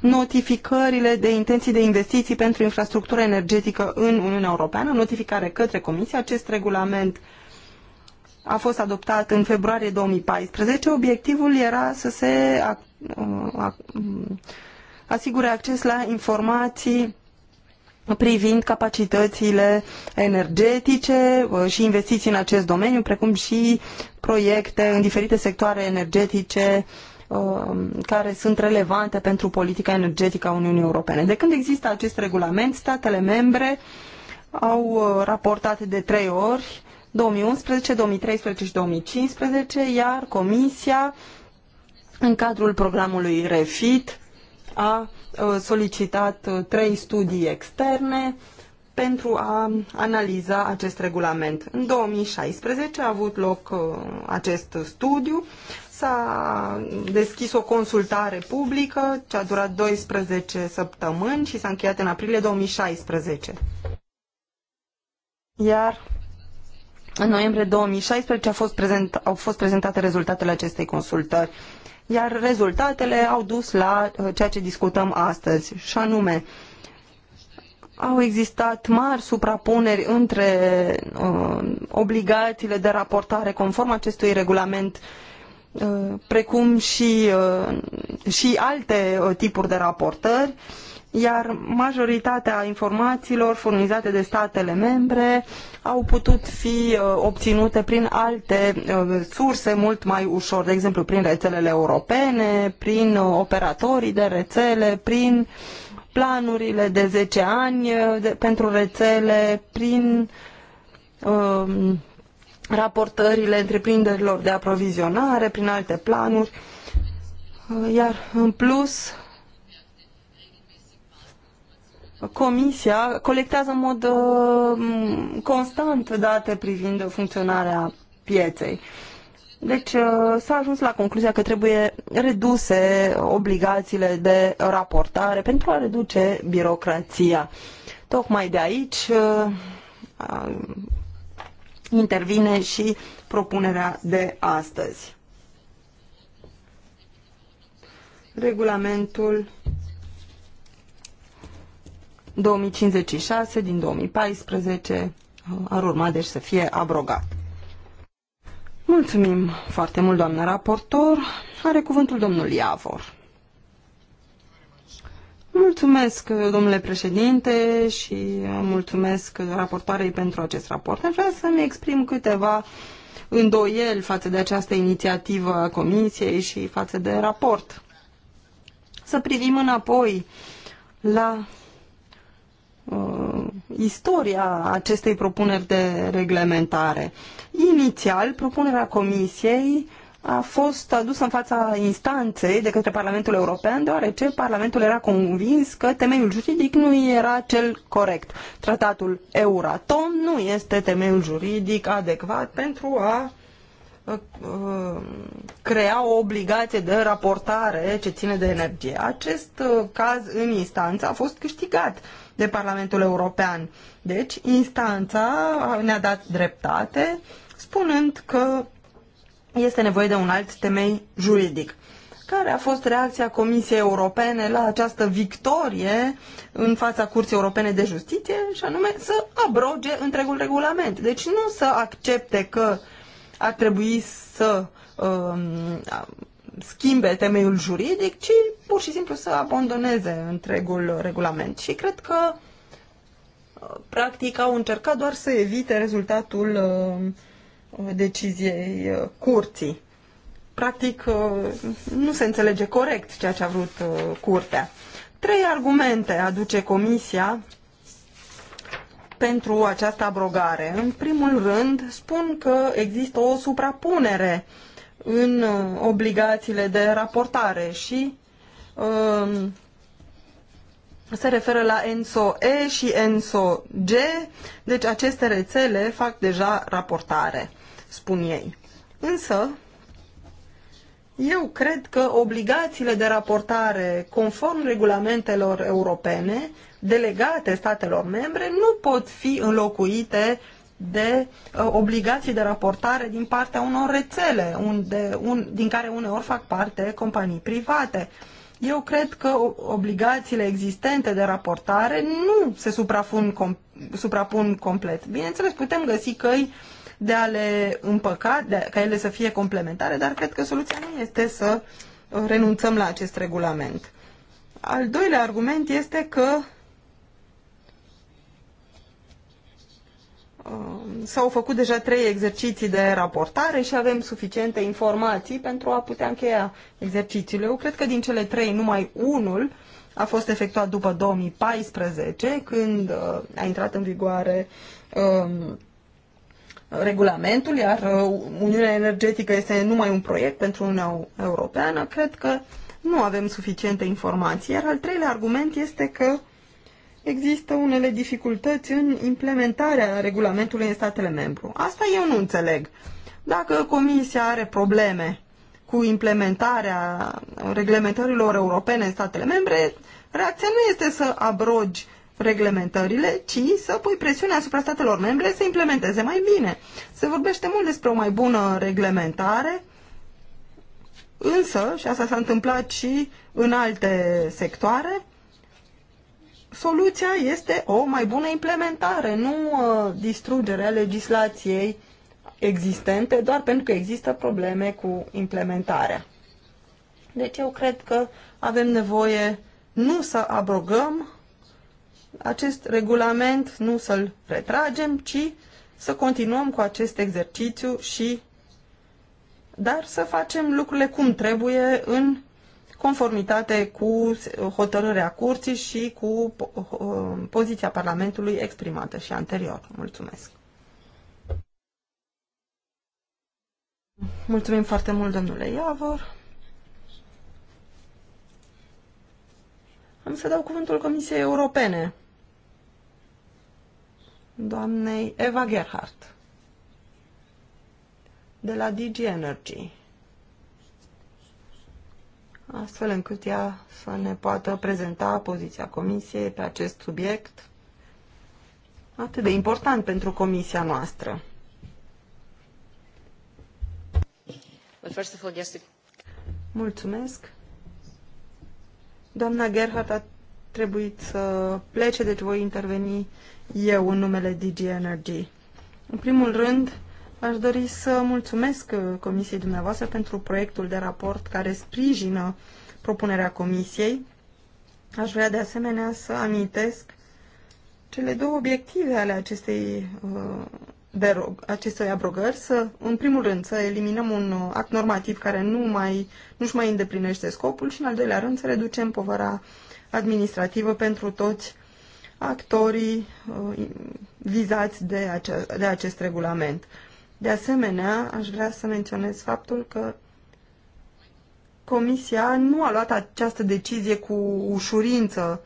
notificările de intenții de investiții pentru infrastructură energetică în Uniunea Europeană, notificare către Comisie. Acest regulament a fost adoptat în februarie 2014. Obiectivul era să se uh, uh, asigure acces la informații privind capacitățile energetice uh, și investiții în acest domeniu, precum și proiecte în diferite sectoare energetice uh, care sunt relevante pentru politica energetică a Uniunii Europene. De când există acest regulament, statele membre au uh, raportat de trei ori 2011, 2013 și 2015, iar Comisia, în cadrul programului REFIT, a solicitat uh, trei studii externe pentru a analiza acest regulament. În 2016 a avut loc uh, acest studiu, s-a deschis o consultare publică ce a durat 12 săptămâni și s-a încheiat în aprilie 2016. Iar în noiembrie 2016 a fost prezent, au fost prezentate rezultatele acestei consultări. Uh, iar rezultatele au dus la uh, ceea ce discutăm astăzi, și anume au existat mari suprapuneri între uh, obligațiile de raportare conform acestui regulament uh, precum și, uh, și alte uh, tipuri de raportări uh, iar majoritatea informațiilor furnizate de statele membre au putut fi uh, obținute prin alte uh, surse mult mai ușor, de exemplu prin rețelele europene, prin uh, operatorii de rețele, prin planurile de 10 ani pentru rețele, prin um, raportările întreprinderilor de aprovizionare, prin alte planuri, iar în plus Comisia colectează în mod uh, constant date privind funcționarea pieței. Deci uh, s-a ajuns la concluzia că trebuie reduse obligațiile de raportare pentru a reduce birocrația. Tocmai de aici uh, intervine și propunerea de astăzi. Regulamentul 2056 din 2014 uh, ar urma deci să fie abrogat. Mulțumim foarte mult, doamna raportor. Are cuvântul domnul Iavor. Mulțumesc, domnule președinte, și mulțumesc raportoarei pentru acest raport. Vreau să-mi exprim câteva îndoieli față de această inițiativă a Comisiei și față de raport. Să privim înapoi la uh, istoria acestei propuneri de reglementare. Inițial, propunerea Comisiei a fost adusă în fața instanței de către Parlamentul European, deoarece Parlamentul era convins că temeiul juridic nu era cel corect. Tratatul Euratom nu este temeiul juridic adecvat pentru a uh, crea o obligație de raportare ce ține de energie. Acest uh, caz în instanță a fost câștigat de Parlamentul European. Deci, instanța ne-a dat dreptate spunând că este nevoie de un alt temei juridic. Care a fost reacția Comisiei Europene la această victorie în fața Curții Europene de Justiție și anume să abroge întregul regulament. Deci nu să accepte că ar trebui să um, schimbe temeiul juridic, ci pur și simplu să abandoneze întregul regulament. Și cred că uh, practic au încercat doar să evite rezultatul uh, deciziei uh, curții. Practic nu se înțelege corect ceea ce a vrut curtea. Trei argumente aduce comisia pentru această abrogare. În primul rând, spun că există o suprapunere uh, în uh, obligațiile de raportare și um, se referă la ENSO-E și ENSO-G, deci aceste rețele fac deja raportare, spun ei. Însă, eu cred că obligațiile de raportare conform regulamentelor europene delegate statelor membre nu pot fi înlocuite de uh, obligații de raportare din partea unor rețele, unde, un, din care uneori fac parte companii private. Eu cred că obligațiile existente de raportare nu se suprapun, com, suprapun complet. Bineînțeles, putem găsi căi de a le împăca, de, ca ele să fie complementare, dar cred că soluția nu este să renunțăm la acest regulament. Al doilea argument este că Uh, s-au făcut deja trei exerciții de raportare și avem suficiente informații pentru a putea încheia exercițiile. Eu cred că din cele trei, numai unul a fost efectuat după 2014, când uh, a intrat în vigoare um, regulamentul, iar uh, Uniunea Energetică este numai un proiect pentru Uniunea Europeană. Cred că nu avem suficiente informații. Iar al treilea argument este că există unele dificultăți în implementarea regulamentului în statele membru. Asta eu nu înțeleg. Dacă Comisia are probleme cu implementarea reglementărilor europene în statele membre, reacția nu este să abrogi reglementările, ci să pui presiune asupra statelor membre să implementeze mai bine. Se vorbește mult despre o mai bună reglementare, însă, și asta s-a întâmplat și în alte sectoare, soluția este o mai bună implementare, nu uh, distrugerea legislației existente doar pentru că există probleme cu implementarea. Deci eu cred că avem nevoie nu să abrogăm acest regulament, nu să-l retragem, ci să continuăm cu acest exercițiu și dar să facem lucrurile cum trebuie în conformitate cu uh, hotărârea curții și cu uh, poziția Parlamentului exprimată și anterior. Mulțumesc! Mulțumim foarte mult, domnule Iavor. Am să dau cuvântul Comisiei Europene, doamnei Eva Gerhardt, de la DG Energy astfel încât ea să ne poată prezenta poziția Comisiei pe acest subiect atât de important pentru Comisia noastră. Mulțumesc. Doamna Gerhardt a trebuit să plece, deci voi interveni eu în numele DG Energy. În primul rând, Aș dori să mulțumesc uh, Comisiei dumneavoastră pentru proiectul de raport care sprijină propunerea Comisiei. Aș vrea de asemenea să amintesc cele două obiective ale acestei, uh, derog, acestei abrogări. Să, în primul rând, să eliminăm un uh, act normativ care nu mai, nu-și mai îndeplinește scopul și, în al doilea rând, să reducem povara administrativă pentru toți actorii vizați de, ace- de acest regulament. De asemenea, aș vrea să menționez faptul că Comisia nu a luat această decizie cu ușurință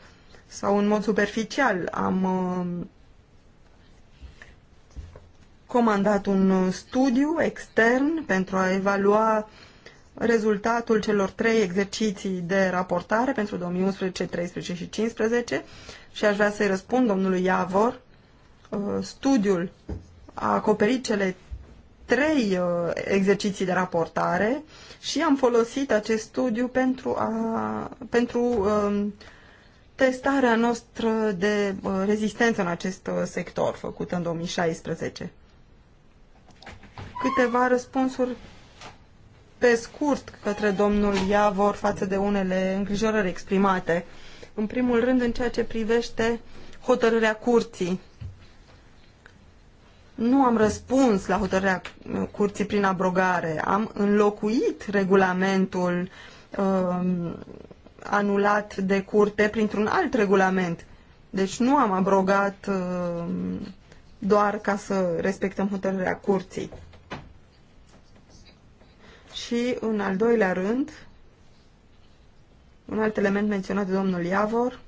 sau în mod superficial. Am uh, comandat un studiu extern pentru a evalua rezultatul celor trei exerciții de raportare pentru 2011, 2013 și 2015 și aș vrea să-i răspund domnului Iavor. Uh, studiul a acoperit cele trei uh, exerciții de raportare și am folosit acest studiu pentru, a, pentru um, testarea noastră de uh, rezistență în acest uh, sector făcută în 2016. Câteva răspunsuri pe scurt către domnul Iavor față de unele îngrijorări exprimate. În primul rând, în ceea ce privește hotărârea curții nu am răspuns la hotărârea uh, curții prin abrogare, am înlocuit regulamentul uh, anulat de curte printr-un alt regulament. Deci nu am abrogat uh, doar ca să respectăm hotărârea curții. Și în al doilea rând, un alt element menționat de domnul Iavor,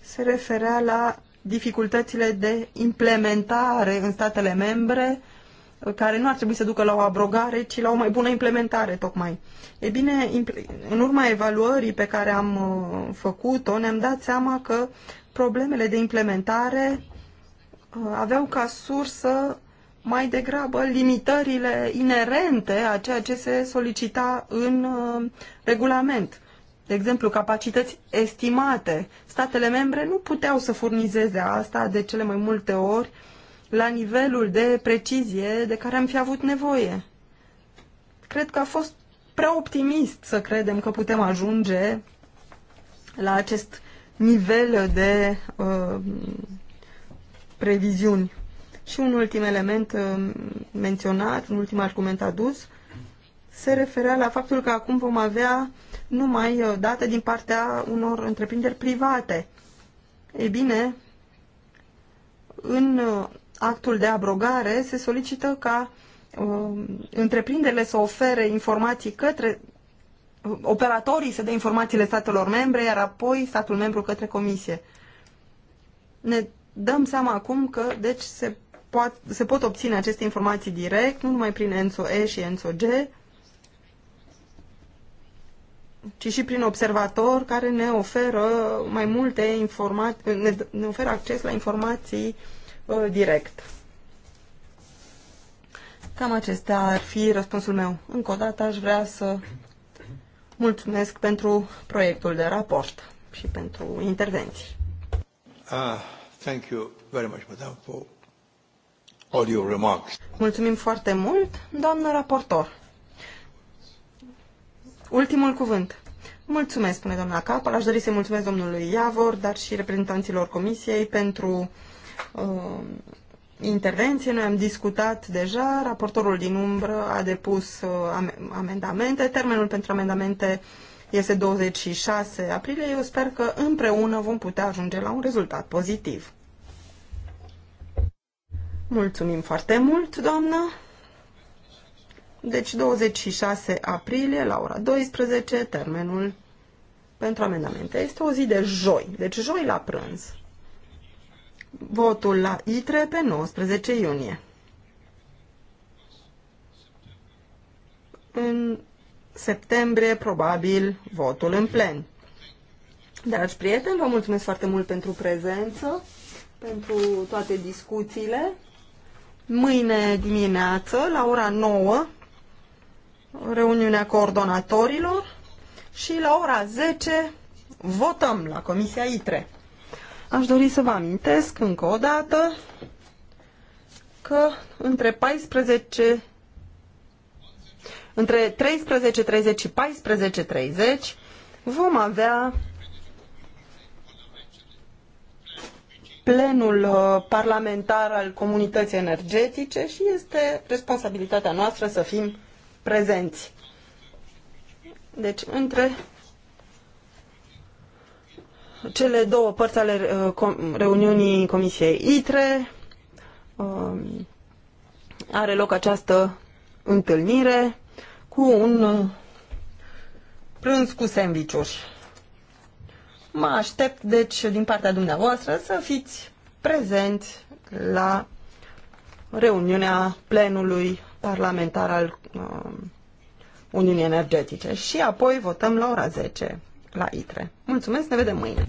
se referea la dificultățile de implementare în statele membre, care nu ar trebui să ducă la o abrogare, ci la o mai bună implementare, tocmai. E bine, în urma evaluării pe care am uh, făcut-o, ne-am dat seama că problemele de implementare uh, aveau ca sursă mai degrabă limitările inerente a ceea ce se solicita în uh, regulament. De exemplu, capacități estimate. Statele membre nu puteau să furnizeze asta de cele mai multe ori la nivelul de precizie de care am fi avut nevoie. Cred că a fost prea optimist să credem că putem ajunge la acest nivel de uh, previziuni. Și un ultim element uh, menționat, un ultim argument adus, se referea la faptul că acum vom avea numai uh, date din partea unor întreprinderi private. Ei bine, în uh, actul de abrogare se solicită ca uh, întreprinderile să ofere informații către uh, operatorii să dea informațiile statelor membre, iar apoi statul membru către comisie. Ne dăm seama acum că deci se, poat, se pot obține aceste informații direct, nu numai prin ENSO-E și ENSO-G, ci și prin observator care ne oferă mai multe informații, ne, ne oferă acces la informații uh, direct. Cam acestea ar fi răspunsul meu. Încă o dată aș vrea să mulțumesc pentru proiectul de raport și pentru intervenții. Ah, thank you very much, madam, for all your remarks. Mulțumim foarte mult, doamnă raportor. Ultimul cuvânt. Mulțumesc, spune doamna Capal. Aș dori să mulțumesc domnului Iavor, dar și reprezentanților comisiei pentru uh, intervenție. Noi am discutat deja, raportorul din umbră a depus uh, amendamente. Termenul pentru amendamente este 26 aprilie. Eu sper că împreună vom putea ajunge la un rezultat pozitiv. Mulțumim foarte mult, doamnă. Deci 26 aprilie la ora 12, termenul pentru amendamente. Este o zi de joi, deci joi la prânz. Votul la ITRE pe 19 iunie. În septembrie, probabil, votul în plen. Dragi prieteni, vă mulțumesc foarte mult pentru prezență, pentru toate discuțiile. Mâine dimineață, la ora 9, reuniunea coordonatorilor și la ora 10 votăm la Comisia ITRE. Aș dori să vă amintesc încă o dată că între 14 între 13.30 și 14.30 vom avea plenul uh, parlamentar al comunității energetice și este responsabilitatea noastră să fim prezenți. Deci, între cele două părți ale uh, reuniunii Comisiei ITRE um, are loc această întâlnire cu un uh, prânz cu sandvișuri. Mă aștept, deci, din partea dumneavoastră să fiți prezenți la reuniunea plenului parlamentar al Uh, Uniunii Energetice. Și apoi votăm la ora 10 la ITRE. Mulțumesc, ne vedem mâine!